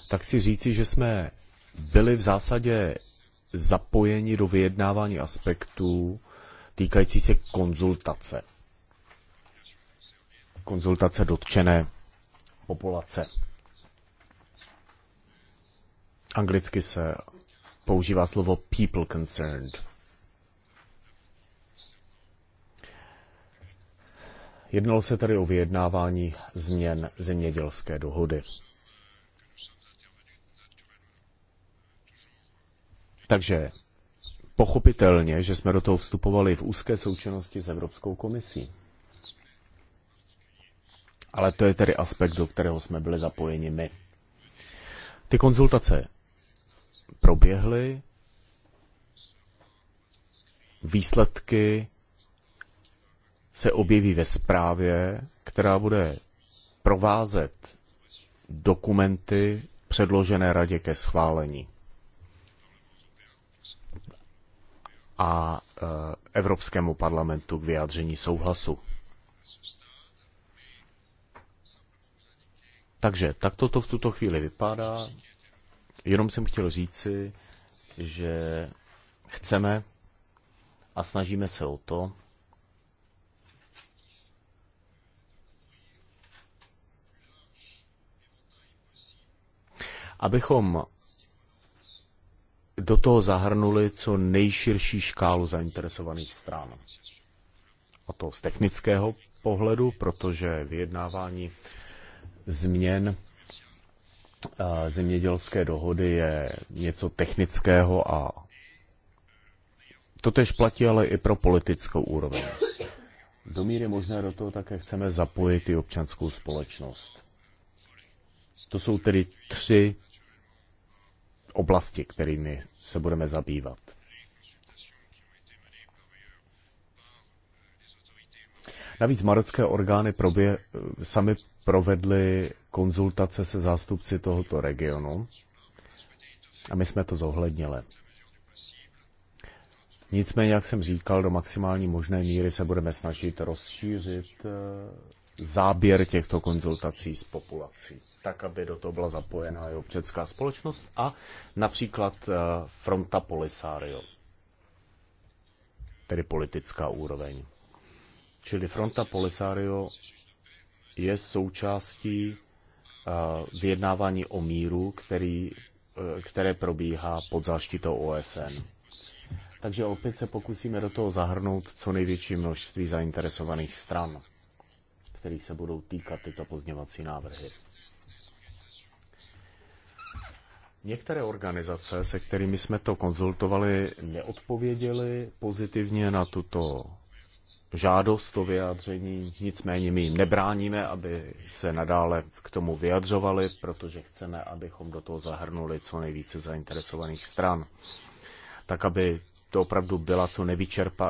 tak si říci, že jsme byli v zásadě zapojeni do vyjednávání aspektů týkající se konzultace. Konzultace dotčené populace. Anglicky se používá slovo people concerned. Jednalo se tedy o vyjednávání změn zemědělské dohody. Takže pochopitelně, že jsme do toho vstupovali v úzké součinnosti s Evropskou komisí. Ale to je tedy aspekt, do kterého jsme byli zapojeni my. Ty konzultace proběhly, výsledky se objeví ve zprávě, která bude provázet dokumenty předložené radě ke schválení. a e, Evropskému parlamentu k vyjádření souhlasu. Takže takto to v tuto chvíli vypadá. Jenom jsem chtěl říci, že chceme a snažíme se o to, abychom do toho zahrnuli co nejširší škálu zainteresovaných stran. A to z technického pohledu, protože vyjednávání změn eh, zemědělské dohody je něco technického a to tež platí ale i pro politickou úroveň. Do míry možné do toho také chceme zapojit i občanskou společnost. To jsou tedy tři oblasti, kterými se budeme zabývat. Navíc marocké orgány probě, sami provedly konzultace se zástupci tohoto regionu a my jsme to zohlednili. Nicméně, jak jsem říkal, do maximální možné míry se budeme snažit rozšířit eh, záběr těchto konzultací s populací, tak aby do toho byla zapojena i občanská společnost a například eh, fronta Polisario, tedy politická úroveň. Čili fronta Polisario je součástí eh, vyjednávání o míru, který, eh, které probíhá pod záštitou OSN. Takže opět se pokusíme do toho zahrnout co největší množství zainteresovaných stran který se budou týkat tyto pozněvací návrhy. Některé organizace, se kterými jsme to konzultovali, neodpověděly pozitivně na tuto žádost o vyjádření, nicméně my jim nebráníme, aby se nadále k tomu vyjadřovali, protože chceme, abychom do toho zahrnuli co nejvíce zainteresovaných stran, tak aby to opravdu byla co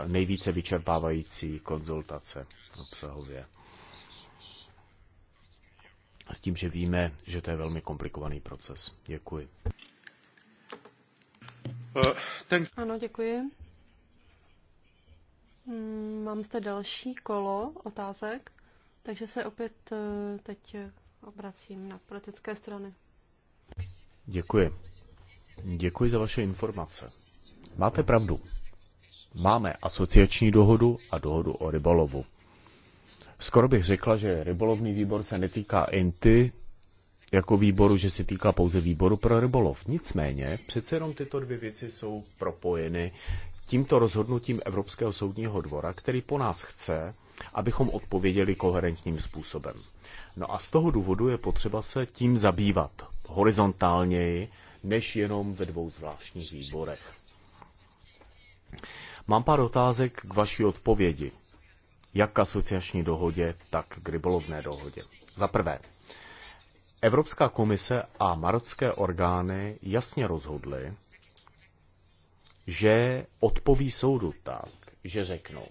nejvíce vyčerpávající konzultace obsahově s tím, že víme, že to je velmi komplikovaný proces. Děkuji. Eh, ano, děkuji. Mm, mám zde další kolo otázek, takže se opět eh, teď obracím na politické strany. Děkuji. Děkuji za vaše informace. Máte pravdu. Máme asociační dohodu a dohodu o rybolovu. Skoro bych řekla, že rybolovný výbor se netýká INTY jako výboru, že se týká pouze výboru pro rybolov. Nicméně, přece jenom tyto dvě věci jsou propojeny tímto rozhodnutím Evropského soudního dvora, který po nás chce, abychom odpověděli koherentním způsobem. No a z toho důvodu je potřeba se tím zabývat horizontálněji, než jenom ve dvou zvláštních výborech. Mám pár otázek k vaší odpovědi jak k asociační dohodě, tak k rybolovné dohodě. Za prvé, Evropská komise a marocké orgány jasně rozhodly, že odpoví soudu tak, že řeknou,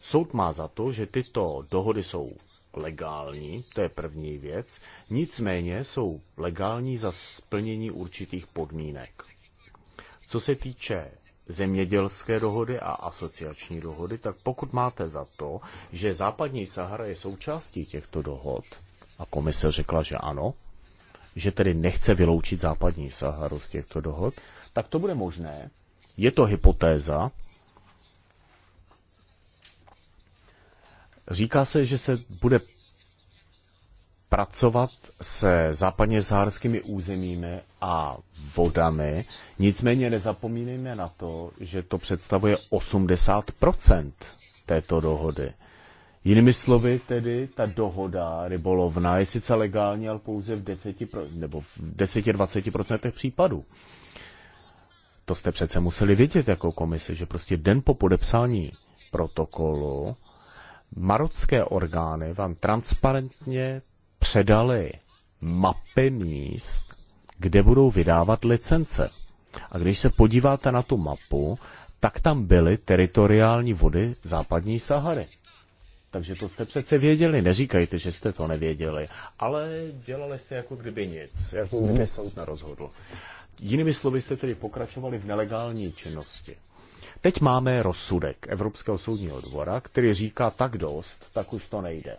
soud má za to, že tyto dohody jsou legální, to je první věc, nicméně jsou legální za splnění určitých podmínek. Co se týče zemědělské dohody a asociační dohody, tak pokud máte za to, že západní Sahara je součástí těchto dohod, a komise řekla, že ano, že tedy nechce vyloučit západní Saharu z těchto dohod, tak to bude možné. Je to hypotéza. Říká se, že se bude pracovat se západně sahárskými územími a vodami. Nicméně nezapomínejme na to, že to představuje 80% této dohody. Jinými slovy, tedy ta dohoda rybolovna je sice legální, ale pouze v 10 nebo v 10-20% případů. To jste přece museli vědět jako komise, že prostě den po podepsání protokolu marocké orgány vám transparentně předali mapy míst, kde budou vydávat licence. A když se podíváte na tu mapu, tak tam byly teritoriální vody západní Sahary. Takže to jste přece věděli, Neříkajte, že jste to nevěděli, ale dělali jste jako kdyby nic, jako kdyby mhm. soud nerozhodl. Jinými slovy jste tedy pokračovali v nelegální činnosti. Teď máme rozsudek Evropského soudního dvora, který říká tak dost, tak už to nejde.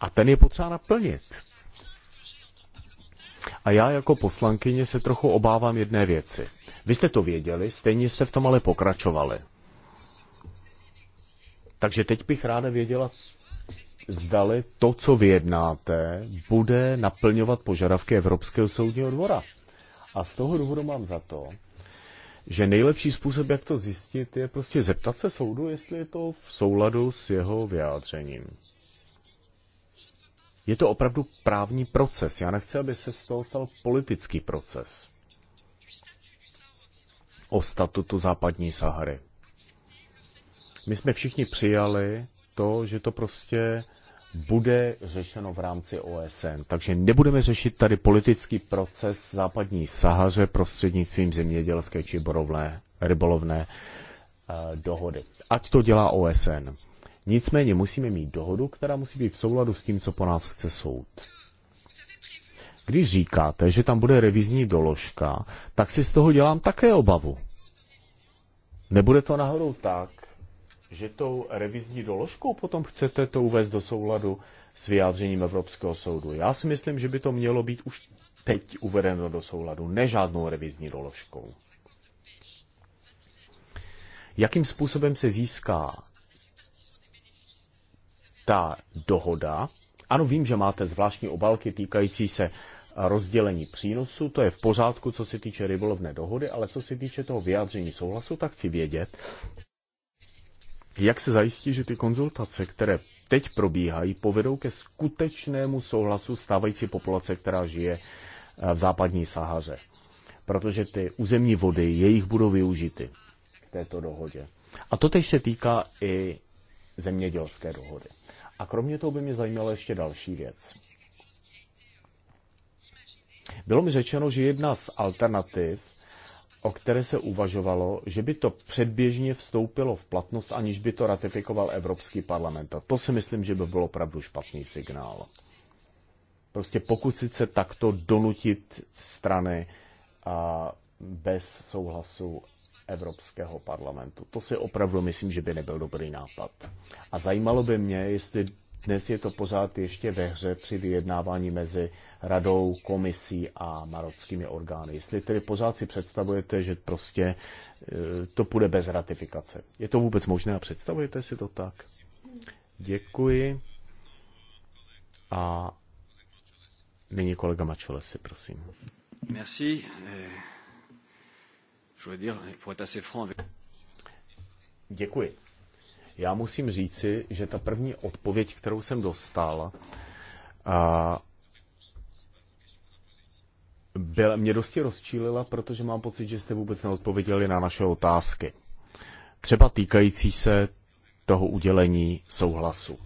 A ten je potřeba naplnit. A já jako poslankyně se trochu obávám jedné věci. Vy jste to věděli, stejně jste v tom ale pokračovali. Takže teď bych ráda věděla, zdali to, co vyjednáte, bude naplňovat požadavky Evropského soudního dvora. A z toho důvodu mám za to, že nejlepší způsob, jak to zjistit, je prostě zeptat se soudu, jestli je to v souladu s jeho vyjádřením je to opravdu právní proces. Já nechci, aby se z toho stal politický proces o statutu západní Sahary. My jsme všichni přijali to, že to prostě bude řešeno v rámci OSN. Takže nebudeme řešit tady politický proces západní Sahaře prostřednictvím zemědělské či borovné, rybolovné eh, dohody. Ať to dělá OSN. Nicméně musíme mít dohodu, která musí být v souladu s tím, co po nás chce soud. Když říkáte, že tam bude revizní doložka, tak si z toho dělám také obavu. Nebude to náhodou tak, že tou revizní doložkou potom chcete to uvést do souladu s vyjádřením Evropského soudu. Já si myslím, že by to mělo být už teď uvedeno do souladu, ne žádnou revizní doložkou. Jakým způsobem se získá ta dohoda. Ano, vím, že máte zvláštní obálky týkající se eh, rozdělení přínosu, to je v pořádku, co se týče rybolovné dohody, ale co se týče toho vyjádření souhlasu, tak chci vědět, jak se zajistí, že ty konzultace, které teď probíhají, povedou ke skutečnému souhlasu stávající populace, která žije eh, v západní Sahaře. Protože ty územní vody, jejich budou využity k této dohodě. A to teď se týká i zemědělské dohody. A kromě toho by mě zajímala ještě další věc. Bylo mi řečeno, že jedna z alternativ, o které se uvažovalo, že by to předběžně vstoupilo v platnost, aniž by to ratifikoval Evropský parlament. A to si myslím, že by byl opravdu špatný signál. Prostě pokusit se takto donutit strany a bez souhlasu Evropského parlamentu. To si opravdu myslím, že by nebyl dobrý nápad. A zajímalo by mě, jestli dnes je to pořád ještě ve hře při vyjednávání mezi radou, komisí a marockými orgány. Jestli tedy pořád si představujete, že prostě e, to půjde bez ratifikace. Je to vůbec možné a představujete si to tak? Děkuji. A nyní kolega Mačolesi, prosím. Merci. Eh, Děkuji. Já musím říci, že ta první odpověď, kterou jsem dostal, a byl, mě dosti rozčílila, protože mám pocit, že jste vůbec neodpověděli na naše otázky. Třeba týkající se toho udělení souhlasu.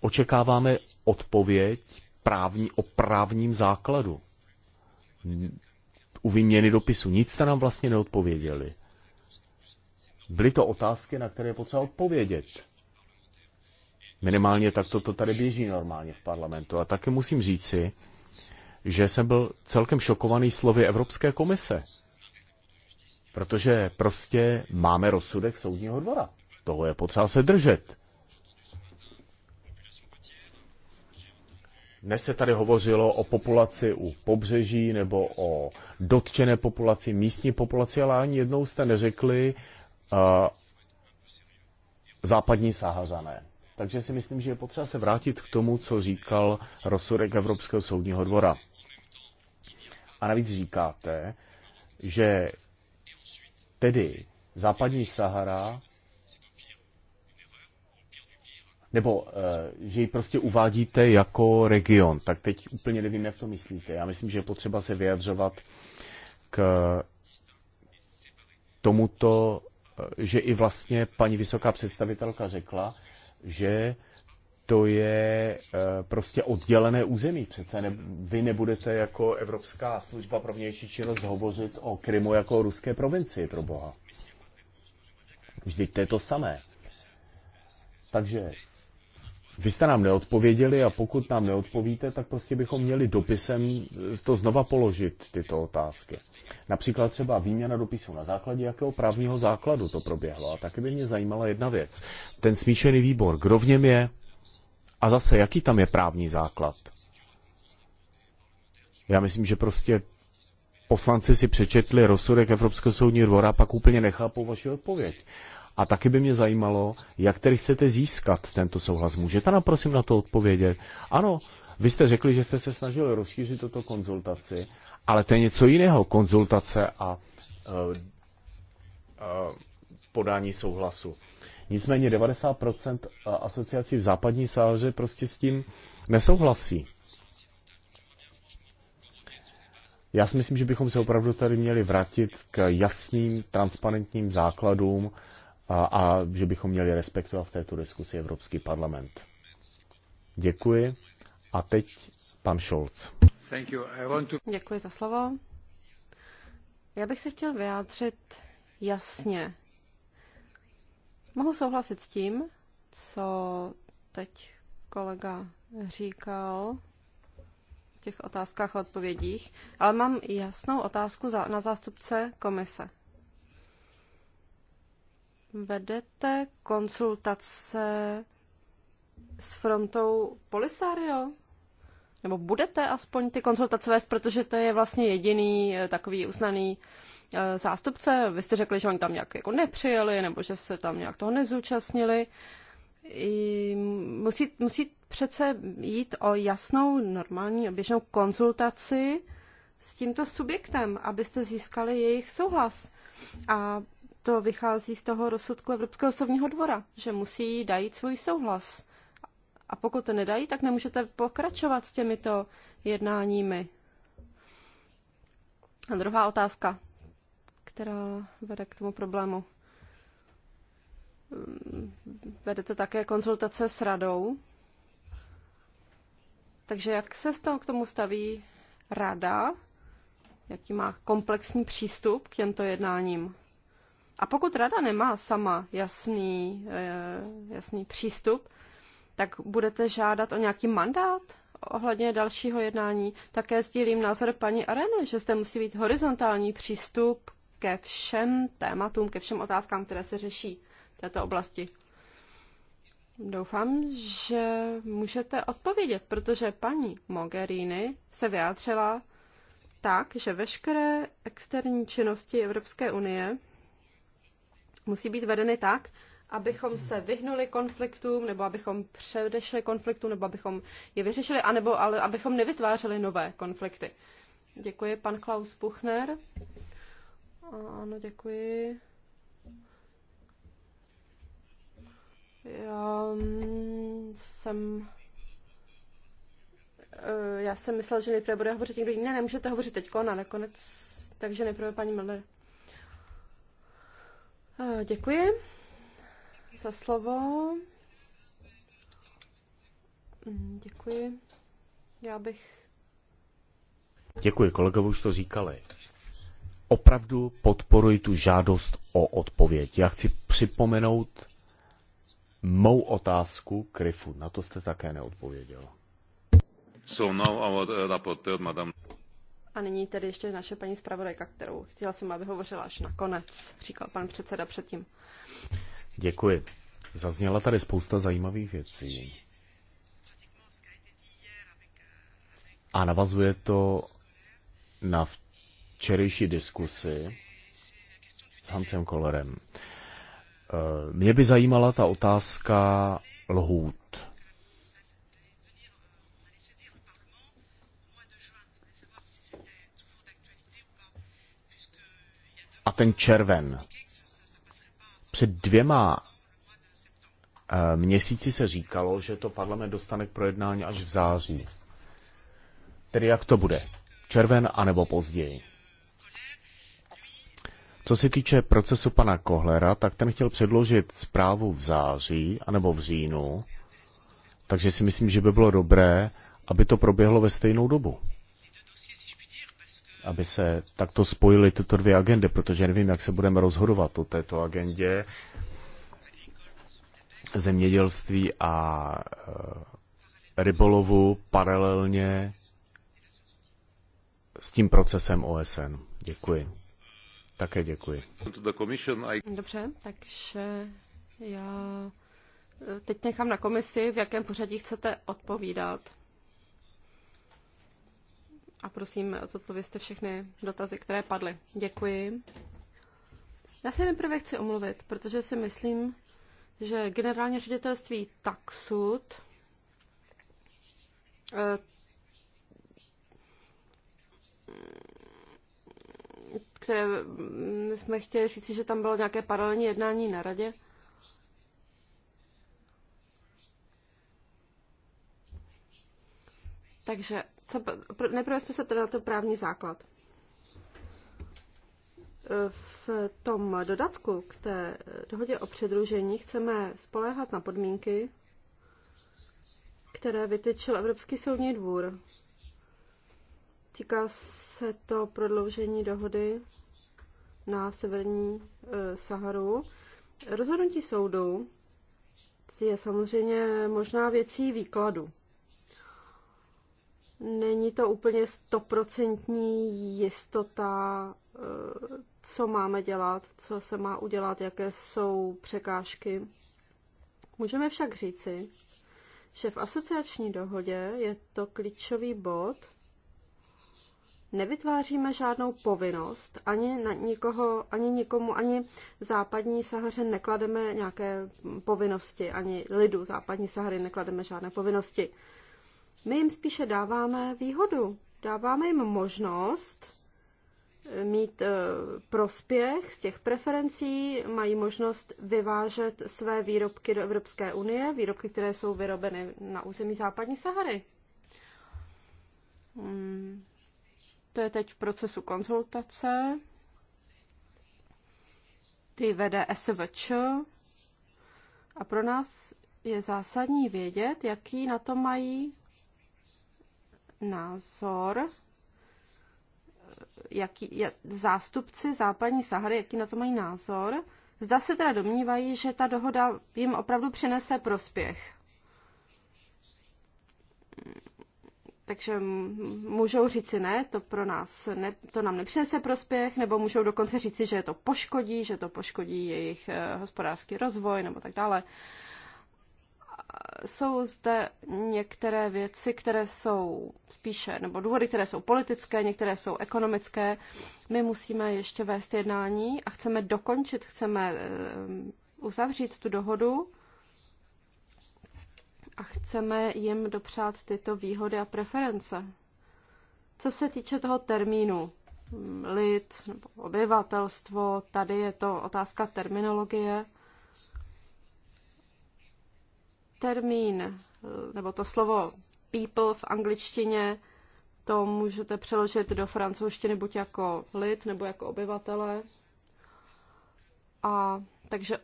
Očekáváme odpověď právní, o právním základu u výměny dopisu. Nic jste nám vlastně neodpověděli. Byly to otázky, na které je potřeba odpovědět. Minimálně tak to, to tady běží normálně v parlamentu. A taky musím říci, že jsem byl celkem šokovaný slovy Evropské komise. Protože prostě máme rozsudek soudního dvora. Toho je potřeba se držet. Dnes se tady hovořilo o populaci u pobřeží nebo o dotčené populaci, místní populaci, ale ani jednou jste neřekli uh, západní Sahařané. Takže si myslím, že je potřeba se vrátit k tomu, co říkal rozsudek Evropského soudního dvora. A navíc říkáte, že tedy západní Sahara nebo eh, že ji prostě uvádíte jako region. Tak teď úplně nevím, jak to myslíte. Já myslím, že je potřeba se vyjadřovat k tomuto, eh, že i vlastně paní vysoká představitelka řekla, že to je eh, prostě oddělené území. Přece ne, vy nebudete jako Evropská služba pro vnější činnost hovořit o Krymu jako o ruské provincii, pro boha. Vždyť to je to samé. Takže vy jste nám neodpověděli a pokud nám neodpovíte, tak prostě bychom měli dopisem to znova položit, tyto otázky. Například třeba výměna dopisů, na základě jakého právního základu to proběhlo. A taky by mě zajímala jedna věc. Ten smíšený výbor, kdo v něm je a zase jaký tam je právní základ? Já myslím, že prostě poslanci si přečetli rozsudek Evropského soudního dvora a pak úplně nechápou vaši odpověď. A taky by mě zajímalo, jak tedy chcete získat tento souhlas. Můžete nám prosím na to odpovědět? Ano, vy jste řekli, že jste se snažili rozšířit toto konzultaci, ale to je něco jiného, konzultace a uh, uh, podání souhlasu. Nicméně 90% eh, asociací v západní Sáře prostě s tím nesouhlasí. Já si myslím, že bychom se opravdu tady měli vrátit k jasným, transparentním základům a, a že bychom měli respektovat v této diskusi Evropský parlament. Děkuji. A teď pan Scholz. Děkuji za slovo. Já bych se chtěl vyjádřit jasně. Mohu souhlasit s tím, co teď kolega říkal v těch otázkách a odpovědích, ale mám jasnou otázku za, na zástupce komise. Vedete konsultace s frontou Polisario? Nebo budete aspoň ty konsultace vést, protože to je vlastně jediný eh, takový uznaný eh, zástupce. Vy jste řekli, že oni tam nějak jako nepřijeli, nebo že se tam nějak toho nezúčastnili. I musí, musí přece jít o jasnou, normální, oběžnou konzultaci s tímto subjektem, abyste získali jejich souhlas. A to vychází z toho rozsudku Evropského soudního dvora, že musí dát svůj souhlas. A pokud to nedají, tak nemůžete pokračovat s těmito jednáními. A druhá otázka, která vede k tomu problému. Ehm, Vedete také konzultace s radou. Takže jak se z toho k tomu staví rada? Jaký má komplexní přístup k těmto jednáním? A pokud rada nemá sama jasný, eh, jasný přístup, tak budete žádat o nějaký mandát ohledně dalšího jednání. Také sdílím názor paní Areny, že zde musí být horizontální přístup ke všem tématům, ke všem otázkám, které se řeší v této oblasti. Doufám, že můžete odpovědět, protože paní Mogherini se vyjádřila tak, že veškeré externí činnosti Evropské unie musí být vedeny tak, abychom se vyhnuli konfliktům, nebo abychom předešli konfliktům, nebo abychom je vyřešili, anebo ale abychom nevytvářeli nové konflikty. Děkuji, pan Klaus Puchner. Ano, děkuji. Já mm, jsem... Eh, já jsem myslel, že nejprve bude hovořit někdo jiný. Ne, nemůžete hovořit teď, na nakonec. Takže nejprve paní Miller. Děkuji za slovo. Mm, děkuji. Já bych. Děkuji, kolegové už to říkali. Opravdu podporuji tu žádost o odpověď. Já chci připomenout mou otázku k RIFu. Na to jste také neodpověděl. So now our, uh, rapporteur, madame. A nyní tedy ještě naše paní zpravodajka, kterou chtěla jsem, aby hovořila až na konec, říkal pan předseda předtím. Děkuji. Zazněla tady spousta zajímavých věcí. A navazuje to na včerejší diskusi s Hancem Kolorem. Mě by zajímala ta otázka lhůt. a ten červen. Před dvěma eh, měsíci se říkalo, že to parlament dostane k projednání až v září. Tedy jak to bude? Červen anebo později? Co se týče procesu pana Kohlera, tak ten chtěl předložit zprávu v září anebo v říjnu, takže si myslím, že by bylo dobré, aby to proběhlo ve stejnou dobu aby se takto spojily tyto dvě agendy, protože nevím, jak se budeme rozhodovat o této agendě zemědělství a eh, rybolovu paralelně s tím procesem OSN. Děkuji. Také děkuji. Dobře, takže já eh, teď nechám na komisi, v jakém pořadí chcete odpovídat a prosím, zodpovězte všechny dotazy, které padly. Děkuji. Já se nejprve chci omluvit, protože si myslím, že generální ředitelství Taxud eh, které jsme chtěli říct, že tam bylo nějaké paralelní jednání na radě. Takže co, nejprve jste se teda to právní základ. V tom dodatku k té dohodě o předružení chceme spoléhat na podmínky, které vytyčil Evropský soudní dvůr. Týká se to prodloužení dohody na severní e, Saharu. Rozhodnutí soudu je samozřejmě možná věcí výkladu. Není to úplně stoprocentní jistota, eh, co máme dělat, co se má udělat, jaké jsou překážky. Můžeme však říci, že v asociační dohodě je to klíčový bod. Nevytváříme žádnou povinnost, ani na nikoho, ani nikomu, ani západní Sahaře neklademe nějaké povinnosti, ani lidu západní Sahary neklademe žádné povinnosti. My jim spíše dáváme výhodu, dáváme jim možnost eh, mít eh, prospěch z těch preferencí, mají možnost vyvážet své výrobky do Evropské unie, výrobky, které jsou vyrobeny na území západní Sahary. Hmm. To je teď v procesu konzultace. Ty vede SVČ. A pro nás je zásadní vědět, jaký na to mají názor, jaký je, zástupci západní Sahary, jaký na to mají názor. Zda se teda domnívají, že ta dohoda jim opravdu přinese prospěch. Takže můžou říci ne, to pro nás ne, to nám nepřinese prospěch, nebo můžou dokonce říci, že to poškodí, že to poškodí jejich eh, hospodářský rozvoj nebo tak dále. Uh, jsou zde některé věci, které jsou spíše, nebo důvody, které jsou politické, některé jsou ekonomické. My musíme ještě vést jednání a chceme dokončit, chceme eh, uzavřít tu dohodu a chceme jim dopřát tyto výhody a preference. Co se týče toho termínu, hm, lid nebo obyvatelstvo, tady je to otázka terminologie. termín, nebo to slovo people v angličtině, to můžete přeložit do francouzštiny buď jako lid nebo jako obyvatele. A takže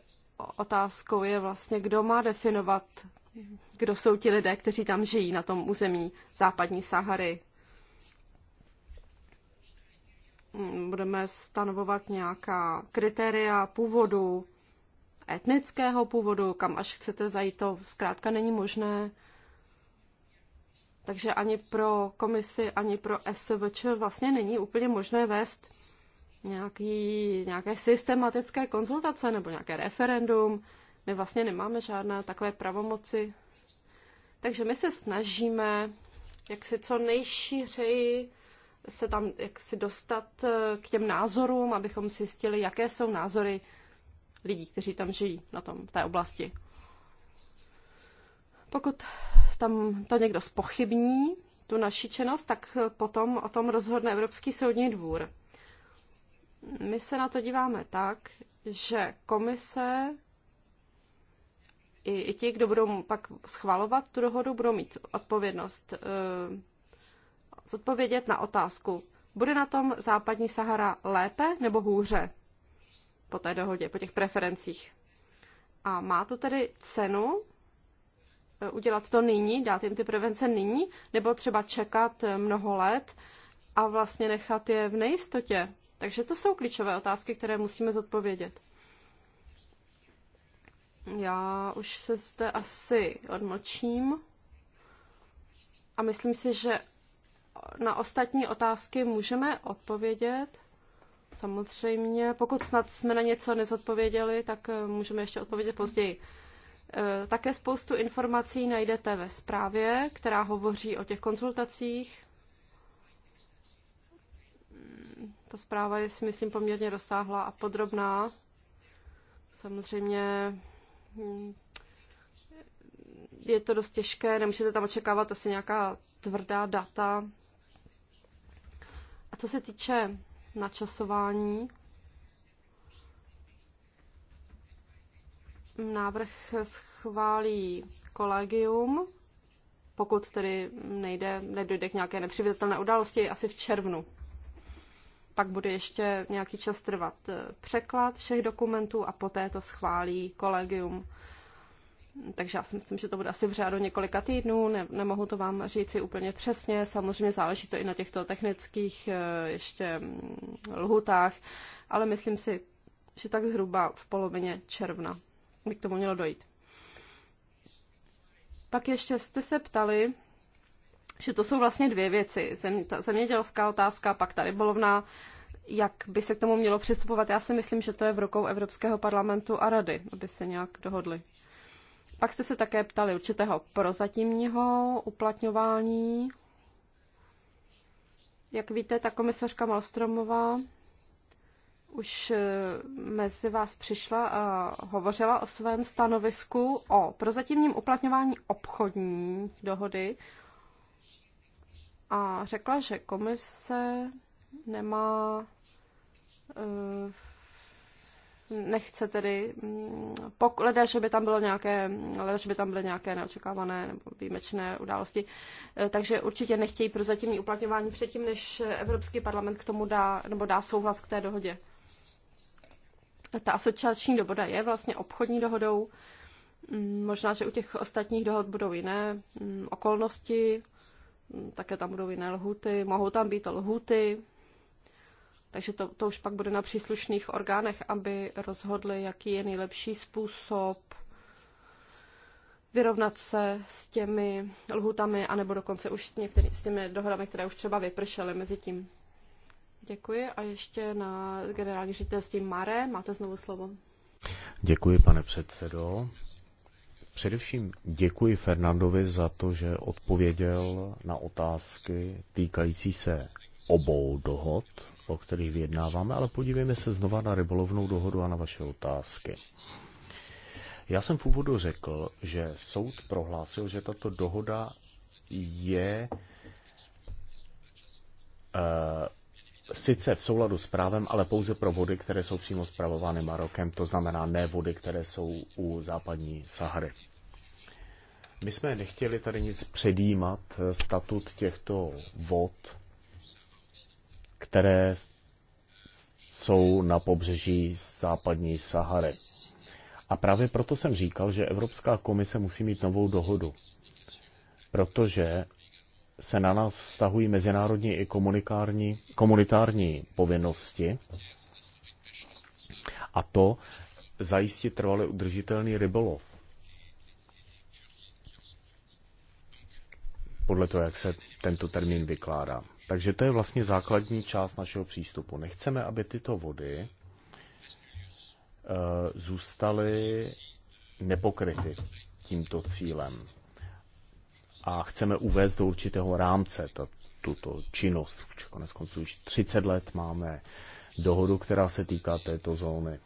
otázkou je vlastně, kdo má definovat, kdo jsou ti lidé, kteří tam žijí na tom území západní Sahary. Budeme stanovovat nějaká kritéria původu, etnického původu, kam až chcete zajít, to zkrátka není možné. Takže ani pro komisi, ani pro SVČ vlastně není úplně možné vést nějaký, nějaké systematické konzultace nebo nějaké referendum. My vlastně nemáme žádné takové pravomoci. Takže my se snažíme, jak si co nejšířeji se tam jak si dostat eh, k těm názorům, abychom zjistili, jaké jsou názory lidí, kteří tam žijí na tom, v té oblasti. Pokud tam to někdo spochybní, tu naši činnost, tak potom o tom rozhodne Evropský soudní dvůr. My se na to díváme tak, že komise i, i ti, kdo budou pak schvalovat tu dohodu, budou mít odpovědnost eh, zodpovědět na otázku, bude na tom západní Sahara lépe nebo hůře? po té dohodě, po těch preferencích. A má to tedy cenu eh, udělat to nyní, dát jim ty prevence nyní, nebo třeba čekat eh, mnoho let a vlastně nechat je v nejistotě. Takže to jsou klíčové otázky, které musíme zodpovědět. Já už se zde asi odmlčím a myslím si, že na ostatní otázky můžeme odpovědět. Samozřejmě, pokud snad jsme na něco nezodpověděli, tak eh, můžeme ještě odpovědět později. Eh, také spoustu informací najdete ve zprávě, která hovoří o těch konzultacích. Ta zpráva je, si myslím, poměrně rozsáhlá a podrobná. Samozřejmě hm, je to dost těžké, nemůžete tam očekávat asi nějaká tvrdá data. A co se týče načasování. Návrh schválí kolegium, pokud tedy nejde, nedojde k nějaké nepřivětelné události, asi v červnu. Pak bude ještě nějaký čas trvat eh, překlad všech dokumentů a poté to schválí kolegium takže já si myslím, že to bude asi v řádu několika týdnů, ne, nemohu to vám říci úplně přesně, samozřejmě záleží to i na těchto technických eh, ještě mm, lhutách, ale myslím si, že tak zhruba v polovině června by k tomu mělo dojít. Pak ještě jste se ptali, že to jsou vlastně dvě věci. ta zemědělská otázka, pak ta rybolovná, jak by se k tomu mělo přistupovat. Já si myslím, že to je v rukou Evropského parlamentu a rady, aby se nějak dohodli. Pak jste se také ptali určitého prozatímního uplatňování. Jak víte, ta komisařka Malstromová už eh, mezi vás přišla a hovořila o svém stanovisku o prozatímním uplatňování obchodní dohody a řekla, že komise nemá uh, nechce tedy, mm, leda, že by tam bylo nějaké, leda, že by tam byly nějaké neočekávané nebo výjimečné události. Eh, takže určitě nechtějí zatímní uplatňování předtím, než Evropský parlament k tomu dá, nebo dá souhlas k té dohodě. Ta asociační dohoda je vlastně obchodní dohodou. Mm, možná, že u těch ostatních dohod budou jiné mm, okolnosti, také tam budou jiné lhuty, mohou tam být lhuty, takže to, to už pak bude na příslušných orgánech, aby rozhodli, jaký je nejlepší způsob vyrovnat se s těmi lhutami, anebo dokonce už s, některý, s těmi dohodami, které už třeba vypršely mezi tím. Děkuji a ještě na generální ředitelství Mare máte znovu slovo. Děkuji, pane předsedo. Především děkuji Fernandovi za to, že odpověděl na otázky týkající se obou dohod, o kterých vyjednáváme, ale podívejme se znova na rybolovnou dohodu a na vaše otázky. Já jsem v úvodu řekl, že soud prohlásil, že tato dohoda je e, sice v souladu s právem, ale pouze pro vody, které jsou přímo zpravovány Marokem, to znamená ne vody, které jsou u západní Sahary. My jsme nechtěli tady nic předjímat, eh, statut těchto vod které jsou na pobřeží západní Sahary. A právě proto jsem říkal, že Evropská komise musí mít novou dohodu, protože se na nás vztahují mezinárodní i komunitární, komunitární povinnosti a to zajistit trvalý udržitelný rybolov. Podle toho, jak se tento termín vykládá. Takže to je vlastně základní část našeho přístupu. Nechceme, aby tyto vody eh, zůstaly nepokryty tímto cílem. A chceme uvést do určitého rámce tuto činnost. Konec konců už 30 let máme dohodu, která se týká této zóny.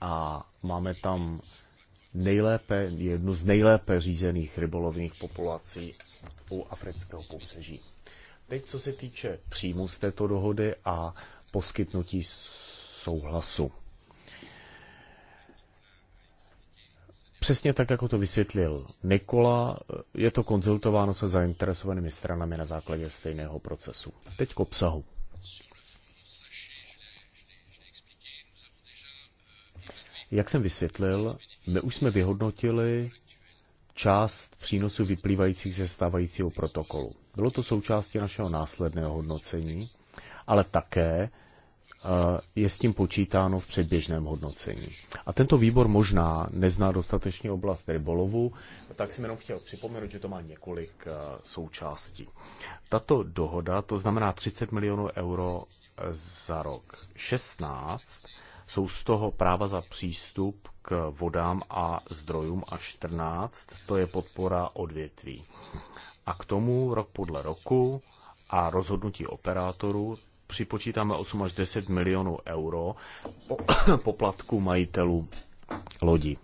A máme tam nejlépe, jednu z nejlépe řízených rybolovných populací u afrického pobřeží. Teď, co se týče příjmu z této dohody a poskytnutí souhlasu. Přesně tak, jako to vysvětlil Nikola, je to konzultováno se zainteresovanými stranami na základě stejného procesu. Teď k obsahu. Jak jsem vysvětlil, my už jsme vyhodnotili část přínosu vyplývajících ze stávajícího protokolu. Bylo to součástí našeho následného hodnocení, ale také eh, je s tím počítáno v předběžném hodnocení. A tento výbor možná nezná dostatečně oblast rybolovu, tak jsem jenom chtěl připomenout, že to má několik eh, součástí. Tato dohoda, to znamená 30 milionů euro eh, za rok, 16 jsou z toho práva za přístup k vodám a zdrojům a 14, to je podpora odvětví. A k tomu rok podle roku a rozhodnutí operátorů připočítáme 8 až 10 milionů euro po, poplatku majitelů lodí.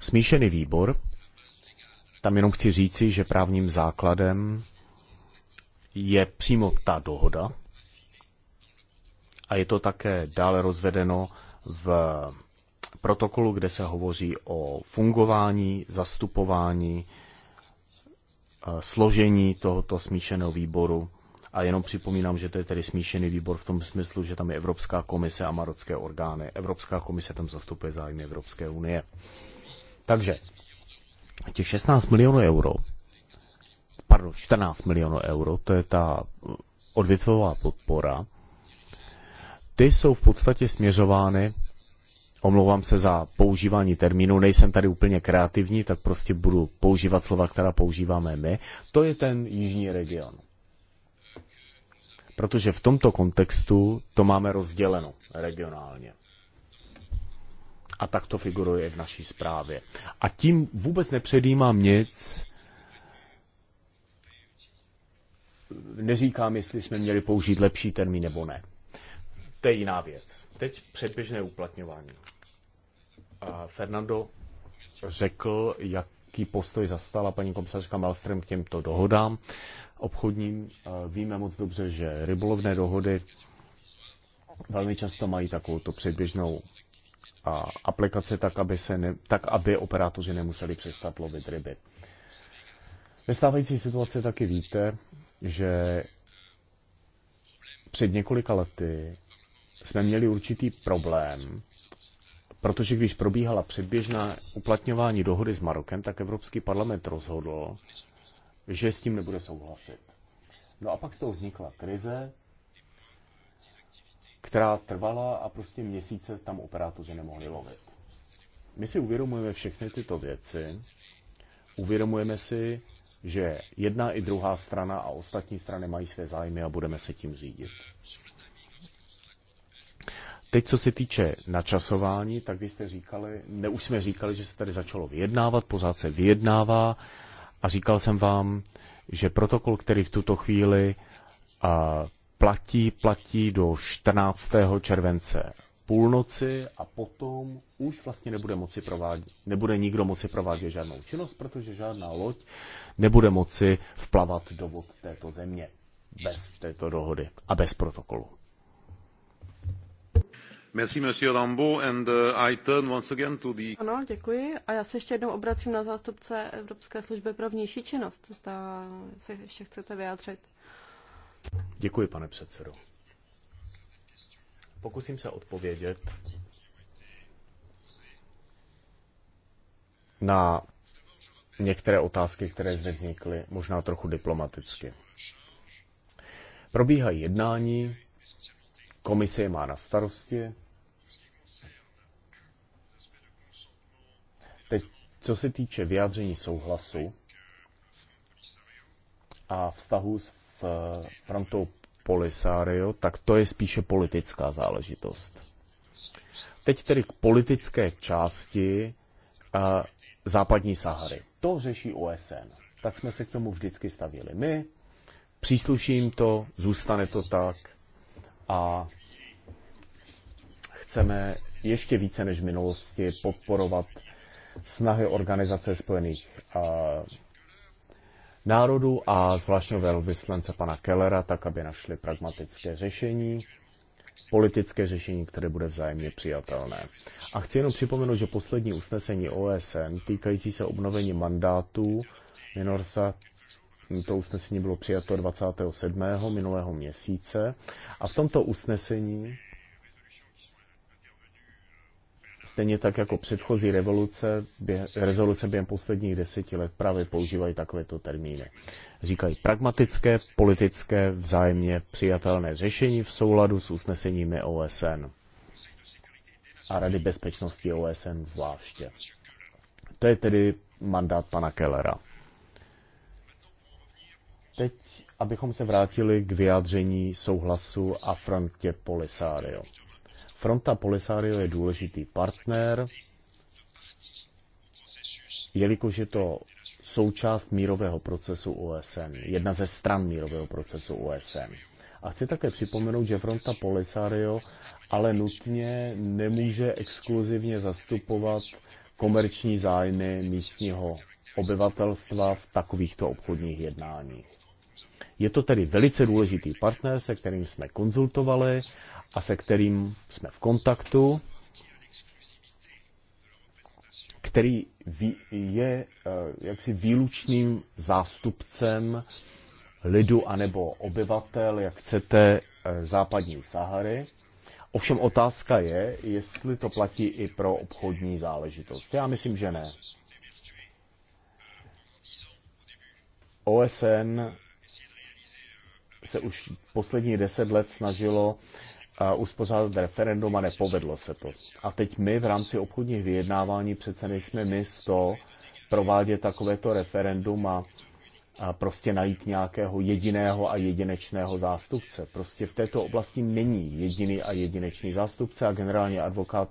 Smíšený výbor. Tam jenom chci říci, že právním základem je přímo ta dohoda, a je to také dále rozvedeno v protokolu, kde se hovoří o fungování, zastupování, e, složení tohoto smíšeného výboru. A jenom připomínám, že to je tedy smíšený výbor v tom smyslu, že tam je Evropská komise a marocké orgány. Evropská komise tam zastupuje zájmy Evropské unie. Takže těch 16 milionů euro, pardon, 14 milionů euro, to je ta odvětvová podpora, ty jsou v podstatě směřovány, omlouvám se za používání termínu, nejsem tady úplně kreativní, tak prostě budu používat slova, která používáme my, to je ten jižní region. Protože v tomto kontextu to máme rozděleno regionálně. A tak to figuruje v naší zprávě. A tím vůbec nepředjímám nic, neříkám, jestli jsme měli použít lepší termín nebo ne. To je jiná věc. Teď předběžné uplatňování. A Fernando řekl, jaký postoj zastala paní komisařka Malstrem k těmto dohodám obchodním. Eh, víme moc dobře, že rybolovné dohody velmi často mají takovou předběžnou a aplikaci tak, aby, se ne, tak, aby operátoři nemuseli přestat lovit ryby. Ve stávající situaci taky víte, že před několika lety jsme měli určitý problém, protože když probíhala předběžná uplatňování dohody s Marokem, tak Evropský parlament rozhodl, že s tím nebude souhlasit. No a pak z toho vznikla krize, která trvala a prostě měsíce tam operátoři nemohli lovit. My si uvědomujeme všechny tyto věci, uvědomujeme si, že jedna i druhá strana a ostatní strany mají své zájmy a budeme se tím řídit. Teď, co se týče načasování, tak vy jste říkali, ne už jsme říkali, že se tady začalo vyjednávat, pořád se vyjednává a říkal jsem vám, že protokol, který v tuto chvíli a, platí, platí do 14. července půlnoci a potom už vlastně nebude, moci provádět, nebude nikdo moci provádět žádnou činnost, protože žádná loď nebude moci vplavat do vod této země bez této dohody a bez protokolu. Ano, děkuji. A já se ještě jednou obracím na zástupce Evropské služby pro vnější činnost. Zda se ještě chcete vyjádřit. Děkuji, pane předsedo. Pokusím se odpovědět na některé otázky, které zde vznikly, možná trochu diplomaticky. Probíhají jednání, Komise je má na starosti. Teď, co se týče vyjádření souhlasu a vztahu s Frantou Polisario, tak to je spíše politická záležitost. Teď tedy k politické části a, eh, západní Sahary. To řeší OSN. Tak jsme se k tomu vždycky stavili my. Přísluším to, zůstane to tak a chceme ještě více než v minulosti podporovat snahy Organizace spojených národů a zvláštního velvyslance pana Kellera, tak aby našli pragmatické řešení, politické řešení, které bude vzájemně přijatelné. A chci jenom připomenout, že poslední usnesení OSN týkající se obnovení mandátů Minorsa to usnesení bylo přijato 27. minulého měsíce a v tomto usnesení stejně tak jako předchozí revoluce, bě, rezoluce během posledních deseti let právě používají takovéto termíny. Říkají pragmatické, politické, vzájemně přijatelné řešení v souladu s usneseními OSN a Rady bezpečnosti OSN zvláště. To je tedy mandát pana Kellera. Teď, abychom se vrátili k vyjádření souhlasu a frontě Polisario. Fronta Polisario je důležitý partner, jelikož je to součást mírového procesu OSN, jedna ze stran mírového procesu OSN. A chci také připomenout, že fronta Polisario ale nutně nemůže exkluzivně zastupovat komerční zájmy místního obyvatelstva v takovýchto obchodních jednáních. Je to tedy velice důležitý partner, se kterým jsme konzultovali a se kterým jsme v kontaktu, který je eh, jaksi výlučným zástupcem lidu anebo obyvatel, jak chcete, eh, západní Sahary. Ovšem otázka je, jestli to platí i pro obchodní záležitost. Já myslím, že ne. OSN se už poslední deset let snažilo eh, uspořádat referendum a nepovedlo se to. A teď my v rámci obchodních vyjednávání přece nejsme my z toho provádět takovéto referendum a, a prostě najít nějakého jediného a jedinečného zástupce. Prostě v této oblasti není jediný a jedinečný zástupce a generální advokát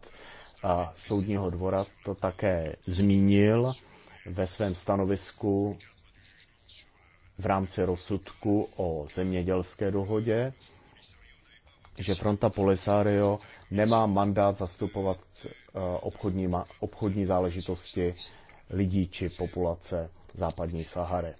a eh, soudního dvora to také zmínil ve svém stanovisku v rámci rozsudku o zemědělské dohodě, že Fronta Polisario nemá mandát zastupovat eh, obchodní, obchodní záležitosti lidí či populace západní Sahary.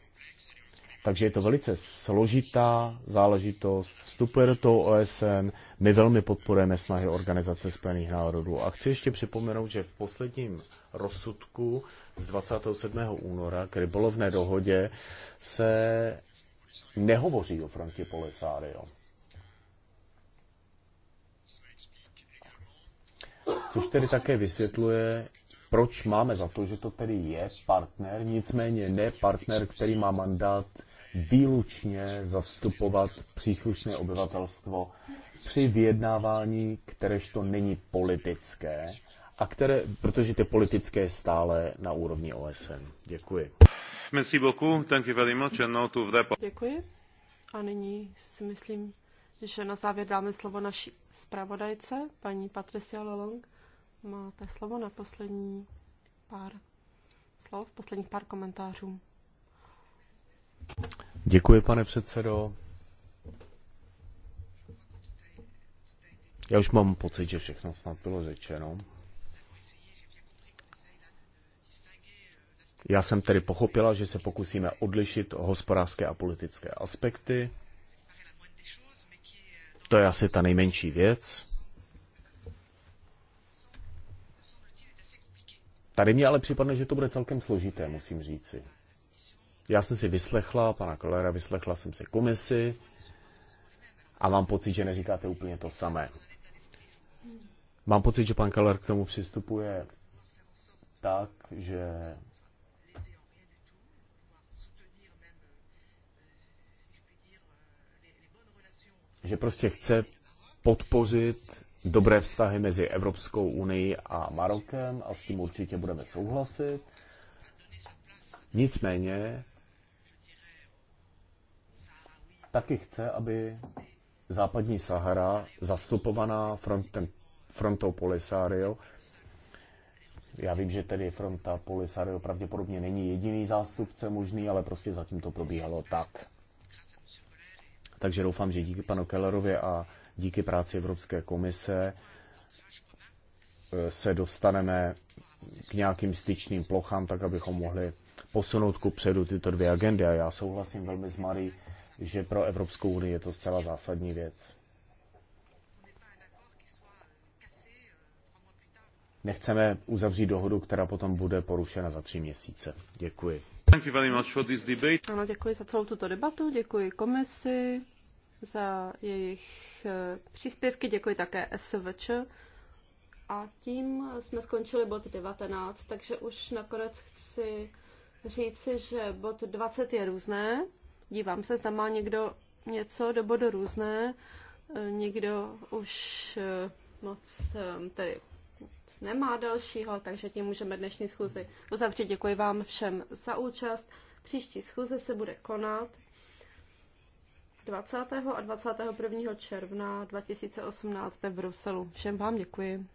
Takže je to velice složitá záležitost, vstupuje do toho OSN, my velmi podporujeme snahy Organizace spojených národů. A chci ještě připomenout, že v posledním rozsudku z 27. února k rybolovné dohodě se nehovoří o Franky Polisario. Což tedy také vysvětluje, proč máme za to, že to tedy je partner, nicméně ne partner, který má mandát výlučně zastupovat příslušné obyvatelstvo při vyjednávání, kteréž to není politické, a které, protože ty politické je stále na úrovni OSN. Děkuji. Merci beaucoup, thank you very much, and now to wrap Děkuji. A nyní si myslím, že na závěr dáme slovo naší zpravodajce, paní Patricia Lelong. Máte slovo na poslední pár slov, posledních pár komentářů. Děkuji, pane předsedo. Já už mám pocit, že všechno snad bylo řečeno. Já jsem tedy pochopila, že se pokusíme odlišit hospodářské a politické aspekty. To je asi ta nejmenší věc. Tady mi ale připadne, že to bude celkem složité, musím říci. Já jsem si vyslechla pana Kolera, vyslechla jsem si komisi a mám pocit, že neříkáte úplně to samé. Mám pocit, že pan Keller k tomu přistupuje tak, že že prostě chce podpořit dobré vztahy mezi Evropskou unii a Marokem a s tím určitě budeme souhlasit. Nicméně taky chce, aby západní Sahara, zastupovaná frontem frontou Polisario. Já vím, že tedy fronta Polisario pravděpodobně není jediný zástupce možný, ale prostě zatím to probíhalo tak. Takže doufám, že díky panu Kellerovi a díky práci Evropské komise eh, se dostaneme k nějakým styčným plochám, tak abychom mohli posunout ku předu tyto dvě agendy. A já souhlasím velmi s Marí, že pro Evropskou unii je to zcela zásadní věc. nechceme uzavřít dohodu, která potom bude porušena za tři měsíce. Děkuji. Thank you very much for this debate. Ano, děkuji za celou tuto debatu, děkuji komisi za jejich eh, příspěvky, děkuji také SVČ. A tím jsme skončili bod 19, takže už nakonec chci říci, že bod 20 je různé. Dívám se, zda má někdo něco do bodu různé. Eh, někdo už eh, moc tedy nemá dalšího, takže tím můžeme dnešní schůzi uzavřít. Děkuji vám všem za účast. Příští schůze se bude konat 20. a 21. června 2018 v Bruselu. Všem vám děkuji.